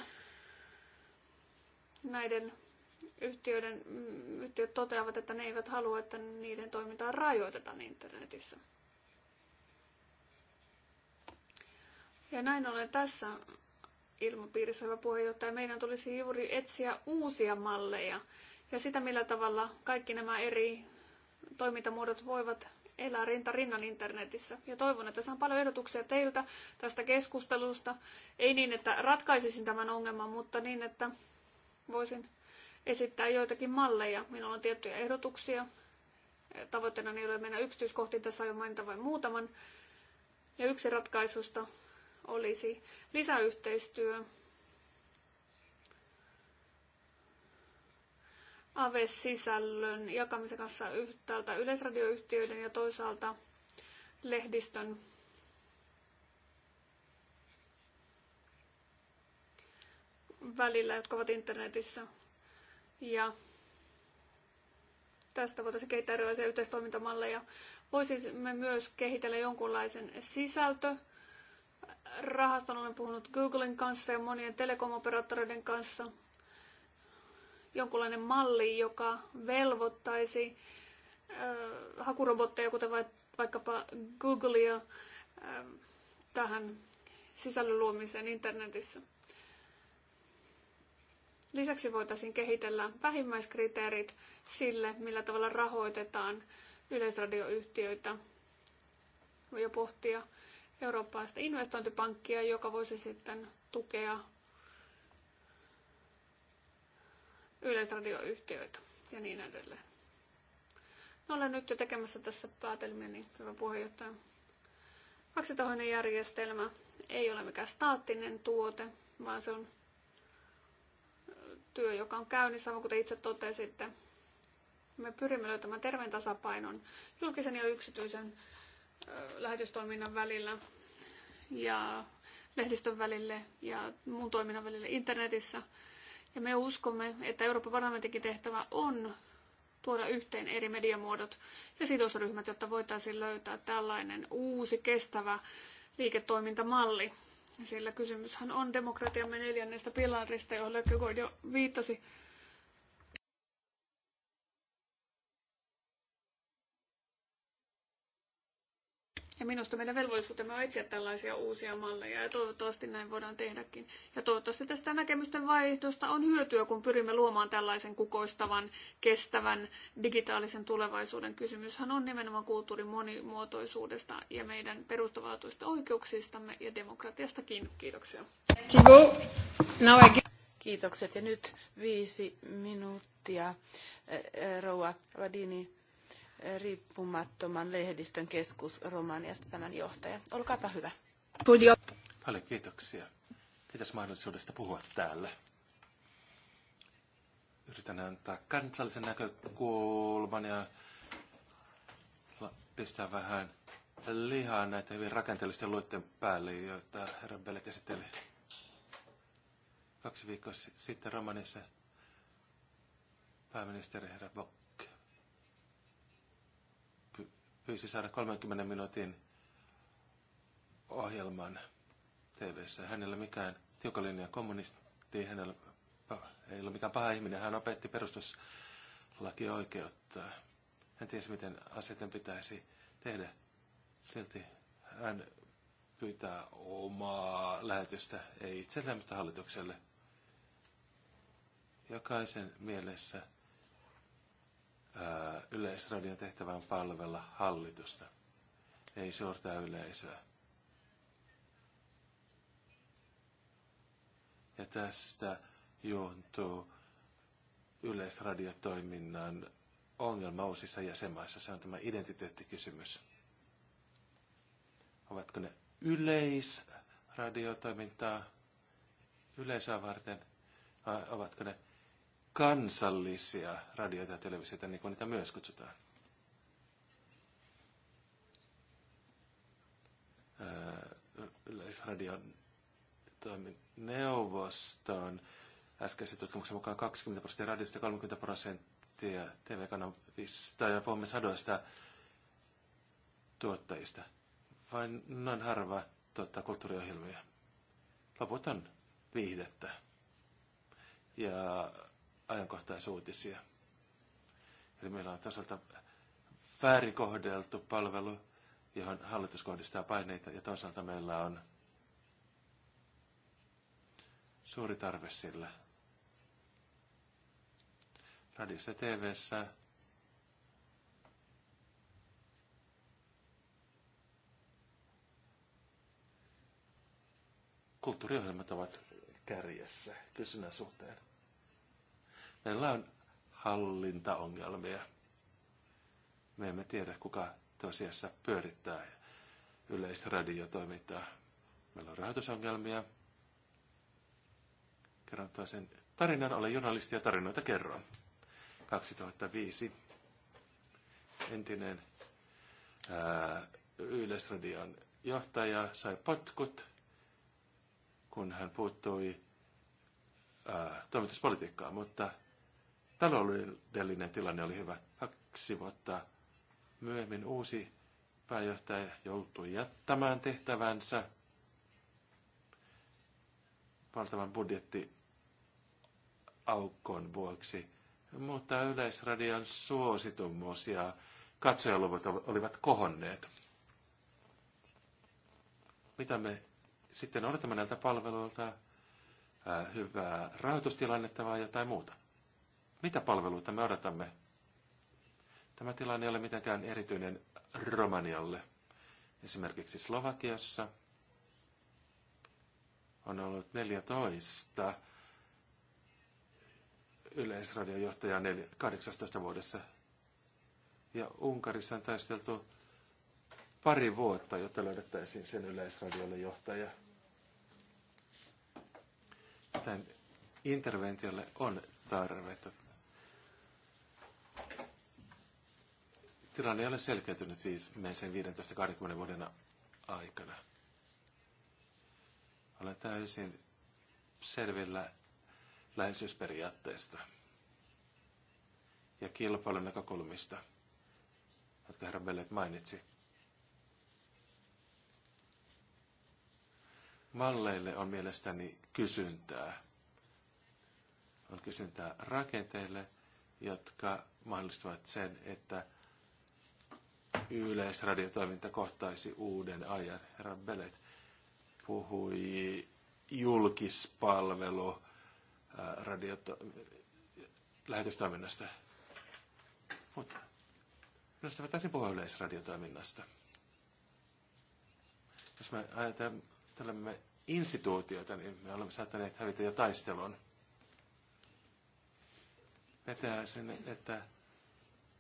näiden yhtiöiden, mm, yhtiöt toteavat, että ne eivät halua, että niiden toimintaa rajoitetaan internetissä. Ja näin ollen tässä ilmapiirissä, hyvä puheenjohtaja, meidän tulisi juuri etsiä uusia malleja ja sitä, millä tavalla kaikki nämä eri toimintamuodot voivat elää rinta rinnan internetissä. Ja toivon, että saan paljon ehdotuksia teiltä tästä keskustelusta. Ei niin, että ratkaisisin tämän ongelman, mutta niin, että voisin esittää joitakin malleja. Minulla on tiettyjä ehdotuksia. Tavoitteena ei ole mennä yksityiskohtiin, tässä jo mainita vain muutaman. Ja yksi ratkaisusta olisi lisäyhteistyö AV-sisällön jakamisen kanssa yhtäältä yleisradioyhtiöiden ja toisaalta lehdistön välillä, jotka ovat internetissä. Ja tästä voitaisiin kehittää erilaisia yhteistoimintamalleja. Voisimme myös kehitellä jonkunlaisen sisältö. Rahaston olen puhunut Googlen kanssa ja monien telekomoperaattoreiden kanssa – jonkunlainen malli, joka velvoittaisi hakurobotteja, kuten vaikkapa Googlea, tähän sisällön luomiseen internetissä. Lisäksi voitaisiin kehitellä vähimmäiskriteerit sille, millä tavalla rahoitetaan yleisradioyhtiöitä ja pohtia eurooppalaista investointipankkia, joka voisi sitten tukea yleisradioyhtiöitä ja niin edelleen. No, olen nyt jo tekemässä tässä päätelmiä, niin hyvä puheenjohtaja. Kaksitahoinen järjestelmä ei ole mikään staattinen tuote, vaan se on työ, joka on käynnissä, aivan kuten itse totesitte. Me pyrimme löytämään terveen tasapainon julkisen ja yksityisen lähetystoiminnan välillä ja lehdistön välille ja muun toiminnan välille internetissä – ja me uskomme, että Euroopan parlamentinkin tehtävä on tuoda yhteen eri mediamuodot ja sidosryhmät, jotta voitaisiin löytää tällainen uusi kestävä liiketoimintamalli. Sillä kysymyshän on demokratiamme neljännestä pilarista, johon Lökkö jo viittasi. minusta meidän velvollisuutemme on etsiä tällaisia uusia malleja ja toivottavasti näin voidaan tehdäkin. Ja toivottavasti tästä näkemysten vaihdosta on hyötyä, kun pyrimme luomaan tällaisen kukoistavan, kestävän digitaalisen tulevaisuuden. Kysymyshän on nimenomaan kulttuurin monimuotoisuudesta ja meidän perustavaatuista oikeuksistamme ja demokratiastakin. Kiitoksia. Kiitokset ja nyt viisi minuuttia. Rouva Vadini riippumattoman lehdistön keskus Romaniasta tämän johtaja. Olkaapa hyvä. Paljon kiitoksia. Kiitos mahdollisuudesta puhua täällä. Yritän antaa kansallisen näkökulman ja pistää vähän lihaa näitä hyvin rakenteellisten luiden päälle, joita herra Bellet esitteli kaksi viikkoa sitten Romanissa pääministeri herra pyysi saada 30 minuutin ohjelman tv Hänellä mikään ja kommunisti, hänellä ei ollut mikään paha ihminen, hän opetti perustuslakioikeutta. Hän tiesi, miten asioiden pitäisi tehdä. Silti hän pyytää omaa lähetystä, ei itselleen, mutta hallitukselle. Jokaisen mielessä – Yleisradion tehtävän palvella hallitusta, ei suurta yleisöä. Ja tästä juontuu yleisradiotoiminnan ongelma uusissa jäsenmaissa. Se on tämä identiteettikysymys. Ovatko ne yleisradiotoimintaa yleisöä varten, vai ovatko ne kansallisia radioita ja televisioita, niin kuin niitä myös kutsutaan. Yleisradion neuvoston äskeisen tutkimuksen mukaan 20 prosenttia radiosta 30 prosenttia TV-kanavista ja puhumme sadoista tuottajista. Vain noin harva tuottaa kulttuuriohjelmia. Loput on viihdettä. Ja ajankohtaisuutisia. Eli meillä on toisaalta väärikohdeltu palvelu, johon hallitus kohdistaa paineita, ja toisaalta meillä on suuri tarve sillä. Radissa TVssä kulttuuriohjelmat ovat kärjessä kysynnän suhteen. Meillä on hallintaongelmia. Me emme tiedä, kuka tosiasiassa pyörittää radiotoimintaa. Meillä on rahoitusongelmia. Kerron toisen tarinan. Olen journalisti ja tarinoita kerron. 2005 entinen Yleisradion johtaja sai potkut, kun hän puuttui ää, toimituspolitiikkaan, mutta taloudellinen tilanne oli hyvä. Kaksi vuotta myöhemmin uusi pääjohtaja joutui jättämään tehtävänsä. Valtavan budjetti aukon vuoksi, mutta Yleisradion suositumus ja katsojaluvut olivat kohonneet. Mitä me sitten odotamme näiltä palveluilta? Äh, hyvää rahoitustilannetta vai jotain muuta? Mitä palveluita me odotamme? Tämä tilanne ei ole mitenkään erityinen Romanialle. Esimerkiksi Slovakiassa on ollut 14 yleisradiojohtajaa 18 vuodessa. Ja Unkarissa on taisteltu pari vuotta, jotta löydettäisiin sen yleisradiolle johtaja. Tämän interventiolle on tarvetta. Tilanne ei ole selkeytynyt viimeisen 15-20 vuoden aikana. Olen täysin selvillä läheisyysperiaatteista ja kilpailun näkökulmista, jotka herra Bellet mainitsi. Malleille on mielestäni kysyntää. On kysyntää rakenteille, jotka mahdollistavat sen, että yleisradiotoiminta kohtaisi uuden ajan. Herra Belet puhui julkispalvelu äh, radioto- lähetystoiminnasta. Mutta minusta mä taisin puhua yleisradiotoiminnasta. Jos me ajatellaan instituutioita, niin me olemme saattaneet hävitä jo taistelun. Vetää sen, että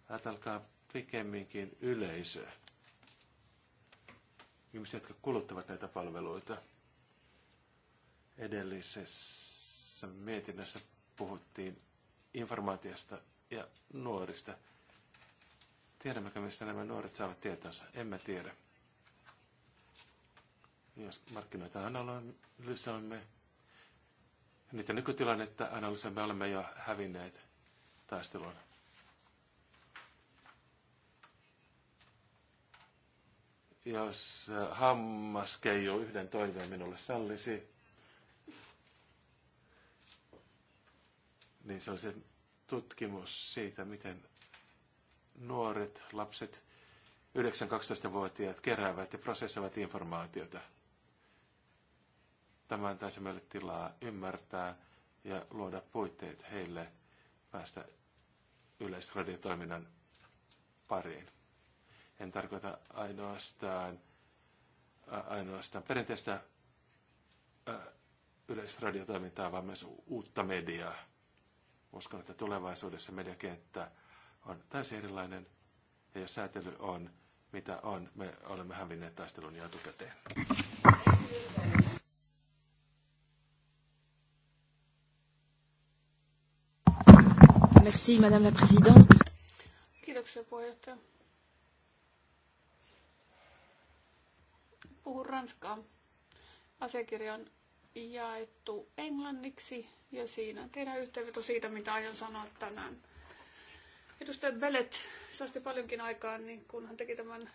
ajatelkaa pikemminkin yleisö. Ihmiset, jotka kuluttavat näitä palveluita. Edellisessä mietinnässä puhuttiin informaatiosta ja nuorista. Tiedämmekö, mistä nämä nuoret saavat tietonsa? Emme tiedä. Jos markkinoita analysoimme, niitä nykytilannetta analysoimme olemme jo hävinneet taistelun. Jos äh, keijo yhden toiveen minulle sallisi, niin se on se tutkimus siitä, miten nuoret lapset 9-12-vuotiaat keräävät ja prosessoivat informaatiota. Tämä antaisi meille tilaa ymmärtää ja luoda puitteet heille päästä yleisradiotoiminnan pariin. En tarkoita ainoastaan, ainoastaan perinteistä yleisradiotoimintaa, vaan myös uutta mediaa. Uskon, että tulevaisuudessa mediakenttä on täysin erilainen, ja jos säätely on mitä on, me olemme hävinneet taistelun jo etukäteen. Merci, Madame la Présidente. Kiitoksia puheenjohtaja. puhu ranskaa. Asiakirja on jaettu englanniksi ja siinä tehdään yhteenveto siitä, mitä aion sanoa tänään. Edustaja Bellet säästi paljonkin aikaa, niin kun hän teki tämän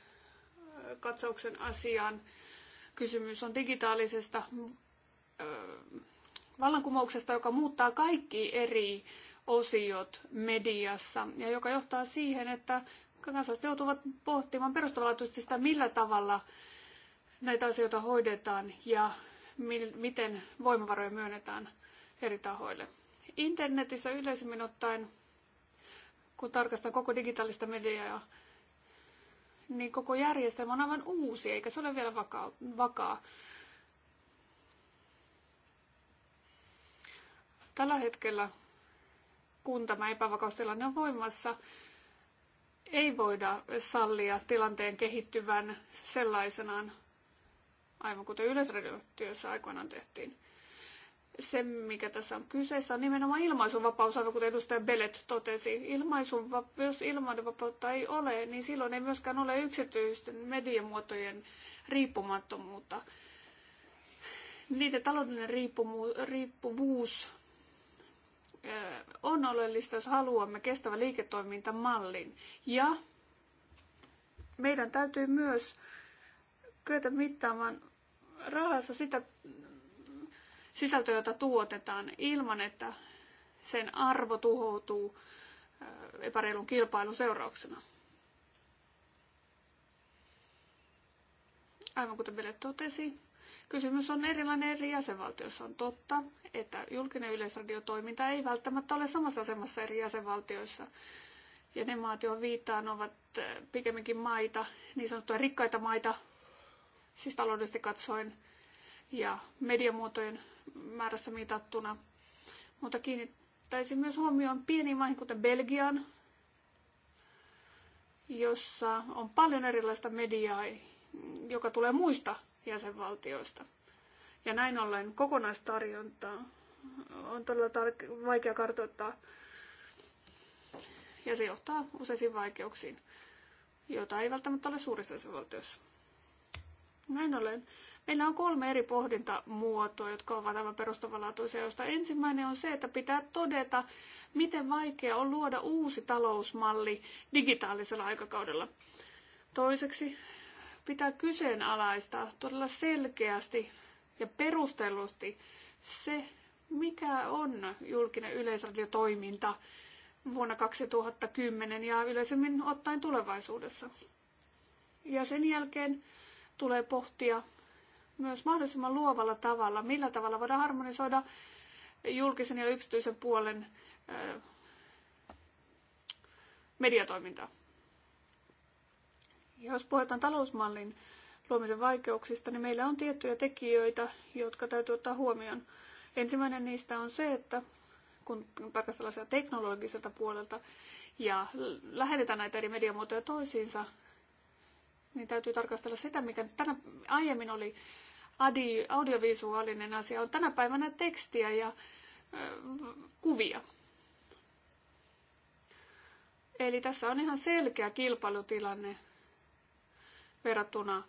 katsauksen asiaan. Kysymys on digitaalisesta vallankumouksesta, joka muuttaa kaikki eri osiot mediassa ja joka johtaa siihen, että kansalaiset joutuvat pohtimaan perustavanlaatuisesti sitä, millä tavalla näitä asioita hoidetaan ja miten voimavaroja myönnetään eri tahoille. Internetissä yleisemmin ottaen, kun tarkastan koko digitaalista mediaa, niin koko järjestelmä on aivan uusi, eikä se ole vielä vakaa. vakaa. Tällä hetkellä, kun tämä epävakaustilanne on voimassa, ei voida sallia tilanteen kehittyvän sellaisenaan aivan kuten yleisradiotyössä aikoinaan tehtiin. Se, mikä tässä on kyseessä, on nimenomaan ilmaisunvapaus, aivan kuten edustaja Belet totesi. Ilmaisunva- jos ilmaisunvapautta ei ole, niin silloin ei myöskään ole yksityisten mediamuotojen riippumattomuutta. Niiden taloudellinen riippuvuus on oleellista, jos haluamme kestävän liiketoimintamallin. Ja meidän täytyy myös kyetä mittaamaan rahassa sitä sisältöä, jota tuotetaan ilman, että sen arvo tuhoutuu äh, epäreilun kilpailun seurauksena. Aivan kuten Bele totesi, kysymys on erilainen eri jäsenvaltioissa. On totta, että julkinen yleisradiotoiminta ei välttämättä ole samassa asemassa eri jäsenvaltioissa. Ja ne maat, joihin viittaan, ovat äh, pikemminkin maita, niin sanottuja rikkaita maita, siis taloudellisesti katsoen ja mediamuotojen määrässä mitattuna. Mutta kiinnittäisin myös huomioon pieniin maihin, kuten Belgiaan, jossa on paljon erilaista mediaa, joka tulee muista jäsenvaltioista. Ja näin ollen kokonaistarjontaa on todella tar- vaikea kartoittaa ja se johtaa useisiin vaikeuksiin, joita ei välttämättä ole suurissa jäsenvaltioissa. Näin ollen meillä on kolme eri pohdintamuotoa, jotka ovat aivan perustavanlaatuisia, joista ensimmäinen on se, että pitää todeta, miten vaikea on luoda uusi talousmalli digitaalisella aikakaudella. Toiseksi pitää kyseenalaistaa todella selkeästi ja perustellusti se, mikä on julkinen yleisradiotoiminta vuonna 2010 ja yleisemmin ottaen tulevaisuudessa. Ja sen jälkeen tulee pohtia myös mahdollisimman luovalla tavalla, millä tavalla voidaan harmonisoida julkisen ja yksityisen puolen mediatoimintaa. Jos puhutaan talousmallin luomisen vaikeuksista, niin meillä on tiettyjä tekijöitä, jotka täytyy ottaa huomioon. Ensimmäinen niistä on se, että kun tarkastellaan teknologiselta puolelta ja lähetetään näitä eri mediamuotoja toisiinsa, niin täytyy tarkastella sitä, mikä tänä, aiemmin oli adi, audiovisuaalinen asia, on tänä päivänä tekstiä ja ö, kuvia. Eli tässä on ihan selkeä kilpailutilanne verrattuna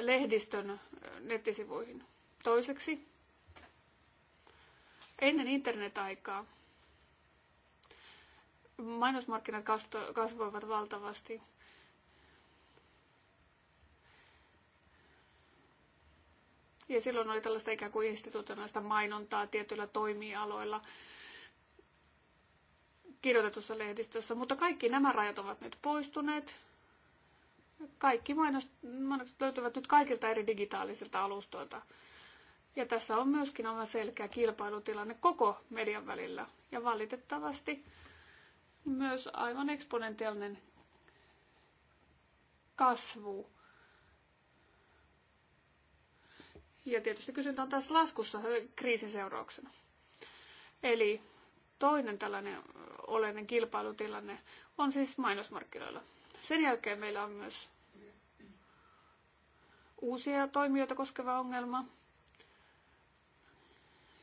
lehdistön nettisivuihin. Toiseksi, ennen internetaikaa mainosmarkkinat kasvoivat valtavasti Ja silloin oli tällaista ikään kuin institutionaalista mainontaa tietyillä toimialoilla kirjoitetussa lehdistössä, mutta kaikki nämä rajat ovat nyt poistuneet. Kaikki mainokset löytyvät nyt kaikilta eri digitaalisilta alustoilta. Ja tässä on myöskin aivan selkeä kilpailutilanne koko median välillä. Ja valitettavasti myös aivan eksponentiaalinen kasvu Ja tietysti kysyntä on taas laskussa kriisin seurauksena. Eli toinen tällainen oleellinen kilpailutilanne on siis mainosmarkkinoilla. Sen jälkeen meillä on myös uusia toimijoita koskeva ongelma.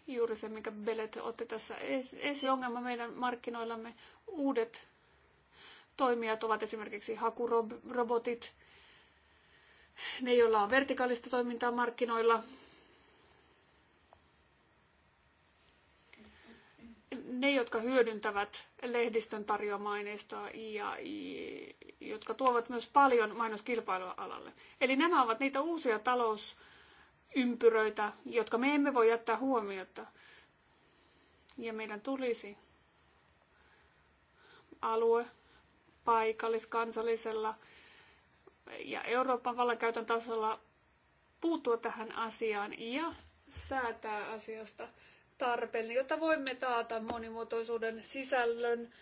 Juuri se, mikä Belet otti tässä esiin. Ongelma meidän markkinoillamme. Uudet toimijat ovat esimerkiksi hakurobotit, ne, joilla on vertikaalista toimintaa markkinoilla, ne, jotka hyödyntävät lehdistön tarjoamaineistoa ja jotka tuovat myös paljon mainoskilpailua alalle. Eli nämä ovat niitä uusia talousympyröitä, jotka me emme voi jättää huomiota. Ja meidän tulisi alue, paikallis, kansallisella ja Euroopan vallankäytön tasolla puuttua tähän asiaan ja säätää asiasta tarpeen, jotta voimme taata monimuotoisuuden sisällön,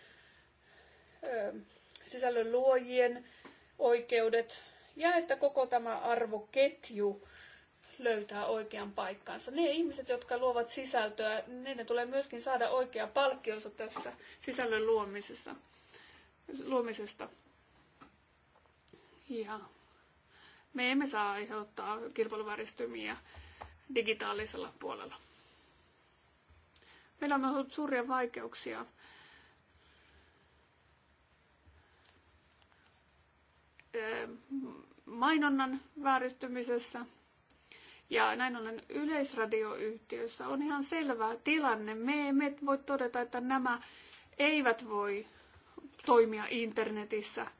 sisällön luojien oikeudet ja että koko tämä arvoketju löytää oikean paikkansa. Ne ihmiset, jotka luovat sisältöä, ne, ne tulee myöskin saada oikea palkkionsa tästä sisällön luomisessa, luomisesta. Ja me emme saa aiheuttaa kilpailuväristymiä digitaalisella puolella. Meillä on ollut suuria vaikeuksia mainonnan vääristymisessä. Ja näin ollen yleisradioyhtiössä on ihan selvä tilanne. Me emme voi todeta, että nämä eivät voi toimia internetissä –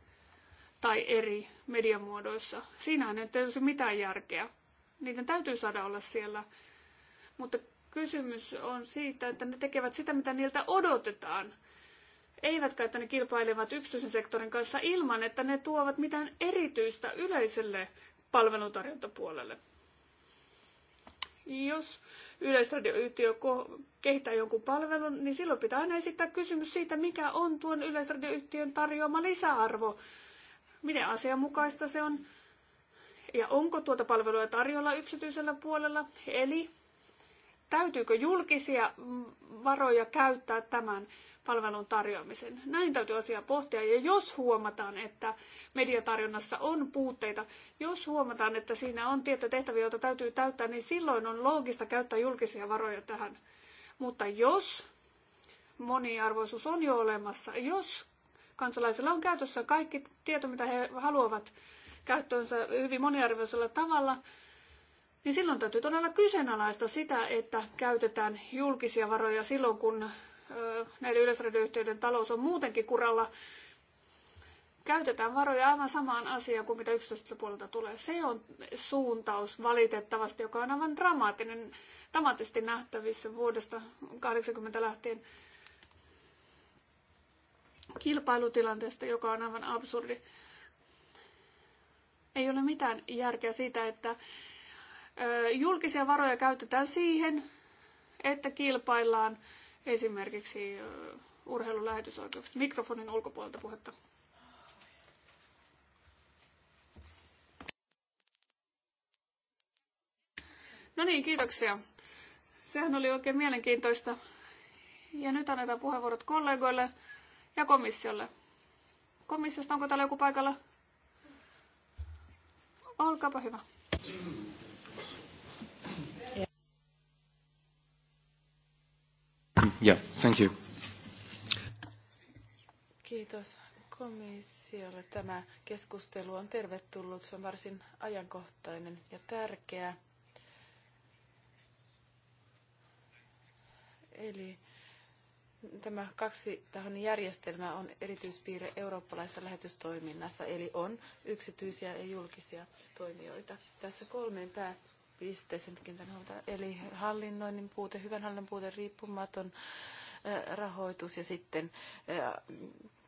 tai eri mediamuodoissa. Siinähän ei tietysti mitään järkeä. Niiden täytyy saada olla siellä. Mutta kysymys on siitä, että ne tekevät sitä, mitä niiltä odotetaan. Eivätkä, että ne kilpailevat yksityisen sektorin kanssa ilman, että ne tuovat mitään erityistä yleiselle palvelutarjontapuolelle. Jos yleisradioyhtiö kehittää jonkun palvelun, niin silloin pitää aina esittää kysymys siitä, mikä on tuon yleisradioyhtiön tarjoama lisäarvo miten asianmukaista se on ja onko tuota palvelua tarjolla yksityisellä puolella. Eli täytyykö julkisia varoja käyttää tämän palvelun tarjoamisen. Näin täytyy asiaa pohtia. Ja jos huomataan, että mediatarjonnassa on puutteita, jos huomataan, että siinä on tiettyjä tehtäviä, joita täytyy täyttää, niin silloin on loogista käyttää julkisia varoja tähän. Mutta jos moniarvoisuus on jo olemassa, jos Kansalaisilla on käytössä kaikki tieto, mitä he haluavat käyttöönsä hyvin moniarvoisella tavalla, niin silloin täytyy todella kyseenalaista sitä, että käytetään julkisia varoja silloin, kun näiden yleisradioyhtiöiden talous on muutenkin kuralla. Käytetään varoja aivan samaan asiaan kuin mitä yksityiseltä puolelta tulee. Se on suuntaus valitettavasti, joka on aivan dramaattinen, dramaattisesti nähtävissä vuodesta 80 lähtien kilpailutilanteesta, joka on aivan absurdi. Ei ole mitään järkeä siitä, että julkisia varoja käytetään siihen, että kilpaillaan esimerkiksi urheilulähetysoikeuksista. Mikrofonin ulkopuolelta puhetta. No niin, kiitoksia. Sehän oli oikein mielenkiintoista. Ja nyt annetaan puheenvuorot kollegoille ja komissiolle. Komissiosta onko täällä joku paikalla? Olkaapa hyvä. Yeah, thank you. Kiitos komissiolle. Tämä keskustelu on tervetullut. Se on varsin ajankohtainen ja tärkeä. Eli Tämä kaksitahoinen järjestelmä on erityispiirre eurooppalaisessa lähetystoiminnassa, eli on yksityisiä ja julkisia toimijoita. Tässä kolmeen pääpisteeseen kiinnitän huomiota, eli hallinnoinnin puute, hyvän hallinnon puute, riippumaton rahoitus ja sitten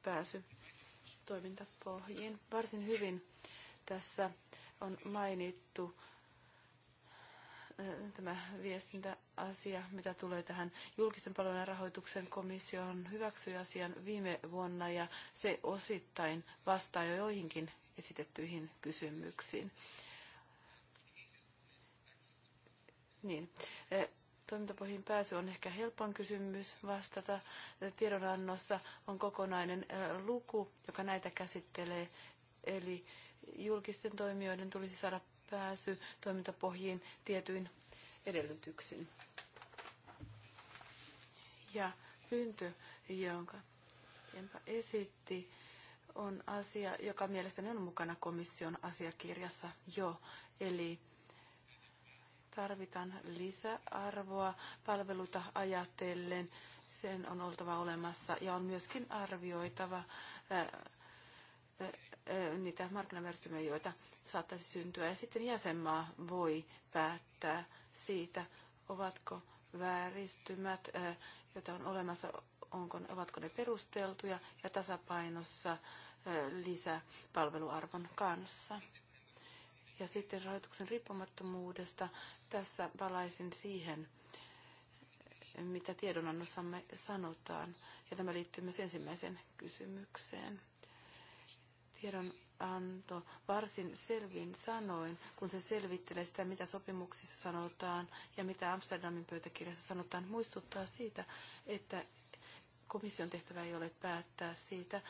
pääsy toimintapohjiin. Varsin hyvin tässä on mainittu tämä viestintäasia, mitä tulee tähän julkisen palvelun rahoituksen komissioon, hyväksyi asian viime vuonna ja se osittain vastaa jo joihinkin esitettyihin kysymyksiin. Niin. Toimintapohjiin pääsy on ehkä helpoin kysymys vastata. Tiedonannossa on kokonainen luku, joka näitä käsittelee. Eli julkisten toimijoiden tulisi saada pääsy toimintapohjiin tietyin edellytyksin. Ja pyyntö, jonka Jempa esitti, on asia, joka mielestäni on mukana komission asiakirjassa jo. Eli tarvitaan lisäarvoa palveluta ajatellen. Sen on oltava olemassa ja on myöskin arvioitava niitä markkinavääristymiä, joita saattaisi syntyä. Ja sitten jäsenmaa voi päättää siitä, ovatko vääristymät, joita on olemassa, onko, ovatko ne perusteltuja ja tasapainossa lisäpalveluarvon kanssa. Ja sitten rahoituksen riippumattomuudesta. Tässä palaisin siihen, mitä tiedonannossamme sanotaan. Ja tämä liittyy myös ensimmäiseen kysymykseen tiedonanto varsin selvin sanoin, kun se selvittelee sitä, mitä sopimuksissa sanotaan ja mitä Amsterdamin pöytäkirjassa sanotaan, muistuttaa siitä, että komission tehtävä ei ole päättää siitä,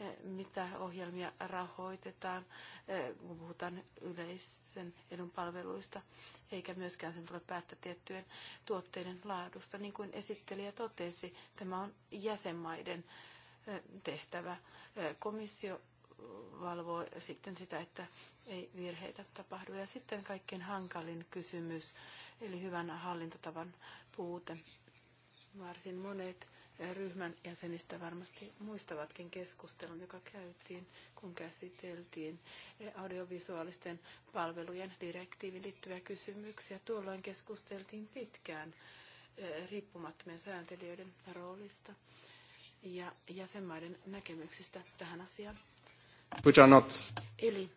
eh, mitä ohjelmia rahoitetaan, eh, kun puhutaan yleisen edun palveluista, eikä myöskään sen tule päättää tiettyjen tuotteiden laadusta. Niin kuin esittelijä totesi, tämä on jäsenmaiden eh, tehtävä. Komissio valvoo sitten sitä, että ei virheitä tapahdu. Ja sitten kaikkein hankalin kysymys, eli hyvän hallintotavan puute. Varsin monet ryhmän jäsenistä varmasti muistavatkin keskustelun, joka käytiin, kun käsiteltiin audiovisuaalisten palvelujen direktiivin liittyviä kysymyksiä. Tuolloin keskusteltiin pitkään eh, riippumattomien sääntelijöiden roolista ja jäsenmaiden näkemyksistä tähän asiaan which are not... Eli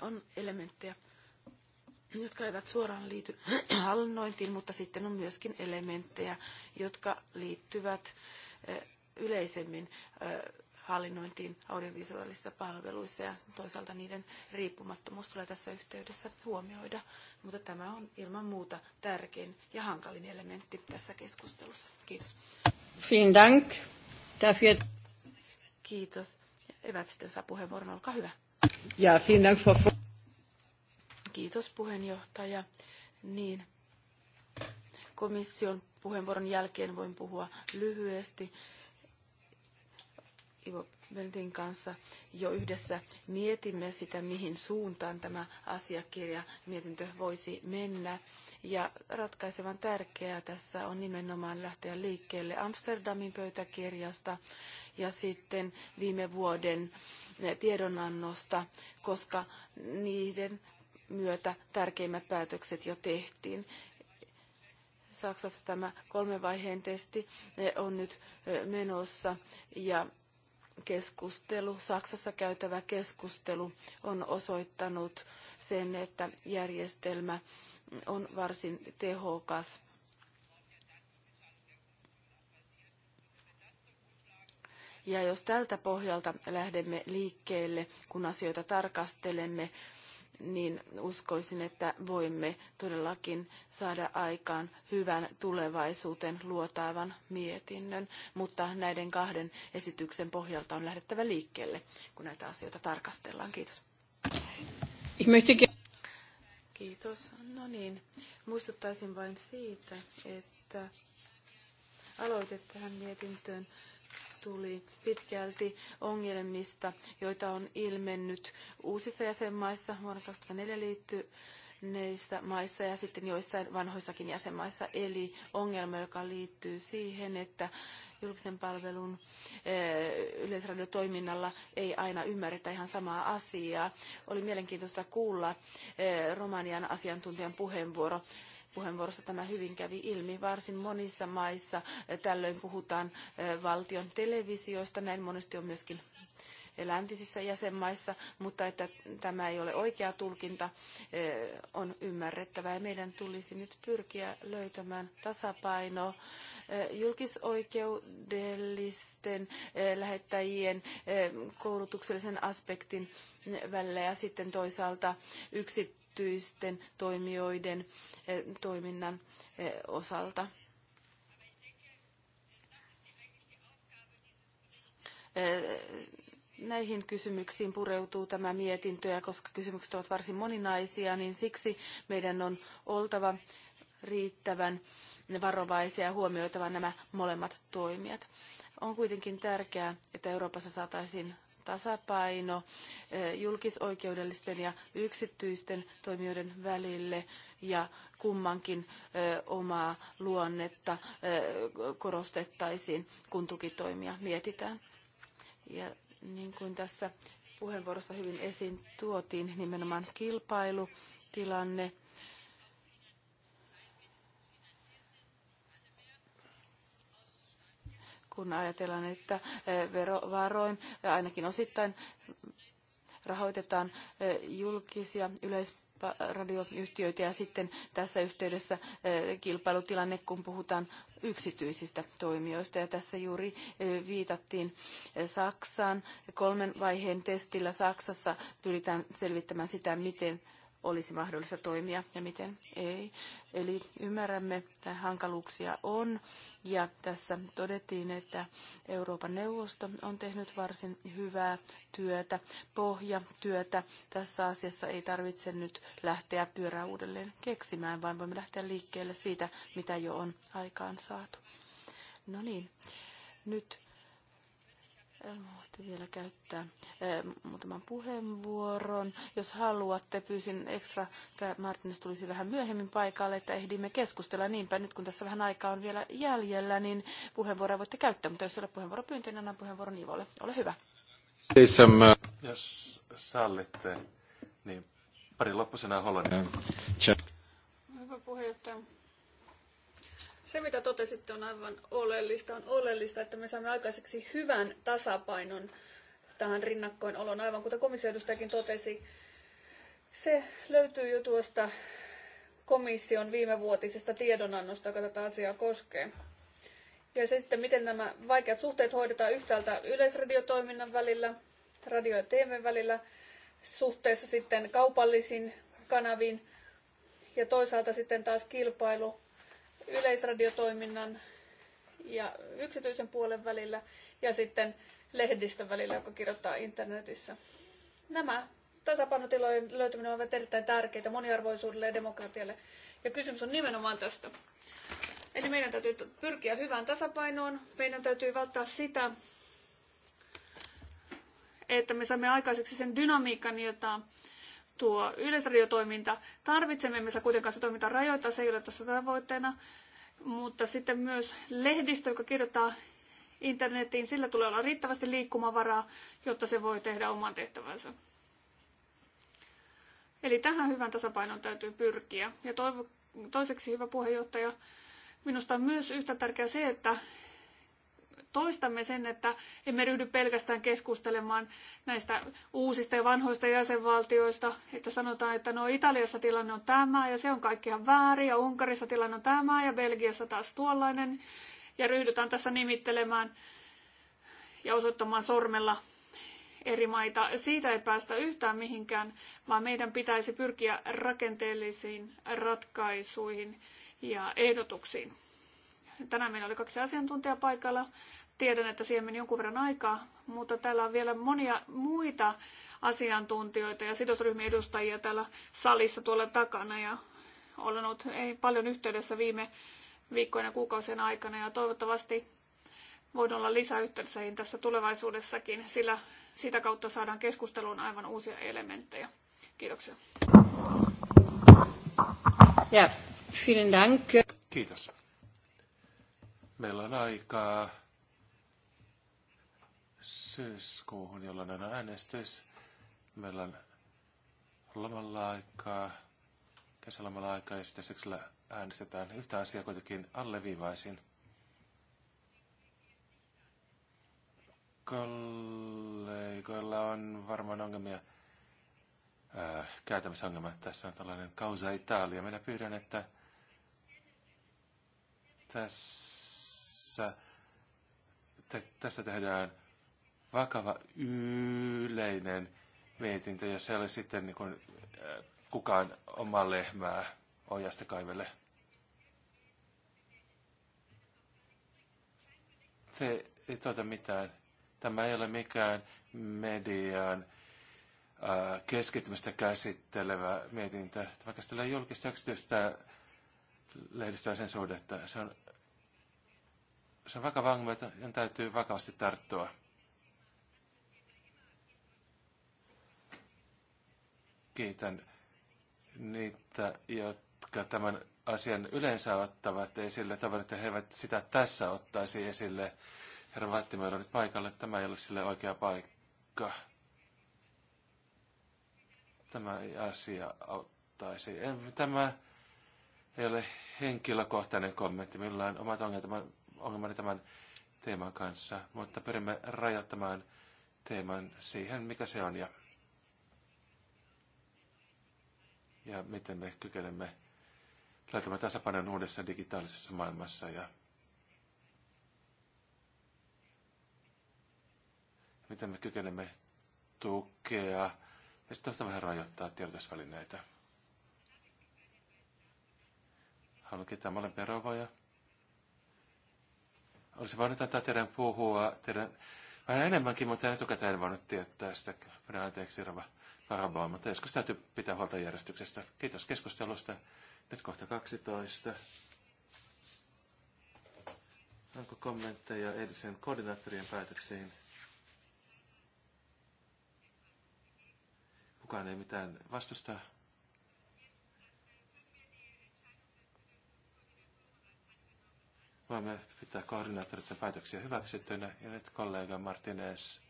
on elementtejä, jotka eivät suoraan liity hallinnointiin, mutta sitten on myöskin elementtejä, jotka liittyvät yleisemmin hallinnointiin audiovisuaalisissa palveluissa ja toisaalta niiden riippumattomuus tulee tässä yhteydessä huomioida, mutta tämä on ilman muuta tärkein ja hankalin elementti tässä keskustelussa. Kiitos. Vielen Dank dafür. Kiitos eivät sitten saa puheenvuoron. Olkaa hyvä. Ja, for... Kiitos puheenjohtaja. Niin, komission puheenvuoron jälkeen voin puhua lyhyesti. Ivo Beltin kanssa jo yhdessä mietimme sitä, mihin suuntaan tämä asiakirja mietintö voisi mennä. Ja ratkaisevan tärkeää tässä on nimenomaan lähteä liikkeelle Amsterdamin pöytäkirjasta ja sitten viime vuoden tiedonannosta, koska niiden myötä tärkeimmät päätökset jo tehtiin. Saksassa tämä kolmen vaiheen testi on nyt menossa ja keskustelu, Saksassa käytävä keskustelu on osoittanut sen, että järjestelmä on varsin tehokas. Ja jos tältä pohjalta lähdemme liikkeelle, kun asioita tarkastelemme, niin uskoisin, että voimme todellakin saada aikaan hyvän tulevaisuuteen luotaavan mietinnön, mutta näiden kahden esityksen pohjalta on lähdettävä liikkeelle, kun näitä asioita tarkastellaan. Kiitos. Kiitos. No niin, muistuttaisin vain siitä, että aloite tähän mietintöön tuli pitkälti ongelmista, joita on ilmennyt uusissa jäsenmaissa vuonna 2004 liittyy näissä maissa ja sitten joissain vanhoissakin jäsenmaissa. Eli ongelma, joka liittyy siihen, että julkisen palvelun eh, yleisradiotoiminnalla ei aina ymmärretä ihan samaa asiaa. Oli mielenkiintoista kuulla eh, Romanian asiantuntijan puheenvuoro puheenvuorossa tämä hyvin kävi ilmi. Varsin monissa maissa eh, tällöin puhutaan eh, valtion televisiosta, näin monesti on myöskin eh, läntisissä jäsenmaissa, mutta että tämä ei ole oikea tulkinta, on ymmärrettävää. Meidän tulisi nyt pyrkiä löytämään tasapaino julkisoikeudellisten lähettäjien koulutuksellisen aspektin välillä ja sitten toisaalta yksi yksityisten toimijoiden eh, toiminnan eh, osalta. Eh, näihin kysymyksiin pureutuu tämä mietintö ja koska kysymykset ovat varsin moninaisia, niin siksi meidän on oltava riittävän varovaisia ja huomioitava nämä molemmat toimijat. On kuitenkin tärkeää, että Euroopassa saataisiin tasapaino eh, julkisoikeudellisten ja yksityisten toimijoiden välille ja kummankin eh, omaa luonnetta eh, korostettaisiin, kun tukitoimia mietitään. Ja niin kuin tässä puheenvuorossa hyvin esiin tuotiin, nimenomaan kilpailutilanne kun ajatellaan, että eh, verovaroin ainakin osittain rahoitetaan eh, julkisia yleis radioyhtiöitä ja sitten tässä yhteydessä eh, kilpailutilanne, kun puhutaan yksityisistä toimijoista. Ja tässä juuri viitattiin Saksaan. Kolmen vaiheen testillä Saksassa pyritään selvittämään sitä, miten olisi mahdollista toimia ja miten ei. Eli ymmärrämme, että hankaluuksia on ja tässä todettiin, että Euroopan neuvosto on tehnyt varsin hyvää työtä, pohjatyötä. Tässä asiassa ei tarvitse nyt lähteä pyörää uudelleen keksimään, vaan voimme lähteä liikkeelle siitä, mitä jo on aikaan saatu. No niin, nyt Voitte vielä käyttää eh, muutaman puheenvuoron. Jos haluatte, pyysin ekstra, että Martinis tulisi vähän myöhemmin paikalle, että ehdimme keskustella. Niinpä nyt kun tässä vähän aikaa on vielä jäljellä, niin puheenvuoroa voitte käyttää. Mutta jos ei ole puheenvuoropyyntö, niin annan puheenvuoron Ivolle. Ole hyvä. Jos sallitte, niin pari loppusanaa hollannin. Hyvä puheenjohtaja. Se, mitä totesitte, on aivan oleellista. On oleellista, että me saamme aikaiseksi hyvän tasapainon tähän rinnakkoin olon, aivan kuten komissioedustajakin totesi. Se löytyy jo tuosta komission viimevuotisesta tiedonannosta, joka tätä asiaa koskee. Ja se sitten, miten nämä vaikeat suhteet hoidetaan yhtäältä yleisradiotoiminnan välillä, radio- ja tv välillä, suhteessa sitten kaupallisiin kanaviin ja toisaalta sitten taas kilpailu yleisradiotoiminnan ja yksityisen puolen välillä ja sitten lehdistön välillä, joka kirjoittaa internetissä. Nämä tasapainotilojen löytäminen ovat erittäin tärkeitä moniarvoisuudelle ja demokratialle. Ja kysymys on nimenomaan tästä. Eli meidän täytyy pyrkiä hyvään tasapainoon. Meidän täytyy välttää sitä, että me saamme aikaiseksi sen dynamiikan, jota tuo yleisradiotoiminta. Tarvitsemme emme saa kuitenkaan se toiminta rajoittaa, se ei ole tässä tavoitteena. Mutta sitten myös lehdistö, joka kirjoittaa internetiin, sillä tulee olla riittävästi liikkumavaraa, jotta se voi tehdä oman tehtävänsä. Eli tähän hyvän tasapainon täytyy pyrkiä. Ja toivo, toiseksi, hyvä puheenjohtaja, minusta on myös yhtä tärkeää se, että toistamme sen, että emme ryhdy pelkästään keskustelemaan näistä uusista ja vanhoista jäsenvaltioista, että sanotaan, että no Italiassa tilanne on tämä ja se on kaikkiaan väärin ja Unkarissa tilanne on tämä ja Belgiassa taas tuollainen ja ryhdytään tässä nimittelemään ja osoittamaan sormella eri maita. Siitä ei päästä yhtään mihinkään, vaan meidän pitäisi pyrkiä rakenteellisiin ratkaisuihin ja ehdotuksiin. Tänään meillä oli kaksi asiantuntijaa paikalla. Tiedän, että siihen meni jonkun verran aikaa, mutta täällä on vielä monia muita asiantuntijoita ja sidosryhmien edustajia täällä salissa tuolla takana. Ja olen ollut ei, paljon yhteydessä viime viikkoina ja kuukausien aikana ja toivottavasti voin olla lisäyhteydessä tässä tulevaisuudessakin, sillä sitä kautta saadaan keskusteluun aivan uusia elementtejä. Kiitoksia. Ja, vielen Dank. Kiitos. Meillä on aikaa syyskuuhun, jolloin on äänestys. Meillä on lomalla aikaa, kesälomalla aikaa ja sitten syksyllä äänestetään. Yhtä asiaa kuitenkin alleviivaisin. Kollegoilla on varmaan ongelmia, äh, käytämisongelmia Tässä on tällainen kausa Italia. Minä pyydän, että tässä, te, tässä tehdään vakava yleinen mietintö, jos ei ole sitten niin kuin, äh, kukaan omaa lehmää ojasta kaivelle. Se ei tuota mitään. Tämä ei ole mikään median äh, keskittymistä käsittelevä mietintö. Tämä käsittelee julkista yksityistä lehdistöä sen suhdetta. Se on, se on vakava ongelma, johon täytyy vakavasti tarttua. kiitän niitä, jotka tämän asian yleensä ottavat esille, tavalla, että he eivät sitä tässä ottaisi esille. Herra Vattimäärä nyt paikalle, tämä ei ole sille oikea paikka. Tämä asia auttaisi. Tämä ei ole henkilökohtainen kommentti, millään. on omat ongelmani tämän teeman kanssa, mutta pyrimme rajoittamaan teeman siihen, mikä se on ja ja miten me kykenemme laitamaan tasapainon uudessa digitaalisessa maailmassa ja miten me kykenemme tukea ja sitten tosta vähän rajoittaa tiedotusvälineitä. Haluan kiittää molempia rouvoja. Olisi voinut antaa teidän puhua teidän vähän enemmänkin, mutta en etukäteen voinut tietää sitä. Pidän anteeksi, Rova arvoa, mutta joskus täytyy pitää huolta järjestyksestä. Kiitos keskustelusta. Nyt kohta 12. Onko kommentteja edisen koordinaattorien päätöksiin? Kukaan ei mitään vastusta. Voimme pitää koordinaattoreiden päätöksiä hyväksyttynä. Ja nyt kollega Martinez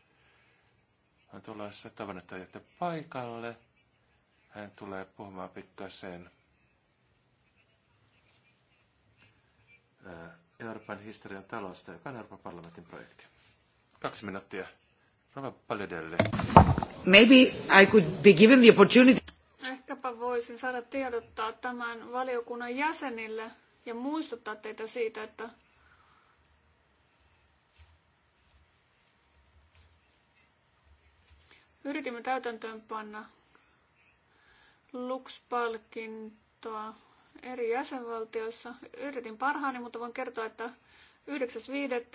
on tulossa tavanottajatta paikalle. Hän tulee puhumaan pikkasen äh, Euroopan historian talosta, joka on Euroopan parlamentin projekti. Kaksi minuuttia. Rova Paledelle. Maybe I could be given the opportunity. Ehkäpä voisin saada tiedottaa tämän valiokunnan jäsenille ja muistuttaa teitä siitä, että Yritimme täytäntöönpanna Lux-palkintoa eri jäsenvaltioissa. Yritin parhaani, mutta voin kertoa, että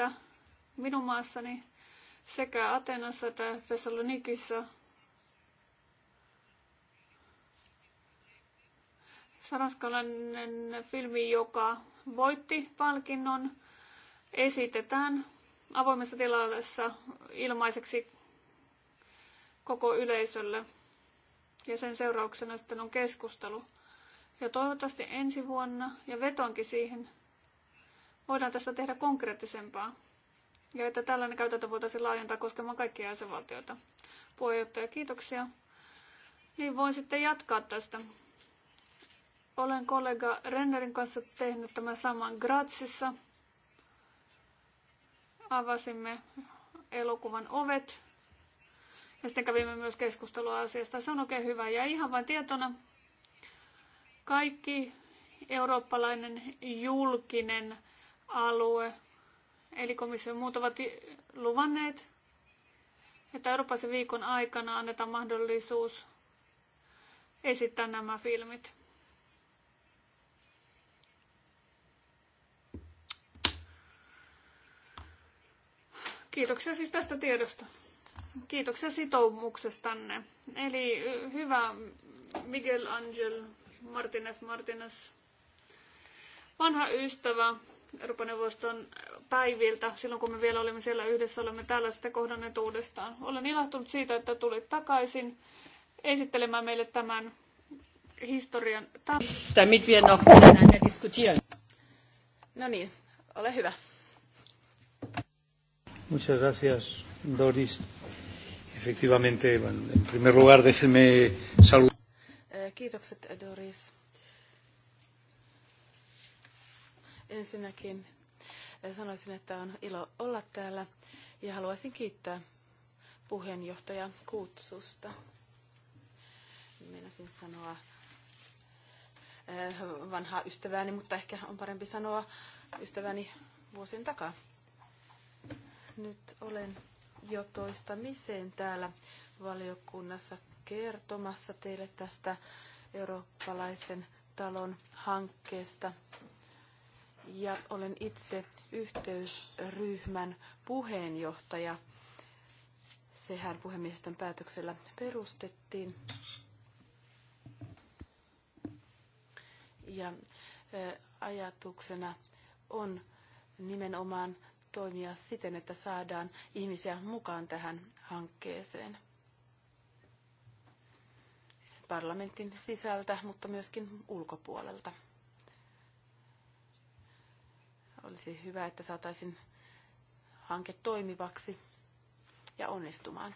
9.5. minun maassani sekä Atenassa että Thessalonikissa Saranskalainen filmi, joka voitti palkinnon, esitetään avoimessa tilassa ilmaiseksi koko yleisölle. Ja sen seurauksena sitten on keskustelu. Ja toivottavasti ensi vuonna, ja vetonkin siihen, voidaan tästä tehdä konkreettisempaa. Ja että tällainen käytäntö voitaisiin laajentaa koskemaan kaikkia jäsenvaltioita. Puheenjohtaja, kiitoksia. Niin voin sitten jatkaa tästä. Olen kollega Rennerin kanssa tehnyt tämän saman Gratsissa. Avasimme elokuvan ovet ja sitten kävimme myös keskustelua asiasta. Se on oikein hyvä. Ja ihan vain tietona, kaikki eurooppalainen julkinen alue, eli komission muut ovat luvanneet, että Euroopassa viikon aikana annetaan mahdollisuus esittää nämä filmit. Kiitoksia siis tästä tiedosta. Kiitoksia sitoumuksestanne. Eli hyvä Miguel Angel Martinez Martinez, vanha ystävä Euroopan neuvoston päiviltä, silloin kun me vielä olimme siellä yhdessä, olemme täällä sitten kohdanneet uudestaan. Olen ilahtunut siitä, että tulit takaisin esittelemään meille tämän historian Damit wir noch miteinander diskutieren. No niin, ole hyvä. Muchas gracias, Doris. Efectivamente, bueno, en primer lugar, saludar. Eh, kiitokset, Doris. Ensinnäkin eh, sanoisin, että on ilo olla täällä ja haluaisin kiittää puheenjohtaja kutsusta. Meinasin sanoa eh, vanhaa ystävääni, mutta ehkä on parempi sanoa ystäväni vuosien takaa. Nyt olen jo toistamiseen täällä valiokunnassa kertomassa teille tästä eurooppalaisen talon hankkeesta. Ja olen itse yhteysryhmän puheenjohtaja. Sehän puhemiehistön päätöksellä perustettiin. Ja ajatuksena on nimenomaan toimia siten, että saadaan ihmisiä mukaan tähän hankkeeseen parlamentin sisältä, mutta myöskin ulkopuolelta. Olisi hyvä, että saataisiin hanke toimivaksi ja onnistumaan.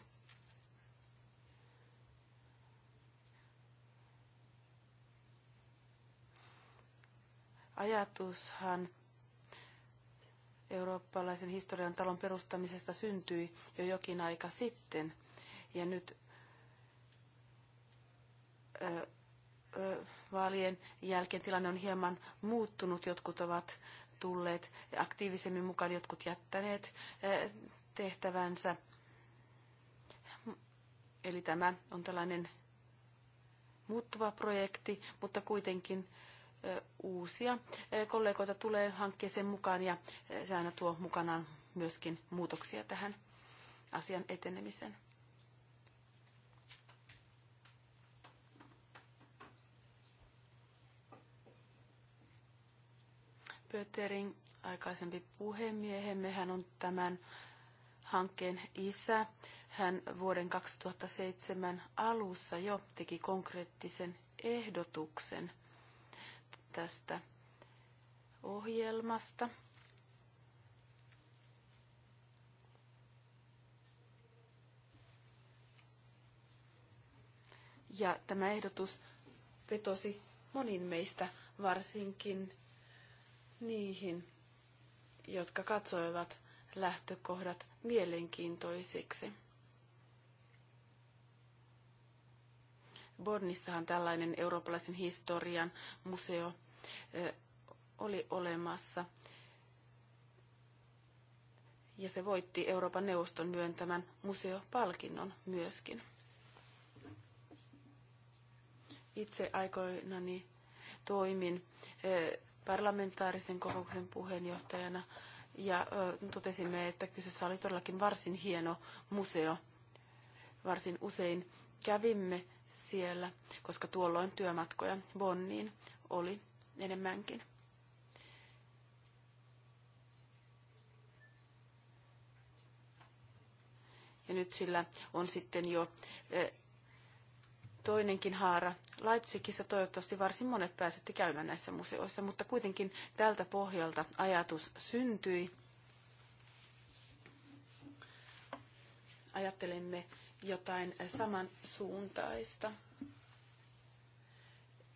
Ajatushan eurooppalaisen historian talon perustamisesta syntyi jo jokin aika sitten. Ja nyt ö, ö, vaalien jälkeen tilanne on hieman muuttunut. Jotkut ovat tulleet aktiivisemmin mukaan, jotkut jättäneet ö, tehtävänsä. Eli tämä on tällainen muuttuva projekti, mutta kuitenkin uusia kollegoita tulee hankkeeseen mukaan ja se aina tuo mukanaan myöskin muutoksia tähän asian etenemiseen. Pöterin aikaisempi puhemiehemme, hän on tämän hankkeen isä. Hän vuoden 2007 alussa jo teki konkreettisen ehdotuksen tästä ohjelmasta. Ja tämä ehdotus vetosi monin meistä, varsinkin niihin, jotka katsoivat lähtökohdat mielenkiintoisiksi. Bonnissahan tällainen eurooppalaisen historian museo oli olemassa. Ja se voitti Euroopan neuvoston myöntämän museopalkinnon myöskin. Itse aikoinani toimin parlamentaarisen kokouksen puheenjohtajana ja totesimme, että kyseessä oli todellakin varsin hieno museo. Varsin usein kävimme siellä, koska tuolloin työmatkoja Bonniin oli enemmänkin. Ja nyt sillä on sitten jo e, toinenkin haara Leipzigissä. Toivottavasti varsin monet pääsette käymään näissä museoissa, mutta kuitenkin tältä pohjalta ajatus syntyi. Ajattelemme jotain samansuuntaista.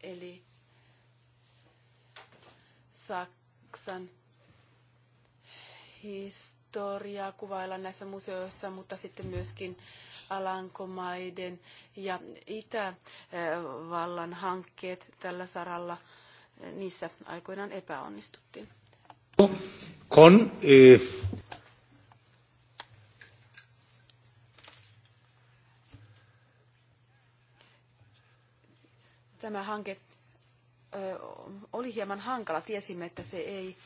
Eli Saksan historiaa kuvaillaan näissä museoissa, mutta sitten myöskin Alankomaiden ja Itävallan hankkeet tällä saralla, niissä aikoinaan epäonnistuttiin. Kon, eh... Tämä hanke oli hieman hankala. Tiesimme, että se ei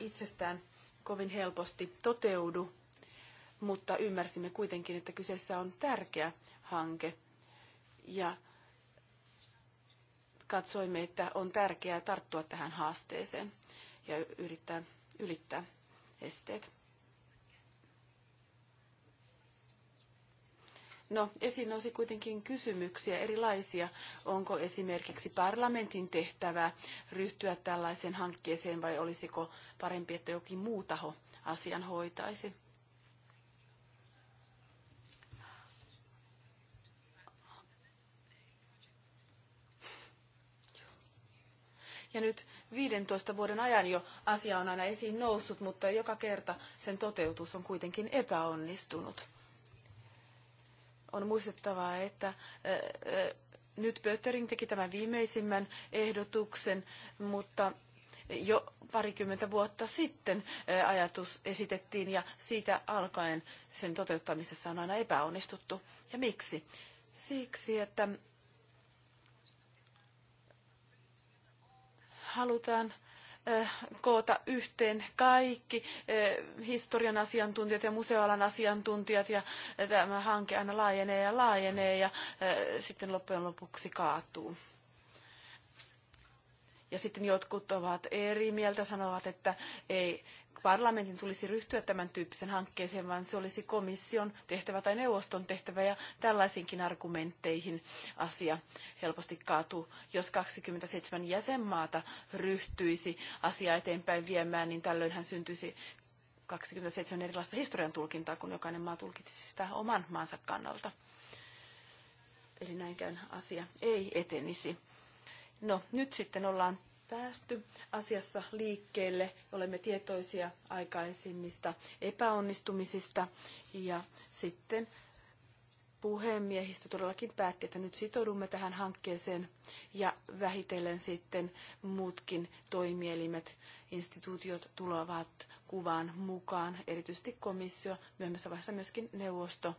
itsestään kovin helposti toteudu, mutta ymmärsimme kuitenkin, että kyseessä on tärkeä hanke. Ja katsoimme, että on tärkeää tarttua tähän haasteeseen ja yrittää ylittää esteet. No, esiin nousi kuitenkin kysymyksiä erilaisia. Onko esimerkiksi parlamentin tehtävä ryhtyä tällaiseen hankkeeseen vai olisiko parempi, että jokin muu taho asian hoitaisi? Ja nyt 15 vuoden ajan jo asia on aina esiin noussut, mutta joka kerta sen toteutus on kuitenkin epäonnistunut on muistettava, että nyt Pöttering teki tämän viimeisimmän ehdotuksen, mutta jo parikymmentä vuotta sitten ajatus esitettiin ja siitä alkaen sen toteuttamisessa on aina epäonnistuttu. Ja miksi? Siksi, että halutaan koota yhteen kaikki historian asiantuntijat ja museoalan asiantuntijat ja tämä hanke aina laajenee ja laajenee ja sitten loppujen lopuksi kaatuu. Ja sitten jotkut ovat eri mieltä, sanovat, että ei parlamentin tulisi ryhtyä tämän tyyppisen hankkeeseen, vaan se olisi komission tehtävä tai neuvoston tehtävä ja tällaisinkin argumentteihin asia helposti kaatuu. Jos 27 jäsenmaata ryhtyisi asiaa eteenpäin viemään, niin tällöinhän syntyisi 27 erilaista historian tulkintaa, kun jokainen maa tulkitsisi sitä oman maansa kannalta. Eli näinkään asia ei etenisi. No, nyt sitten ollaan päästy asiassa liikkeelle. Olemme tietoisia aikaisemmista epäonnistumisista ja sitten puhemiehistö todellakin päätti, että nyt sitoudumme tähän hankkeeseen ja vähitellen sitten muutkin toimielimet, instituutiot tulevat kuvaan mukaan, erityisesti komissio, myöhemmässä vaiheessa myöskin neuvosto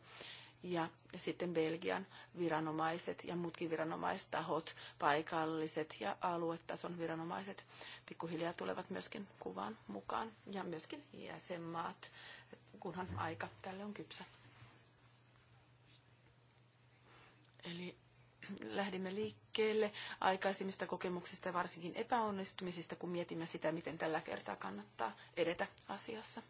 ja sitten Belgian viranomaiset ja muutkin viranomaistahot, paikalliset ja aluetason viranomaiset pikkuhiljaa tulevat myöskin kuvan mukaan ja myöskin jäsenmaat, kunhan aika tälle on kypsä. Eli lähdimme liikkeelle aikaisemmista kokemuksista ja varsinkin epäonnistumisista, kun mietimme sitä, miten tällä kertaa kannattaa edetä asiassa.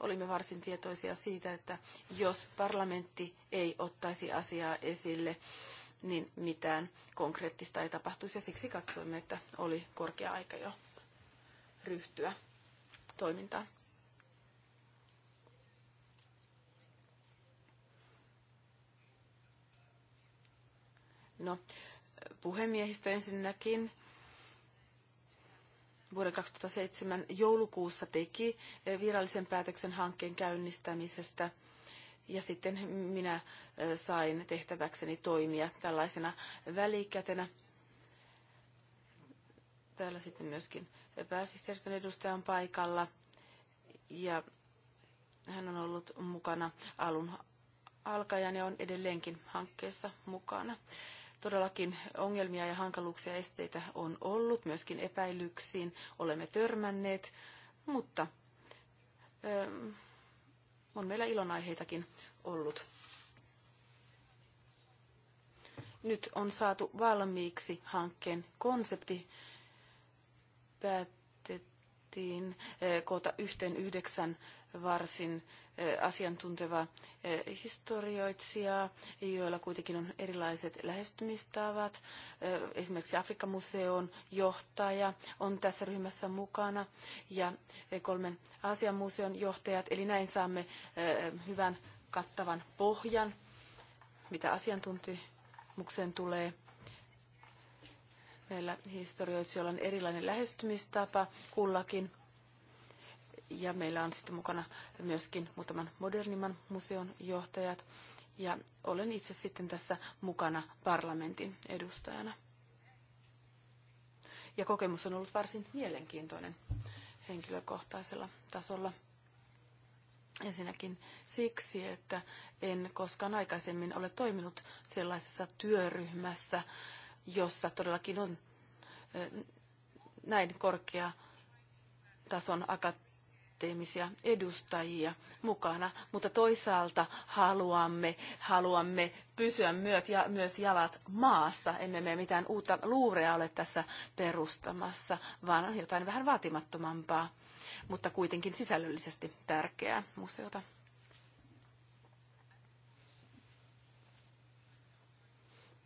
olimme varsin tietoisia siitä, että jos parlamentti ei ottaisi asiaa esille, niin mitään konkreettista ei tapahtuisi ja siksi katsoimme, että oli korkea aika jo ryhtyä toimintaan. No, puhemiehistö ensinnäkin vuoden 2007 joulukuussa teki eh, virallisen päätöksen hankkeen käynnistämisestä. Ja sitten minä eh, sain tehtäväkseni toimia tällaisena välikätenä. Täällä sitten myöskin pääsihteeristön edustaja on paikalla. Ja hän on ollut mukana alun alkajan ja on edelleenkin hankkeessa mukana. Todellakin ongelmia ja hankaluuksia ja esteitä on ollut, myöskin epäilyksiin olemme törmänneet, mutta ö, ähm, on meillä ilonaiheitakin ollut. Nyt on saatu valmiiksi hankkeen konsepti. Päätettiin äh, koota yhteen yhdeksän varsin asiantuntevaa historioitsijaa, joilla kuitenkin on erilaiset lähestymistavat. Esimerkiksi Afrikan museon johtaja on tässä ryhmässä mukana ja kolmen Aasian museon johtajat. Eli näin saamme hyvän kattavan pohjan, mitä asiantuntemukseen tulee näillä historioitsijoilla on erilainen lähestymistapa kullakin ja meillä on sitten mukana myöskin muutaman modernimman museon johtajat. Ja olen itse sitten tässä mukana parlamentin edustajana. Ja kokemus on ollut varsin mielenkiintoinen henkilökohtaisella tasolla. Ensinnäkin siksi, että en koskaan aikaisemmin ole toiminut sellaisessa työryhmässä, jossa todellakin on näin korkea tason akateeminen akateemisia edustajia mukana, mutta toisaalta haluamme, haluamme pysyä myöt ja myös jalat maassa. Emme me mitään uutta luurea ole tässä perustamassa, vaan jotain vähän vaatimattomampaa, mutta kuitenkin sisällöllisesti tärkeää museota.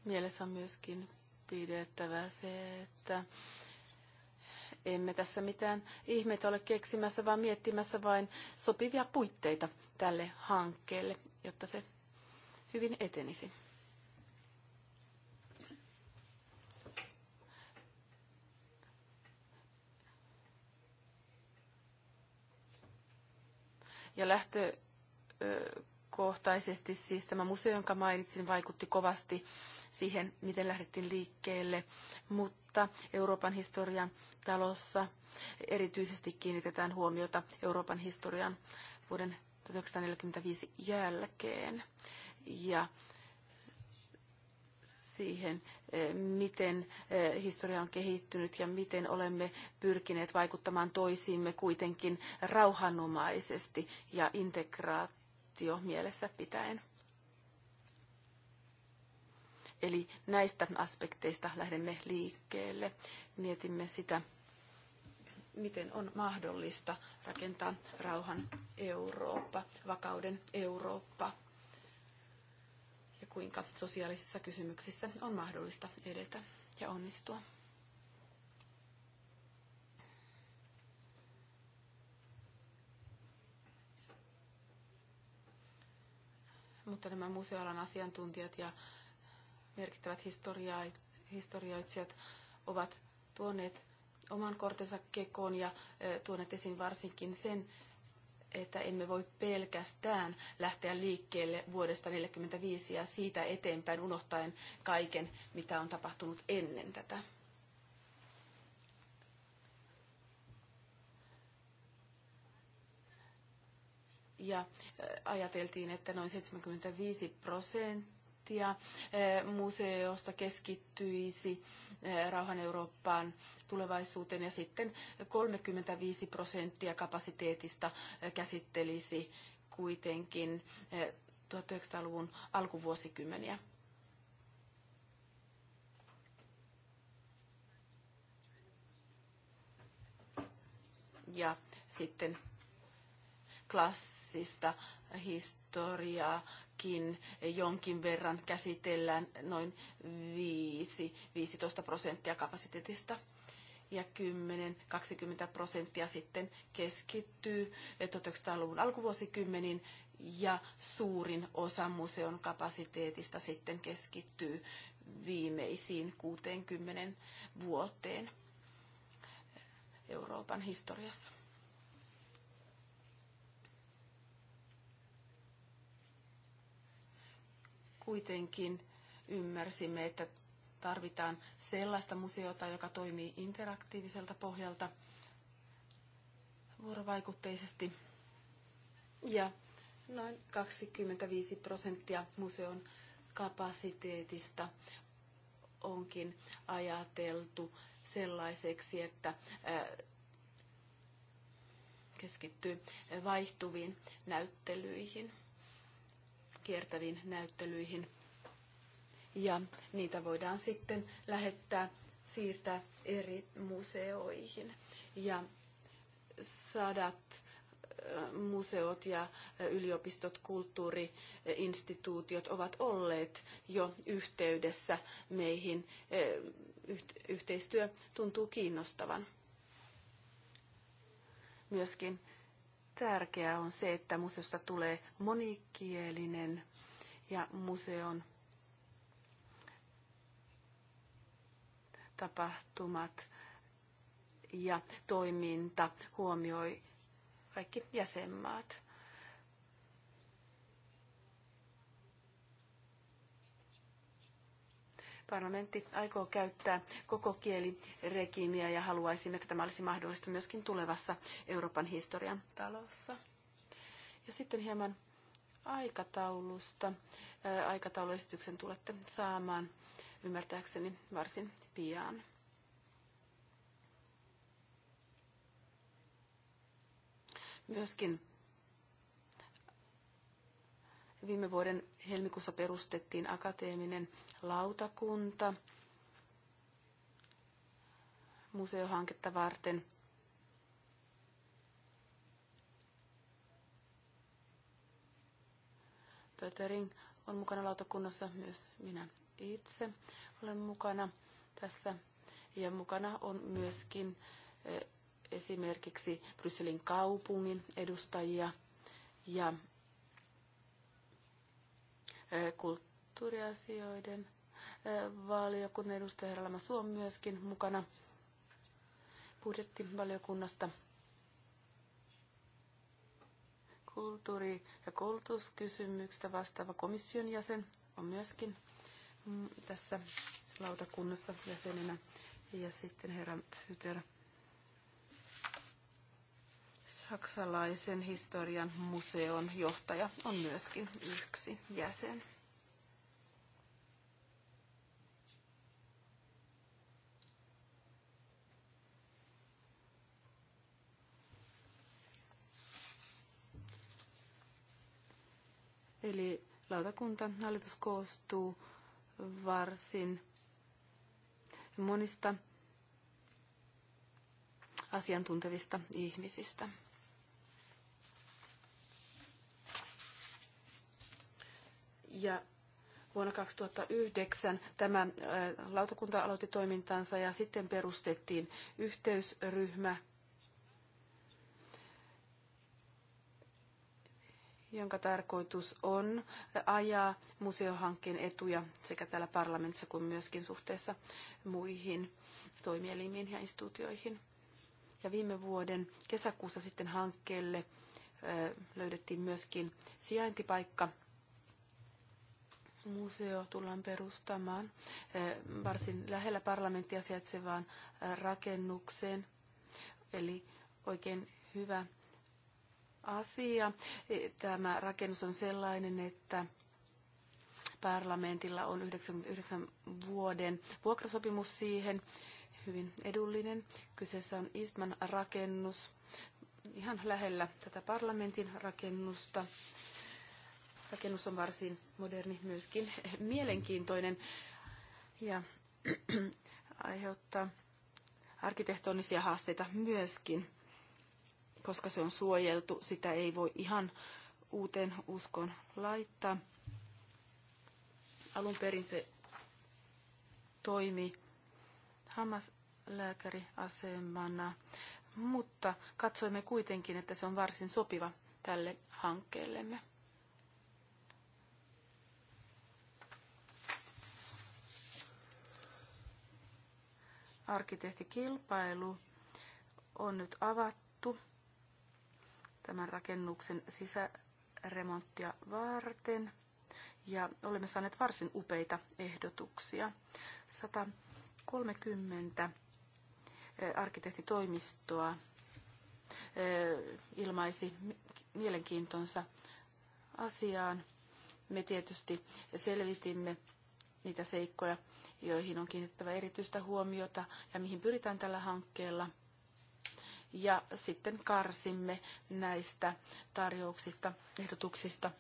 Mielessä on myöskin pidettävä se, että emme tässä mitään ihmeitä ole keksimässä, vaan miettimässä vain sopivia puitteita tälle hankkeelle, jotta se hyvin etenisi. Ja lähtökohtaisesti siis tämä museo, jonka mainitsin, vaikutti kovasti siihen, miten lähdettiin liikkeelle, mutta vuotta Euroopan historian talossa. Erityisesti kiinnitetään huomiota Euroopan historian vuoden 1945 jälkeen ja siihen, eh, miten eh, historia on kehittynyt ja miten olemme pyrkineet vaikuttamaan toisiimme kuitenkin rauhanomaisesti ja integraatio mielessä pitäen. Eli näistä aspekteista lähdemme liikkeelle. Mietimme sitä, miten on mahdollista rakentaa rauhan Eurooppa, vakauden Eurooppa ja kuinka sosiaalisissa kysymyksissä on mahdollista edetä ja onnistua. Mutta nämä museoalan asiantuntijat ja merkittävät historioitsijat ovat tuoneet oman kortensa kekoon ja tuoneet esiin varsinkin sen, että emme voi pelkästään lähteä liikkeelle vuodesta 1945 ja siitä eteenpäin unohtaen kaiken, mitä on tapahtunut ennen tätä. Ja ajateltiin, että noin 75 prosenttia prosenttia eh, museosta keskittyisi eh, Rauhan Eurooppaan tulevaisuuteen ja sitten 35 prosenttia kapasiteetista eh, käsittelisi kuitenkin 1900-luvun alkuvuosikymmeniä. Ja sitten klassista historiaa kuitenkin jonkin verran käsitellään noin 5, 15 prosenttia kapasiteetista ja 10-20 prosenttia sitten keskittyy 1900-luvun alkuvuosikymmeniin ja suurin osa museon kapasiteetista sitten keskittyy viimeisiin 60 vuoteen Euroopan historiassa. kuitenkin ymmärsimme, että tarvitaan sellaista museota, joka toimii interaktiiviselta pohjalta vuorovaikutteisesti. Ja noin 25 prosenttia museon kapasiteetista onkin ajateltu sellaiseksi, että keskittyy vaihtuviin näyttelyihin kiertäviin näyttelyihin. Ja niitä voidaan sitten lähettää, siirtää eri museoihin. Ja sadat museot ja yliopistot, kulttuuriinstituutiot ovat olleet jo yhteydessä meihin. Yhteistyö tuntuu kiinnostavan. Myöskin Tärkeää on se, että museosta tulee monikielinen ja museon tapahtumat ja toiminta huomioi kaikki jäsenmaat. Parlamentti aikoo käyttää koko kieliregiimiä ja haluaisimme, että tämä olisi mahdollista myöskin tulevassa Euroopan historian talossa. Ja sitten hieman aikataulusta. Aikatauluesityksen tulette saamaan ymmärtääkseni varsin pian. Myöskin Viime vuoden helmikuussa perustettiin akateeminen lautakunta museohanketta varten. Pötering on mukana lautakunnassa, myös minä itse olen mukana tässä. Ja mukana on myöskin eh, esimerkiksi Brysselin kaupungin edustajia ja kulttuuriasioiden valiokunnan edustaja Herralama Suom myöskin mukana budjettivaliokunnasta. Kulttuuri- ja koulutuskysymyksistä vastaava komission jäsen on myöskin tässä lautakunnassa jäsenenä. Ja sitten herra Pyter Saksalaisen historian museon johtaja on myöskin yksi jäsen. Eli lautakunta hallitus koostuu varsin monista asiantuntevista ihmisistä. Ja vuonna 2009 tämä äh, lautakunta aloitti toimintansa ja sitten perustettiin yhteysryhmä, jonka tarkoitus on ajaa museohankkeen etuja sekä täällä parlamentissa kuin myöskin suhteessa muihin toimielimiin ja instituutioihin. Ja viime vuoden kesäkuussa sitten hankkeelle äh, löydettiin myöskin sijaintipaikka museo tullaan perustamaan eh, varsin lähellä parlamenttia sijaitsevaan eh, rakennukseen. Eli oikein hyvä asia. Eh, tämä rakennus on sellainen, että parlamentilla on 99 vuoden vuokrasopimus siihen. Hyvin edullinen. Kyseessä on Istman rakennus ihan lähellä tätä parlamentin rakennusta. Rakennus on varsin moderni, myöskin mielenkiintoinen ja aiheuttaa arkkitehtonisia haasteita myöskin, koska se on suojeltu. Sitä ei voi ihan uuteen uskon laittaa. Alun perin se toimi hammaslääkäriasemana, mutta katsoimme kuitenkin, että se on varsin sopiva tälle hankkeellemme. arkkitehtikilpailu on nyt avattu tämän rakennuksen sisäremonttia varten ja olemme saaneet varsin upeita ehdotuksia. 130 eh, arkkitehtitoimistoa eh, ilmaisi mielenkiintonsa asiaan. Me tietysti selvitimme niitä seikkoja, joihin on kiinnitettävä erityistä huomiota ja mihin pyritään tällä hankkeella. Ja sitten karsimme näistä tarjouksista, ehdotuksista.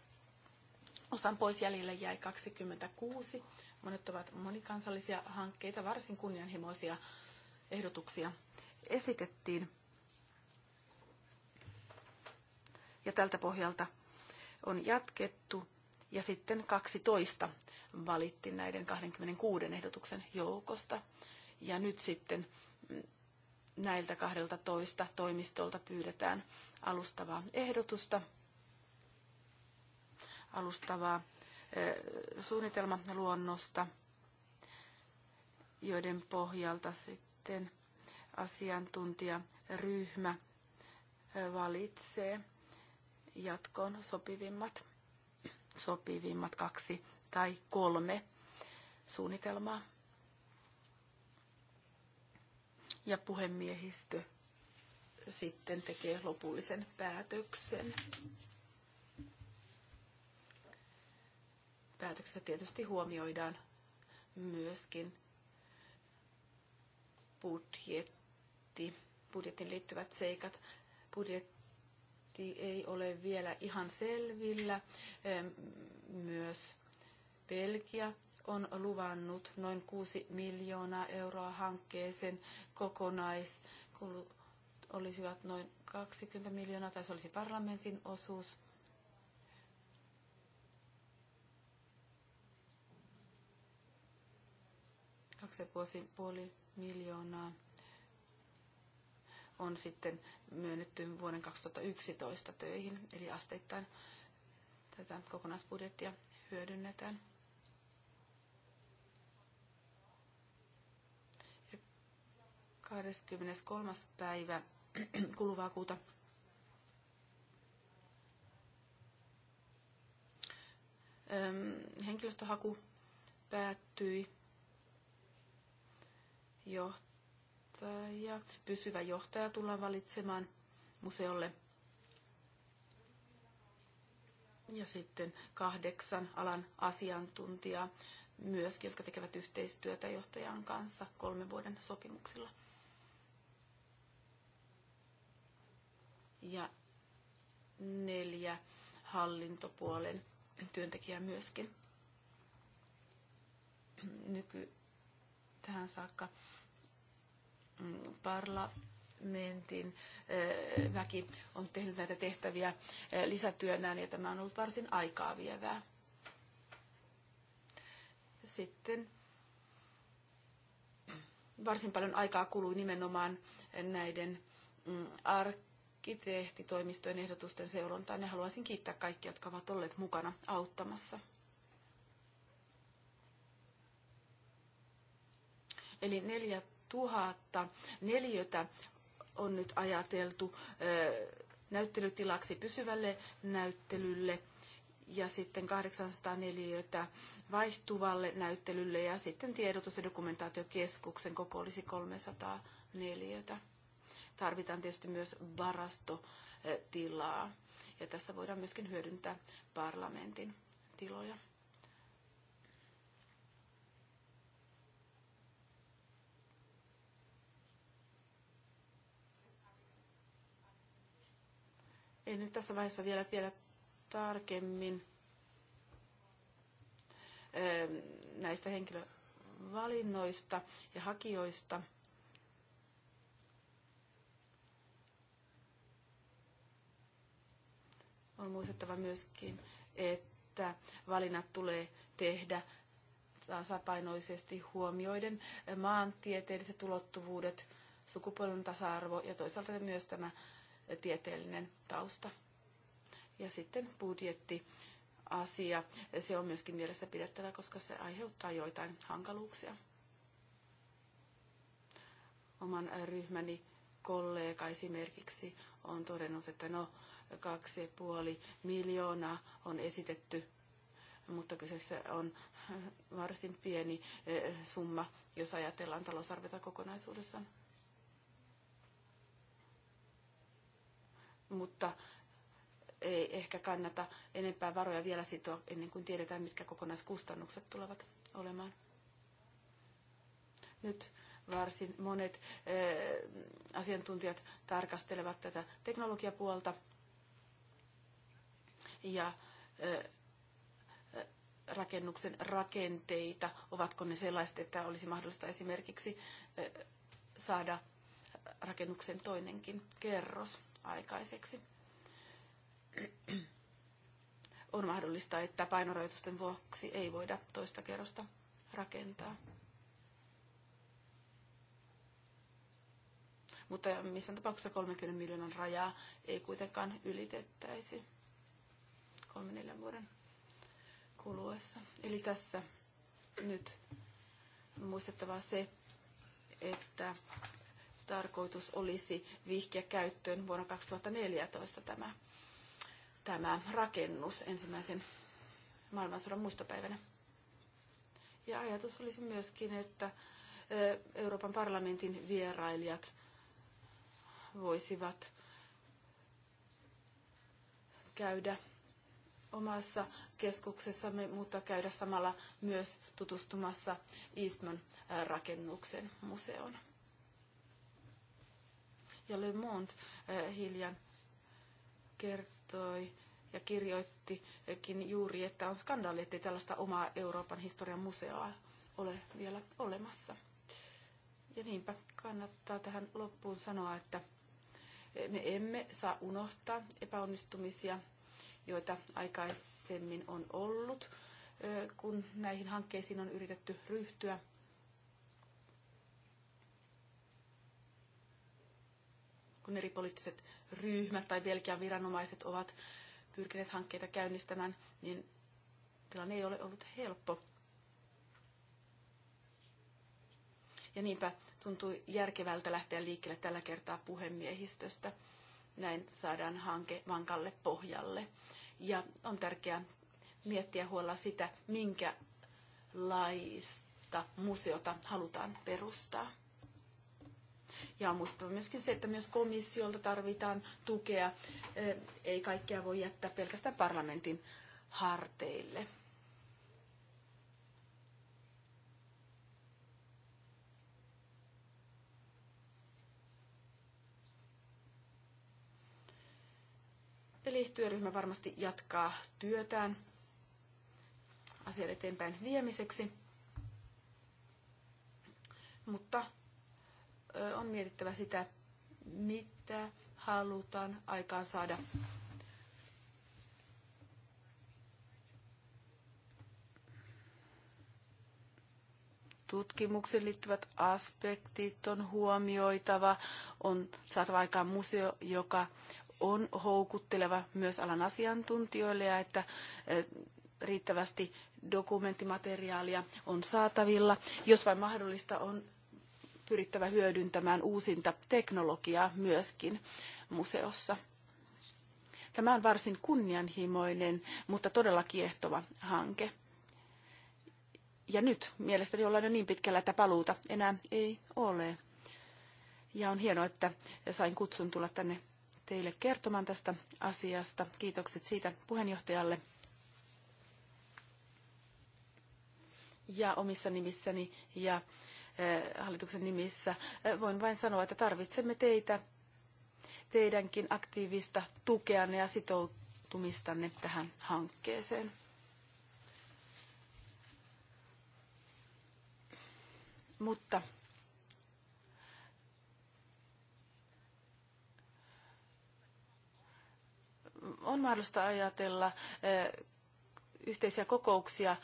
Osan pois jäljelle jäi 26. Monet ovat monikansallisia hankkeita, varsin kunnianhimoisia ehdotuksia esitettiin. Ja tältä pohjalta on jatkettu ja sitten 12 valittiin näiden 26 ehdotuksen joukosta. Ja nyt sitten mm, näiltä 12 toimistolta pyydetään alustavaa ehdotusta, alustavaa eh, suunnitelmaluonnosta, joiden pohjalta sitten asiantuntijaryhmä eh, valitsee jatkoon sopivimmat sopivimmat kaksi tai kolme suunnitelmaa. Ja puhemiehistö sitten tekee lopullisen päätöksen. Päätöksessä tietysti huomioidaan myöskin budjetti, budjettiin liittyvät seikat. Budjet, mandaatti ei ole vielä ihan selvillä. Myös Belgia on luvannut noin 6 miljoonaa euroa hankkeeseen kokonais olisivat noin 20 miljoonaa, tai se olisi parlamentin osuus. Kaksi ja puoli miljoonaa on sitten myönnetty vuoden 2011 töihin, eli asteittain tätä kokonaisbudjettia hyödynnetään. Ja 23. päivä kuluvaa kuuta henkilöstöhaku päättyi. jo ja pysyvä johtaja tullaan valitsemaan museolle. Ja sitten kahdeksan alan asiantuntijaa myöskin, jotka tekevät yhteistyötä johtajan kanssa kolmen vuoden sopimuksilla. Ja neljä hallintopuolen työntekijää myöskin. Nyky tähän saakka parlamentin eh, väki on tehnyt näitä tehtäviä eh, lisätyönään ja tämä on ollut varsin aikaa vievää. Sitten varsin paljon aikaa kului nimenomaan näiden mm, arkkitehtitoimistojen ehdotusten seurantaan ja haluaisin kiittää kaikkia, jotka ovat olleet mukana auttamassa. Eli neljä tuhatta neliötä on nyt ajateltu näyttelytilaksi pysyvälle näyttelylle ja sitten 804 vaihtuvalle näyttelylle ja sitten tiedotus- ja dokumentaatiokeskuksen koko olisi 304. Tarvitaan tietysti myös varastotilaa ja tässä voidaan myöskin hyödyntää parlamentin tiloja. En nyt tässä vaiheessa vielä tiedä tarkemmin ähm, näistä henkilövalinnoista ja hakijoista. On muistettava myöskin, että valinnat tulee tehdä tasapainoisesti huomioiden maantieteelliset ulottuvuudet, sukupuolen tasa-arvo ja toisaalta myös tämä tieteellinen tausta. Ja sitten budjetti asia. Se on myöskin mielessä pidettävä, koska se aiheuttaa joitain hankaluuksia. Oman ryhmäni kollega esimerkiksi on todennut, että no 2,5 miljoonaa on esitetty, mutta kyseessä on varsin pieni eh, summa, jos ajatellaan talousarvetta kokonaisuudessaan. mutta ei ehkä kannata enempää varoja vielä sitoa ennen kuin tiedetään, mitkä kokonaiskustannukset tulevat olemaan. Nyt varsin monet eh, asiantuntijat tarkastelevat tätä teknologiapuolta ja eh, eh, rakennuksen rakenteita, ovatko ne sellaiset, että olisi mahdollista esimerkiksi saada rakennuksen toinenkin kerros aikaiseksi. On mahdollista, että painorajoitusten vuoksi ei voida toista kerrosta rakentaa. Mutta missään tapauksessa 30 miljoonan rajaa ei kuitenkaan ylitettäisi kolmen neljän vuoden kuluessa. Eli tässä nyt muistettava se, että tarkoitus olisi vihkiä käyttöön vuonna 2014 tämä, tämä rakennus ensimmäisen maailmansodan muistopäivänä. Ja ajatus olisi myöskin, että Euroopan parlamentin vierailijat voisivat käydä omassa keskuksessamme, mutta käydä samalla myös tutustumassa Eastman rakennuksen museoon ja Le Monde eh, hiljan kertoi ja kirjoittikin juuri, että on skandaali, ettei tällaista omaa Euroopan historian museoa ole vielä olemassa. Ja niinpä kannattaa tähän loppuun sanoa, että me emme saa unohtaa epäonnistumisia, joita aikaisemmin on ollut, eh, kun näihin hankkeisiin on yritetty ryhtyä. kun eri poliittiset ryhmät tai Belgian viranomaiset ovat pyrkineet hankkeita käynnistämään, niin tilanne ei ole ollut helppo. Ja niinpä tuntui järkevältä lähteä liikkeelle tällä kertaa puhemiehistöstä. Näin saadaan hanke vankalle pohjalle. Ja on tärkeää miettiä huolella sitä, minkälaista museota halutaan perustaa. Ja on muistettava myöskin se, että myös komissiolta tarvitaan tukea. Ei kaikkea voi jättää pelkästään parlamentin harteille. Eli työryhmä varmasti jatkaa työtään asian eteenpäin viemiseksi. Mutta on mietittävä sitä, mitä halutaan aikaan saada. Tutkimuksiin liittyvät aspektit on huomioitava, on saatava aikaan museo, joka on houkutteleva myös alan asiantuntijoille ja että riittävästi dokumenttimateriaalia on saatavilla. Jos vain mahdollista, on pyrittävä hyödyntämään uusinta teknologiaa myöskin museossa. Tämä on varsin kunnianhimoinen, mutta todella kiehtova hanke. Ja nyt mielestäni ollaan jo niin pitkällä, että paluuta enää ei ole. Ja on hienoa, että sain kutsun tulla tänne teille kertomaan tästä asiasta. Kiitokset siitä puheenjohtajalle. Ja omissa nimissäni ja Eh, hallituksen nimissä. Eh, voin vain sanoa, että tarvitsemme teitä, teidänkin aktiivista tukeanne ja sitoutumistanne tähän hankkeeseen. Mutta on mahdollista ajatella eh, yhteisiä kokouksia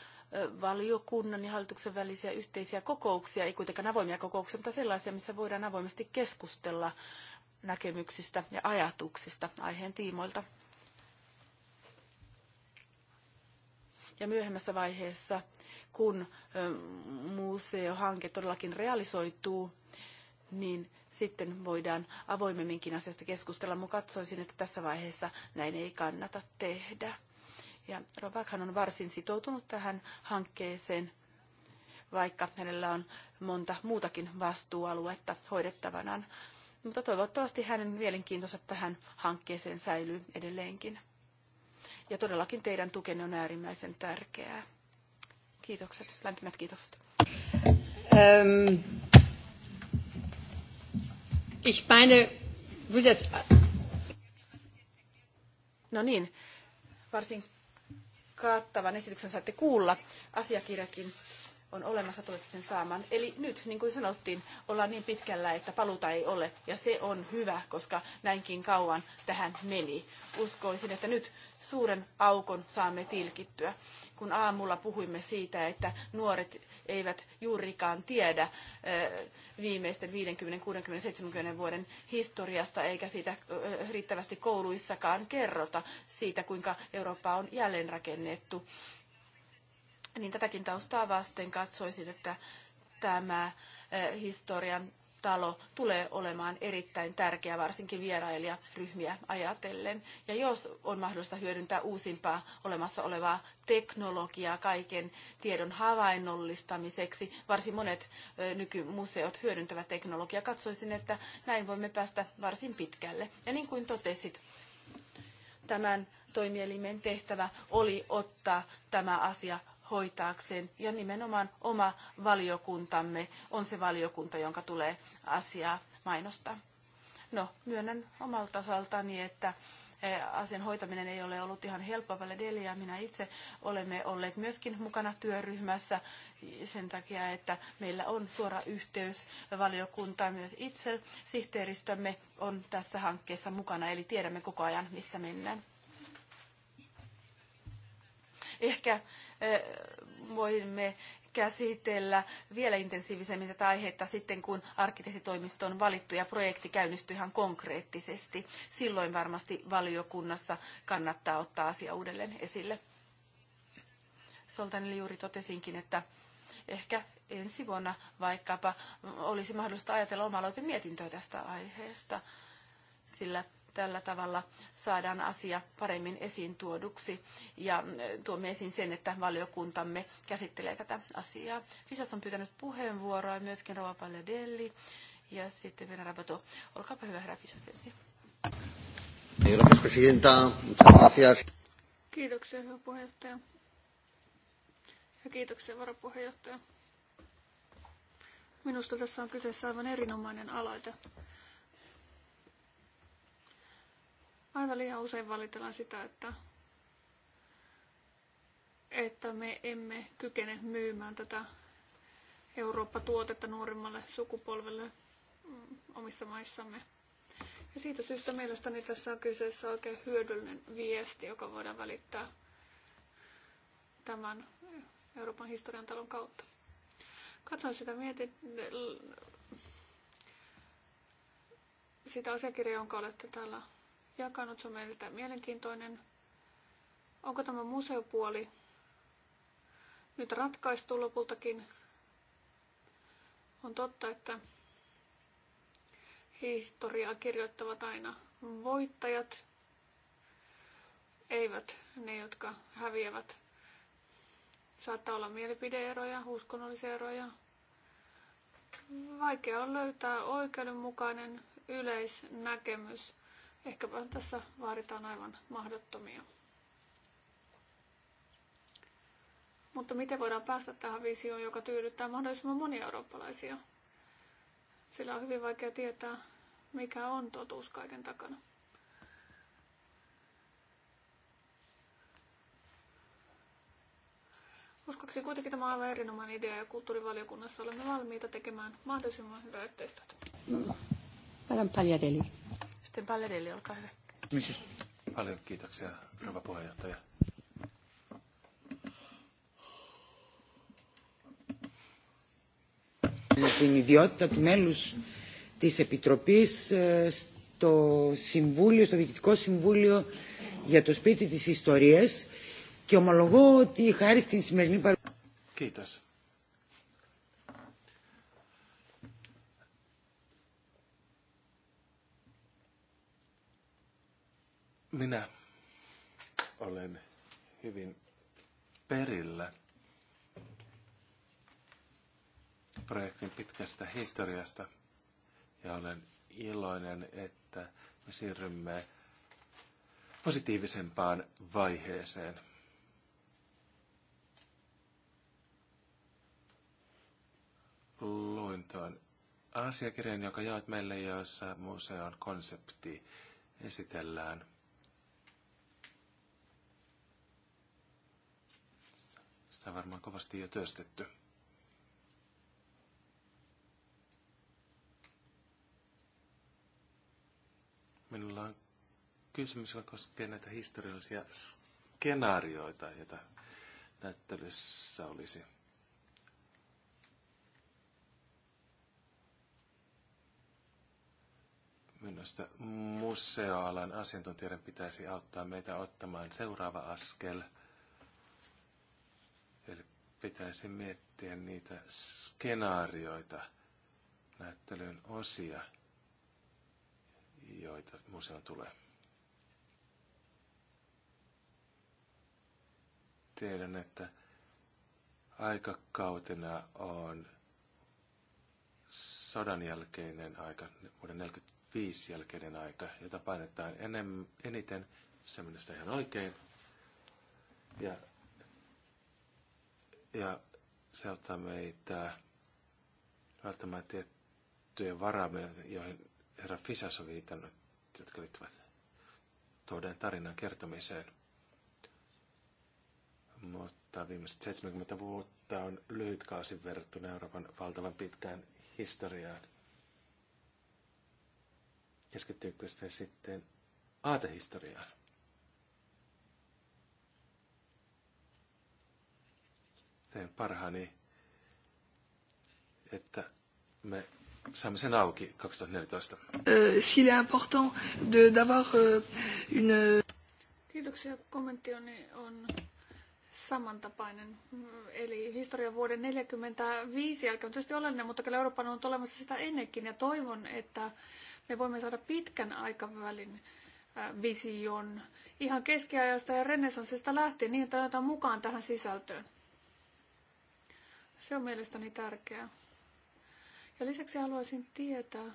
valiokunnan ja hallituksen välisiä yhteisiä kokouksia, ei kuitenkaan avoimia kokouksia, mutta sellaisia, missä voidaan avoimesti keskustella näkemyksistä ja ajatuksista aiheen tiimoilta. Ja myöhemmässä vaiheessa, kun museohanke todellakin realisoituu, niin sitten voidaan avoimemminkin asiasta keskustella, mutta katsoisin, että tässä vaiheessa näin ei kannata tehdä. Ja Rovakhan on varsin sitoutunut tähän hankkeeseen, vaikka hänellä on monta muutakin vastuualuetta hoidettavanaan. Mutta toivottavasti hänen mielenkiintonsa tähän hankkeeseen säilyy edelleenkin. Ja todellakin teidän tukenne on äärimmäisen tärkeää. Kiitokset, lämpimät kiitokset. Ähm, ich meine, No niin, varsin kattavan esityksen saatte kuulla. Asiakirjakin on olemassa, tulette sen saamaan. Eli nyt, niin kuin sanottiin, ollaan niin pitkällä, että paluta ei ole. Ja se on hyvä, koska näinkin kauan tähän meni. Uskoisin, että nyt suuren aukon saamme tilkittyä. Kun aamulla puhuimme siitä, että nuoret eivät juurikaan tiedä viimeisten 50, 60, 70 vuoden historiasta, eikä siitä riittävästi kouluissakaan kerrota siitä, kuinka Eurooppa on jälleenrakennettu. Niin tätäkin taustaa vasten katsoisin, että tämä historian talo tulee olemaan erittäin tärkeä, varsinkin vierailijaryhmiä ajatellen. Ja jos on mahdollista hyödyntää uusimpaa olemassa olevaa teknologiaa kaiken tiedon havainnollistamiseksi, varsin monet nykymuseot hyödyntävät teknologiaa, katsoisin, että näin voimme päästä varsin pitkälle. Ja niin kuin totesit, tämän toimielimen tehtävä oli ottaa tämä asia hoitaakseen. Ja nimenomaan oma valiokuntamme on se valiokunta, jonka tulee asiaa mainostaa. No, myönnän omalta osaltani, että e, asian hoitaminen ei ole ollut ihan helppoa. Valedeli ja minä itse olemme olleet myöskin mukana työryhmässä sen takia, että meillä on suora yhteys valiokuntaan myös itse. Sihteeristömme on tässä hankkeessa mukana, eli tiedämme koko ajan, missä mennään. Ehkä voimme käsitellä vielä intensiivisemmin tätä aihetta sitten, kun arkkitehtitoimisto on valittu ja projekti käynnistyy ihan konkreettisesti. Silloin varmasti valiokunnassa kannattaa ottaa asia uudelleen esille. Soltanille juuri totesinkin, että ehkä ensi vuonna vaikkapa olisi mahdollista ajatella oma mietintöä tästä aiheesta, sillä tällä tavalla saadaan asia paremmin esiin tuoduksi ja mm, tuomme esiin sen, että valiokuntamme käsittelee tätä asiaa. Fisas on pyytänyt puheenvuoroa myöskin Rova Palladelli ja sitten Venä Rabato. Olkaapa hyvä, herra Fisas ensin. Kiitoksia, hyvä puheenjohtaja. Ja kiitoksia, varapuheenjohtaja. Minusta tässä on kyseessä aivan erinomainen aloite. Aivan liian usein valitellaan sitä, että, että me emme kykene myymään tätä Eurooppa-tuotetta nuorimmalle sukupolvelle mm, omissa maissamme. Ja siitä syystä mielestäni tässä on kyseessä oikein hyödyllinen viesti, joka voidaan välittää tämän Euroopan historian talon kautta. Katson sitä mietin, sitä asiakirjaa, jonka olette täällä jakanut. Se on erittäin mielenkiintoinen. Onko tämä museopuoli nyt ratkaistu lopultakin? On totta, että historiaa kirjoittavat aina voittajat, eivät ne, jotka häviävät. Saattaa olla mielipideeroja, uskonnollisia eroja. Vaikea on löytää oikeudenmukainen yleisnäkemys Ehkäpä tässä vaaditaan aivan mahdottomia. Mutta miten voidaan päästä tähän visioon, joka tyydyttää mahdollisimman monia eurooppalaisia? Sillä on hyvin vaikea tietää, mikä on totuus kaiken takana. Uskoksi kuitenkin tämä on aivan erinomainen idea ja kulttuurivaliokunnassa olemme valmiita tekemään mahdollisimman hyvää yhteistyötä. Madame sitten Ballerelli, olkaa hyvä. Mrs. Paljon kiitoksia, rouva puheenjohtaja. Την ιδιότητα του μέλους της Επιτροπής στο Συμβούλιο, στο Διοικητικό Συμβούλιο για το Σπίτι της Ιστορίας και ομολογώ ότι χάρη στην σημερινή παρουσία. Minä olen hyvin perillä projektin pitkästä historiasta ja olen iloinen, että me siirrymme positiivisempaan vaiheeseen. Luin tuon asiakirjan, joka jaat meille, jossa museon konsepti esitellään – Sitä on varmaan kovasti jo työstetty. Minulla on kysymys, joka koskee näitä historiallisia skenaarioita, joita näyttelyssä olisi. Minusta museoalan asiantuntijoiden pitäisi auttaa meitä ottamaan seuraava askel – pitäisi miettiä niitä skenaarioita, näyttelyn osia, joita museon tulee. Tiedän, että aikakautena on sodan jälkeinen aika, vuoden 1945 jälkeinen aika, jota painetaan enem, eniten, se ihan oikein. Ja ja se auttaa meitä välttämään tiettyjen varaamia, joihin herra Fisas on viitannut, jotka liittyvät toden tarinan kertomiseen. Mutta viimeiset 70 vuotta on lyhyt kaasin verrattuna Euroopan valtavan pitkään historiaan. Keskittyykö sitten sitten aatehistoriaan? teen parhaani, että me saamme sen auki 2014. S'il est important d'avoir une... Kiitoksia. Kommentti on samantapainen. Eli historian vuoden 1945 jälkeen on tietysti olennainen, mutta kyllä Euroopan on olemassa sitä ennenkin. Ja toivon, että me voimme saada pitkän aikavälin vision ihan keskiajasta ja renessanssista lähtien niin, että otetaan mukaan tähän sisältöön. Se on mielestäni tärkeää. Ja lisäksi haluaisin tietää,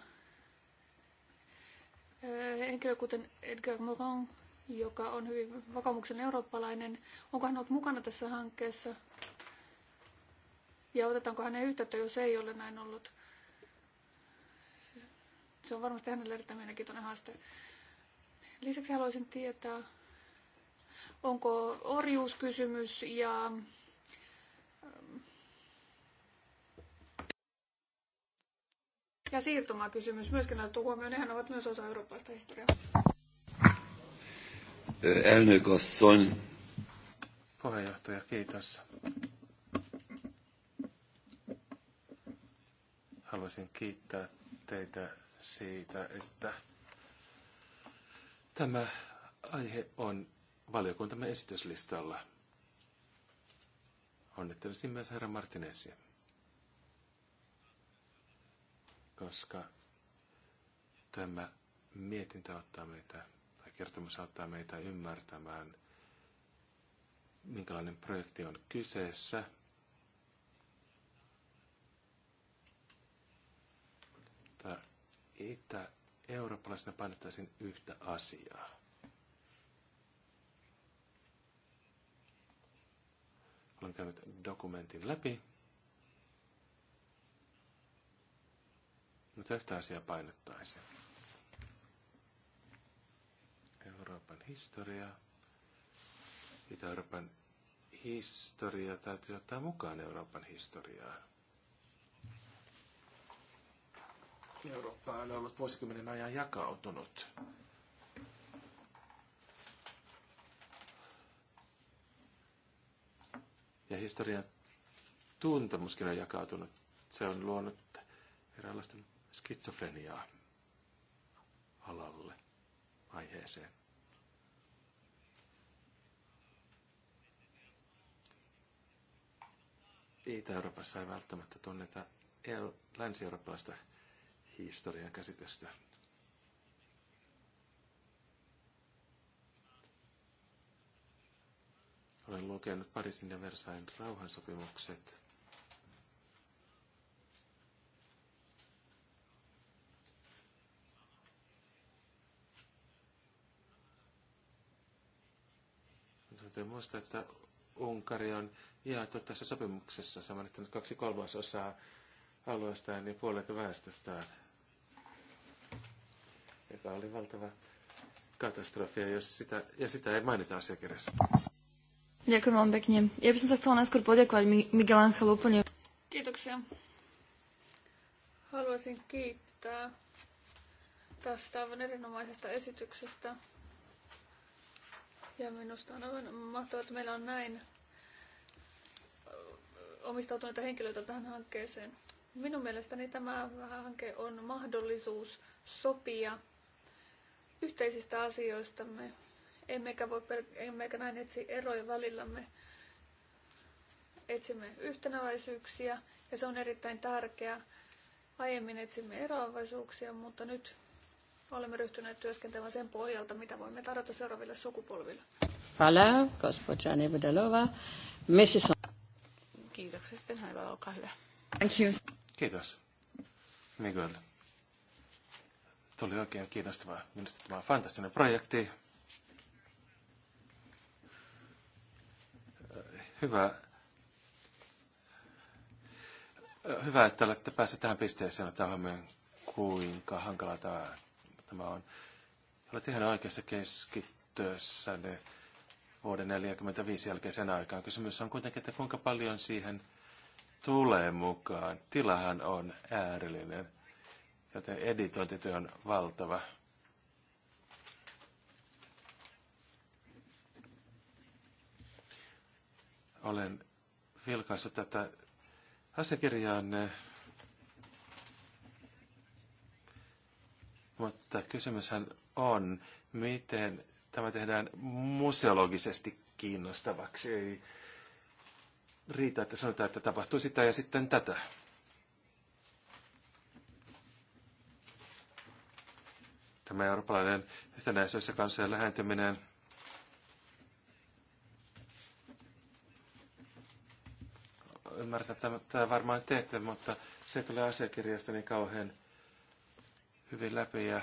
eh, henkilö kuten Edgar Morin, joka on hyvin vakaumuksen eurooppalainen, onko hän ollut mukana tässä hankkeessa? Ja otetaanko hänen yhteyttä, jos ei ole näin ollut? Se on varmasti hänelle erittäin mielenkiintoinen haaste. Lisäksi haluaisin tietää, onko orjuuskysymys ja ja siirtomakysymys myöskin otettu huomioon, nehän ovat myös osa eurooppalaista historiaa. Elnök asszony. Puheenjohtaja, kiitos. Haluaisin kiittää teitä siitä, että tämä aihe on valiokuntamme esityslistalla. Onnittelisin myös herra Martinesia. koska tämä mietintä auttaa meitä, tai kertomus auttaa meitä ymmärtämään, minkälainen projekti on kyseessä. Että eurooppalaisena painottaisin yhtä asiaa. Olen käynyt dokumentin läpi No yhtä asiaa painettaisiin. Euroopan historia. Itä-Euroopan historia täytyy ottaa mukaan Euroopan historiaan. Eurooppa on ollut vuosikymmenen ajan jakautunut. Ja historian tuntemuskin on jakautunut. Se on luonut eräänlaista skitsofreniaa alalle, aiheeseen. Itä-Euroopassa ei välttämättä tunneta länsi-eurooppalaista historian käsitystä. Olen lukenut Pariisin ja Versailles rauhansopimukset Täytyy muistaa, että Unkari on jaettu tässä sopimuksessa. Se on kaksi kolmasosaa alueestaan ja niin puolet väestöstään, joka oli valtava katastrofi, jos sitä, ja sitä ei mainita asiakirjassa. Ďakujem vám pekne. Ja by som sa chcela najskôr poďakovať Miguel Angel úplne. Kiitoksia. Haluaisin kiittää tästä aivan erinomaisesta esityksestä. Ja minusta on aivan mahtavaa, että meillä on näin omistautuneita henkilöitä tähän hankkeeseen. Minun mielestäni tämä hanke on mahdollisuus sopia yhteisistä asioistamme, emmekä, voi emmekä näin etsi eroja välillämme. Etsimme yhtenäväisyyksiä ja se on erittäin tärkeää. Aiemmin etsimme eroavaisuuksia, mutta nyt olemme ryhtyneet työskentelemään sen pohjalta, mitä voimme tarjota seuraaville sukupolville. Hvala, gospođa Nebudalova. Mrs. Kiitoksia sitten, Haiva, olkaa hyvä. Thank you. Kiitos. Miguel. Tuli oikein kiinnostavaa. Minusta tämä on fantastinen projekti. Hyvä hyvä, että olette päässeet tähän pisteeseen ottaen huomioon, kuinka hankala tämä tämä on. Olet ihan oikeassa keskittyessänne vuoden 1945 jälkeisen aikaan. Kysymys on kuitenkin, että kuinka paljon siihen tulee mukaan. Tilahan on äärellinen, joten editointityö on valtava. Olen vilkaissut tätä asiakirjaanne Mutta kysymyshän on, miten tämä tehdään museologisesti kiinnostavaksi. Ei riitä, että sanotaan, että tapahtuu sitä ja sitten tätä. Tämä eurooppalainen yhtenäisyys ja kansojen lähentyminen Ymmärrän, että tämä varmaan teette, mutta se tulee asiakirjasta niin kauhean hyvin läpi ja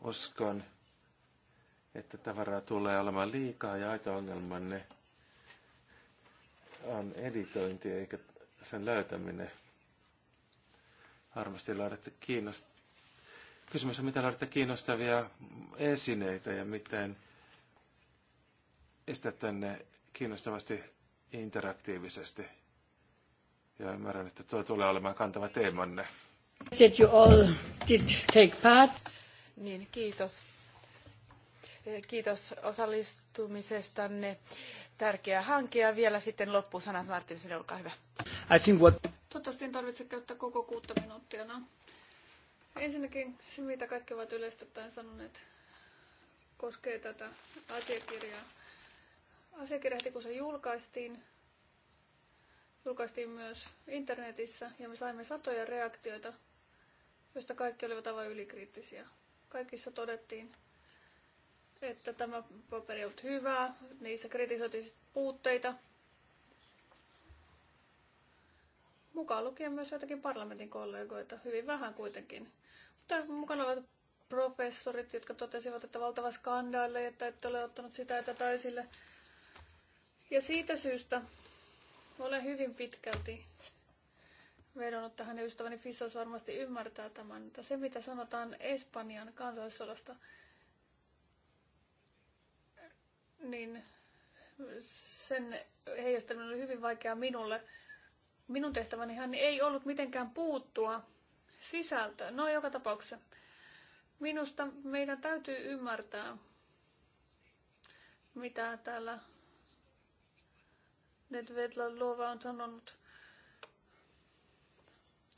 uskon, että tavaraa tulee olemaan liikaa ja aito ongelmanne on editointi eikä sen löytäminen. Varmasti laaditte kiinnost... Kysymys on, mitä laaditte kiinnostavia esineitä ja miten estätte ne kiinnostavasti interaktiivisesti. Ja ymmärrän, että tuo tulee olemaan kantava teemanne. That you all did take part. Niin, kiitos. Eh, kiitos osallistumisestanne. Tärkeä hanke ja vielä sitten loppusanat Martinsen, olkaa hyvä. I think what... Toivottavasti en tarvitse käyttää koko kuutta minuuttia. No. Ensinnäkin se, mitä kaikki ovat yleistettäen sanoneet, koskee tätä asiakirjaa. Asiakirja heti kun se julkaistiin, julkaistiin myös internetissä ja me saimme satoja reaktioita, joista kaikki olivat aivan ylikriittisiä. Kaikissa todettiin, että tämä paperi on hyvä, niissä kritisoitiin puutteita, mukaan lukien myös jotakin parlamentin kollegoita, hyvin vähän kuitenkin. Mutta mukana olivat professorit, jotka totesivat, että valtava skandaali, että ette ole ottanut sitä ja tätä esille. Ja siitä syystä olen hyvin pitkälti vedonnut tähän ja ystäväni Fissas varmasti ymmärtää tämän, että se mitä sanotaan Espanjan kansallissodasta, niin sen heijastaminen oli hyvin vaikea. minulle. Minun hän ei ollut mitenkään puuttua sisältöön. No joka tapauksessa. Minusta meidän täytyy ymmärtää, mitä täällä Nedvedla Luova on sanonut.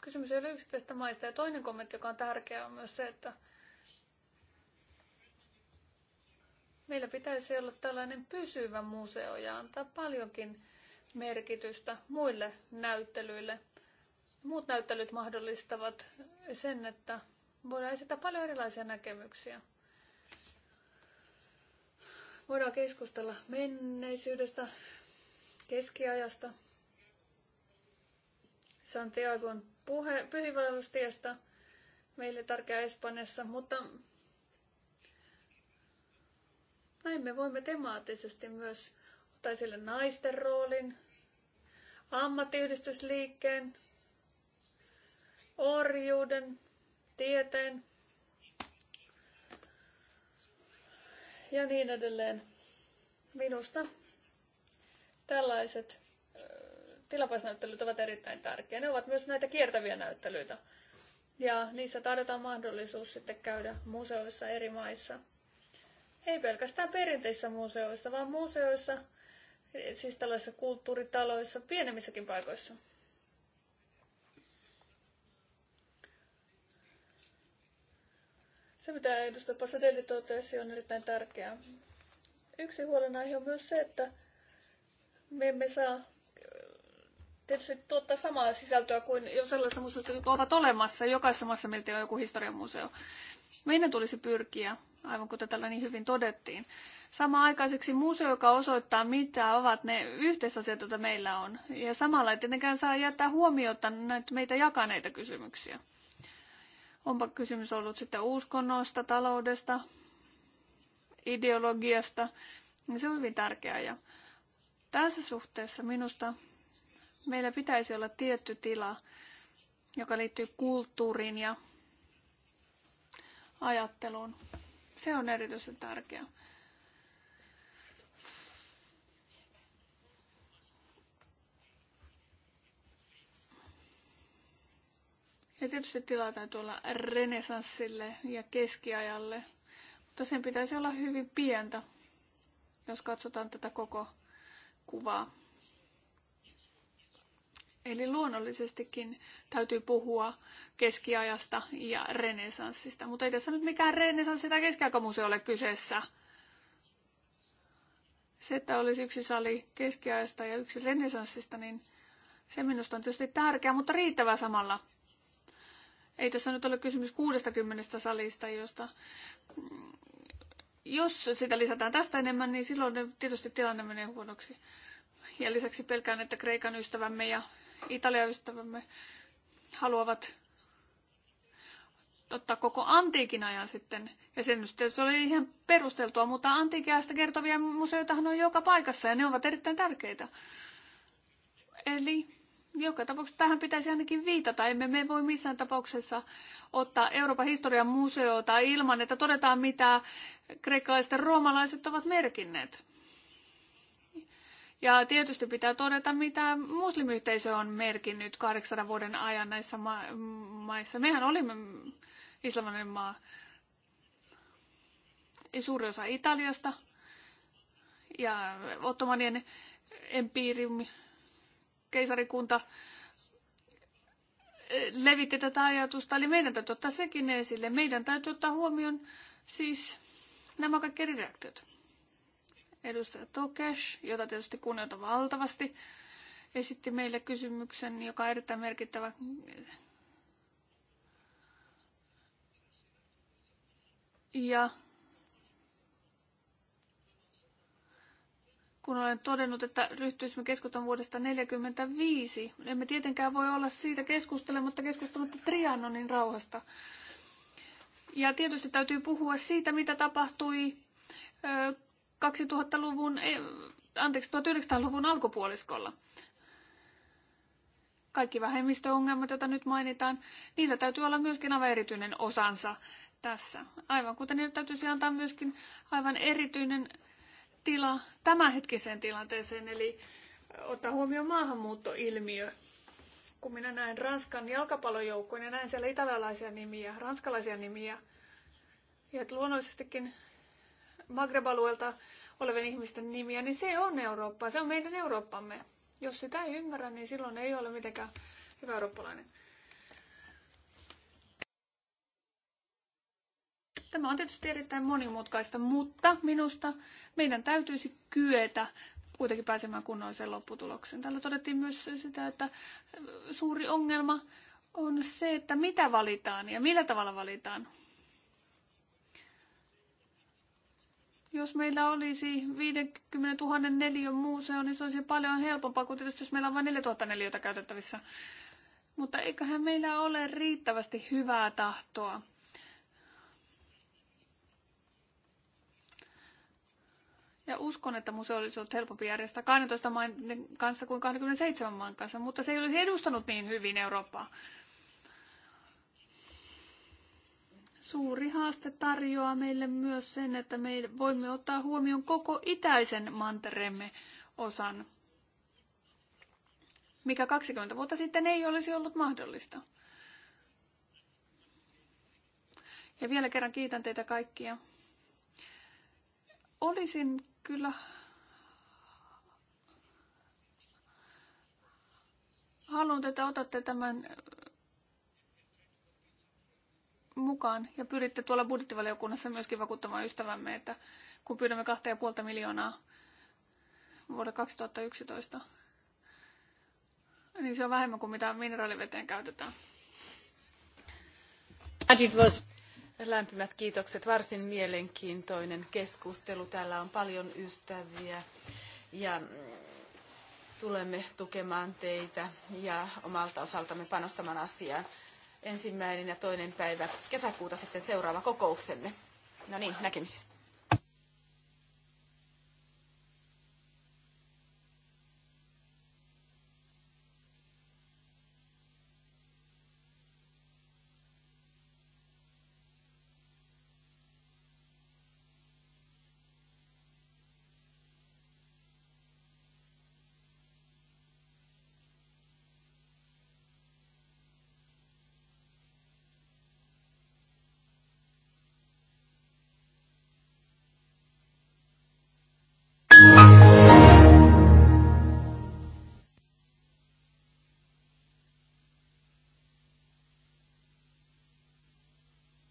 Kysymys ei ole yksittäistä maista. Ja toinen kommentti, joka on tärkeä, on myös se, että meillä pitäisi olla tällainen pysyvä museo ja antaa paljonkin merkitystä muille näyttelyille. Muut näyttelyt mahdollistavat sen, että voidaan esittää paljon erilaisia näkemyksiä. Voidaan keskustella menneisyydestä, keskiajasta, Santiagon puhe, meille tärkeä Espanjassa, mutta näin me voimme temaattisesti myös ottaa sille naisten roolin, ammattiyhdistysliikkeen, orjuuden, tieteen ja niin edelleen. Minusta Tällaiset tilapaisnäyttelyt ovat erittäin tärkeitä. Ne ovat myös näitä kiertäviä näyttelyitä. Ja niissä tarjotaan mahdollisuus sitten käydä museoissa eri maissa. Ei pelkästään perinteissä museoissa, vaan museoissa, siis tällaisissa kulttuuritaloissa, pienemmissäkin paikoissa. Se, mitä edustaja Pasadelli totesi, on erittäin tärkeää. Yksi huolenaihe on myös se, että me emme saa äh, tietysti tuottaa samaa sisältöä kuin jo sellaisessa museossa, jotka ovat olemassa. Jokaisessa maassa miltei on joku historian museo. Meidän tulisi pyrkiä, aivan kuten tällä niin hyvin todettiin, samaan aikaiseksi museo, joka osoittaa, mitä ovat ne yhteisasiat, joita meillä on. Ja samalla ei tietenkään saa jättää huomiota näitä meitä jakaneita kysymyksiä. Onpa kysymys ollut sitten uskonnosta, taloudesta, ideologiasta, niin se on hyvin tärkeää. Tässä suhteessa minusta meillä pitäisi olla tietty tila, joka liittyy kulttuuriin ja ajatteluun. Se on erityisen tärkeää. Ja tietysti tilaa täytyy olla renesanssille ja keskiajalle, mutta sen pitäisi olla hyvin pientä, jos katsotaan tätä koko kuvaa. Eli luonnollisestikin täytyy puhua keskiajasta ja renesanssista, mutta ei tässä nyt mikään renesanssi tai keskiaikamuseo ole kyseessä. Se, että olisi yksi sali keskiajasta ja yksi renesanssista, niin se minusta on tietysti tärkeää, mutta riittävä samalla. Ei tässä nyt ole kysymys 60 salista, josta jos sitä lisätään tästä enemmän, niin silloin tietysti tilanne menee huonoksi. Ja lisäksi pelkään, että Kreikan ystävämme ja Italian ystävämme haluavat ottaa koko antiikin ajan sitten. Ja sen tietysti oli ihan perusteltua, mutta antiikiasta kertovia museoitahan on joka paikassa ja ne ovat erittäin tärkeitä. Eli joka tapauksessa tähän pitäisi ainakin viitata. Emme me voi missään tapauksessa ottaa Euroopan historian museota ilman, että todetaan, mitä kreikkalaiset ja roomalaiset ovat merkinneet. Ja tietysti pitää todeta, mitä muslimiyhteisö on merkinnyt 800 vuoden ajan näissä ma- maissa. Mehän olimme islamilainen maa. Suuri osa Italiasta ja ottomanien empiiriumi keisarikunta eh, levitti tätä ajatusta, eli meidän täytyy ottaa sekin esille. Meidän täytyy ottaa huomioon siis nämä kaikki eri reaktiot. Edustaja Tokesh, jota tietysti kunnioitan valtavasti, esitti meille kysymyksen, joka on erittäin merkittävä. Ja kun olen todennut, että ryhtyisimme keskustan vuodesta 1945. Emme tietenkään voi olla siitä keskustelematta keskustelematta Trianonin rauhasta. Ja tietysti täytyy puhua siitä, mitä tapahtui 2000-luvun, e, anteeksi, 1900-luvun alkupuoliskolla. Kaikki vähemmistöongelmat, joita nyt mainitaan, niillä täytyy olla myöskin aivan erityinen osansa tässä. Aivan kuten niillä täytyisi antaa myöskin aivan erityinen tila tämänhetkiseen tilanteeseen, eli ottaa huomioon maahanmuuttoilmiö. Kun minä näen Ranskan jalkapallojoukkueen ja näen siellä italialaisia nimiä, ranskalaisia nimiä, ja luonnollisestikin magreb alueelta olevien ihmisten nimiä, niin se on Eurooppa, se on meidän Eurooppamme. Jos sitä ei ymmärrä, niin silloin ei ole mitenkään hyvä eurooppalainen. Tämä on tietysti erittäin monimutkaista, mutta minusta meidän täytyisi kyetä kuitenkin pääsemään kunnolliseen lopputulokseen. Täällä todettiin myös sitä, että suuri ongelma on se, että mitä valitaan ja millä tavalla valitaan. Jos meillä olisi 50 000 neliön museo, niin se olisi paljon helpompaa kuin tietysti, jos meillä on vain 4000 neliötä käytettävissä. Mutta eiköhän meillä ole riittävästi hyvää tahtoa Ja uskon, että museo olisi ollut helpompi järjestää 12 maan kanssa kuin 27 maan kanssa, mutta se ei olisi edustanut niin hyvin Eurooppaa. Suuri haaste tarjoaa meille myös sen, että me voimme ottaa huomioon koko itäisen mantereemme osan, mikä 20 vuotta sitten ei olisi ollut mahdollista. Ja vielä kerran kiitän teitä kaikkia. Olisin kyllä haluan, että otatte tämän mukaan ja pyritte tuolla budjettivaliokunnassa myöskin vakuuttamaan ystävämme, että kun pyydämme 2,5 miljoonaa vuodelle 2011, niin se on vähemmän kuin mitä mineraaliveteen käytetään. And it was Lämpimät kiitokset. Varsin mielenkiintoinen keskustelu. Täällä on paljon ystäviä ja mm, tulemme tukemaan teitä ja omalta osaltamme panostamaan asiaan. Ensimmäinen ja toinen päivä kesäkuuta sitten seuraava kokouksemme. No niin, näkemisiin.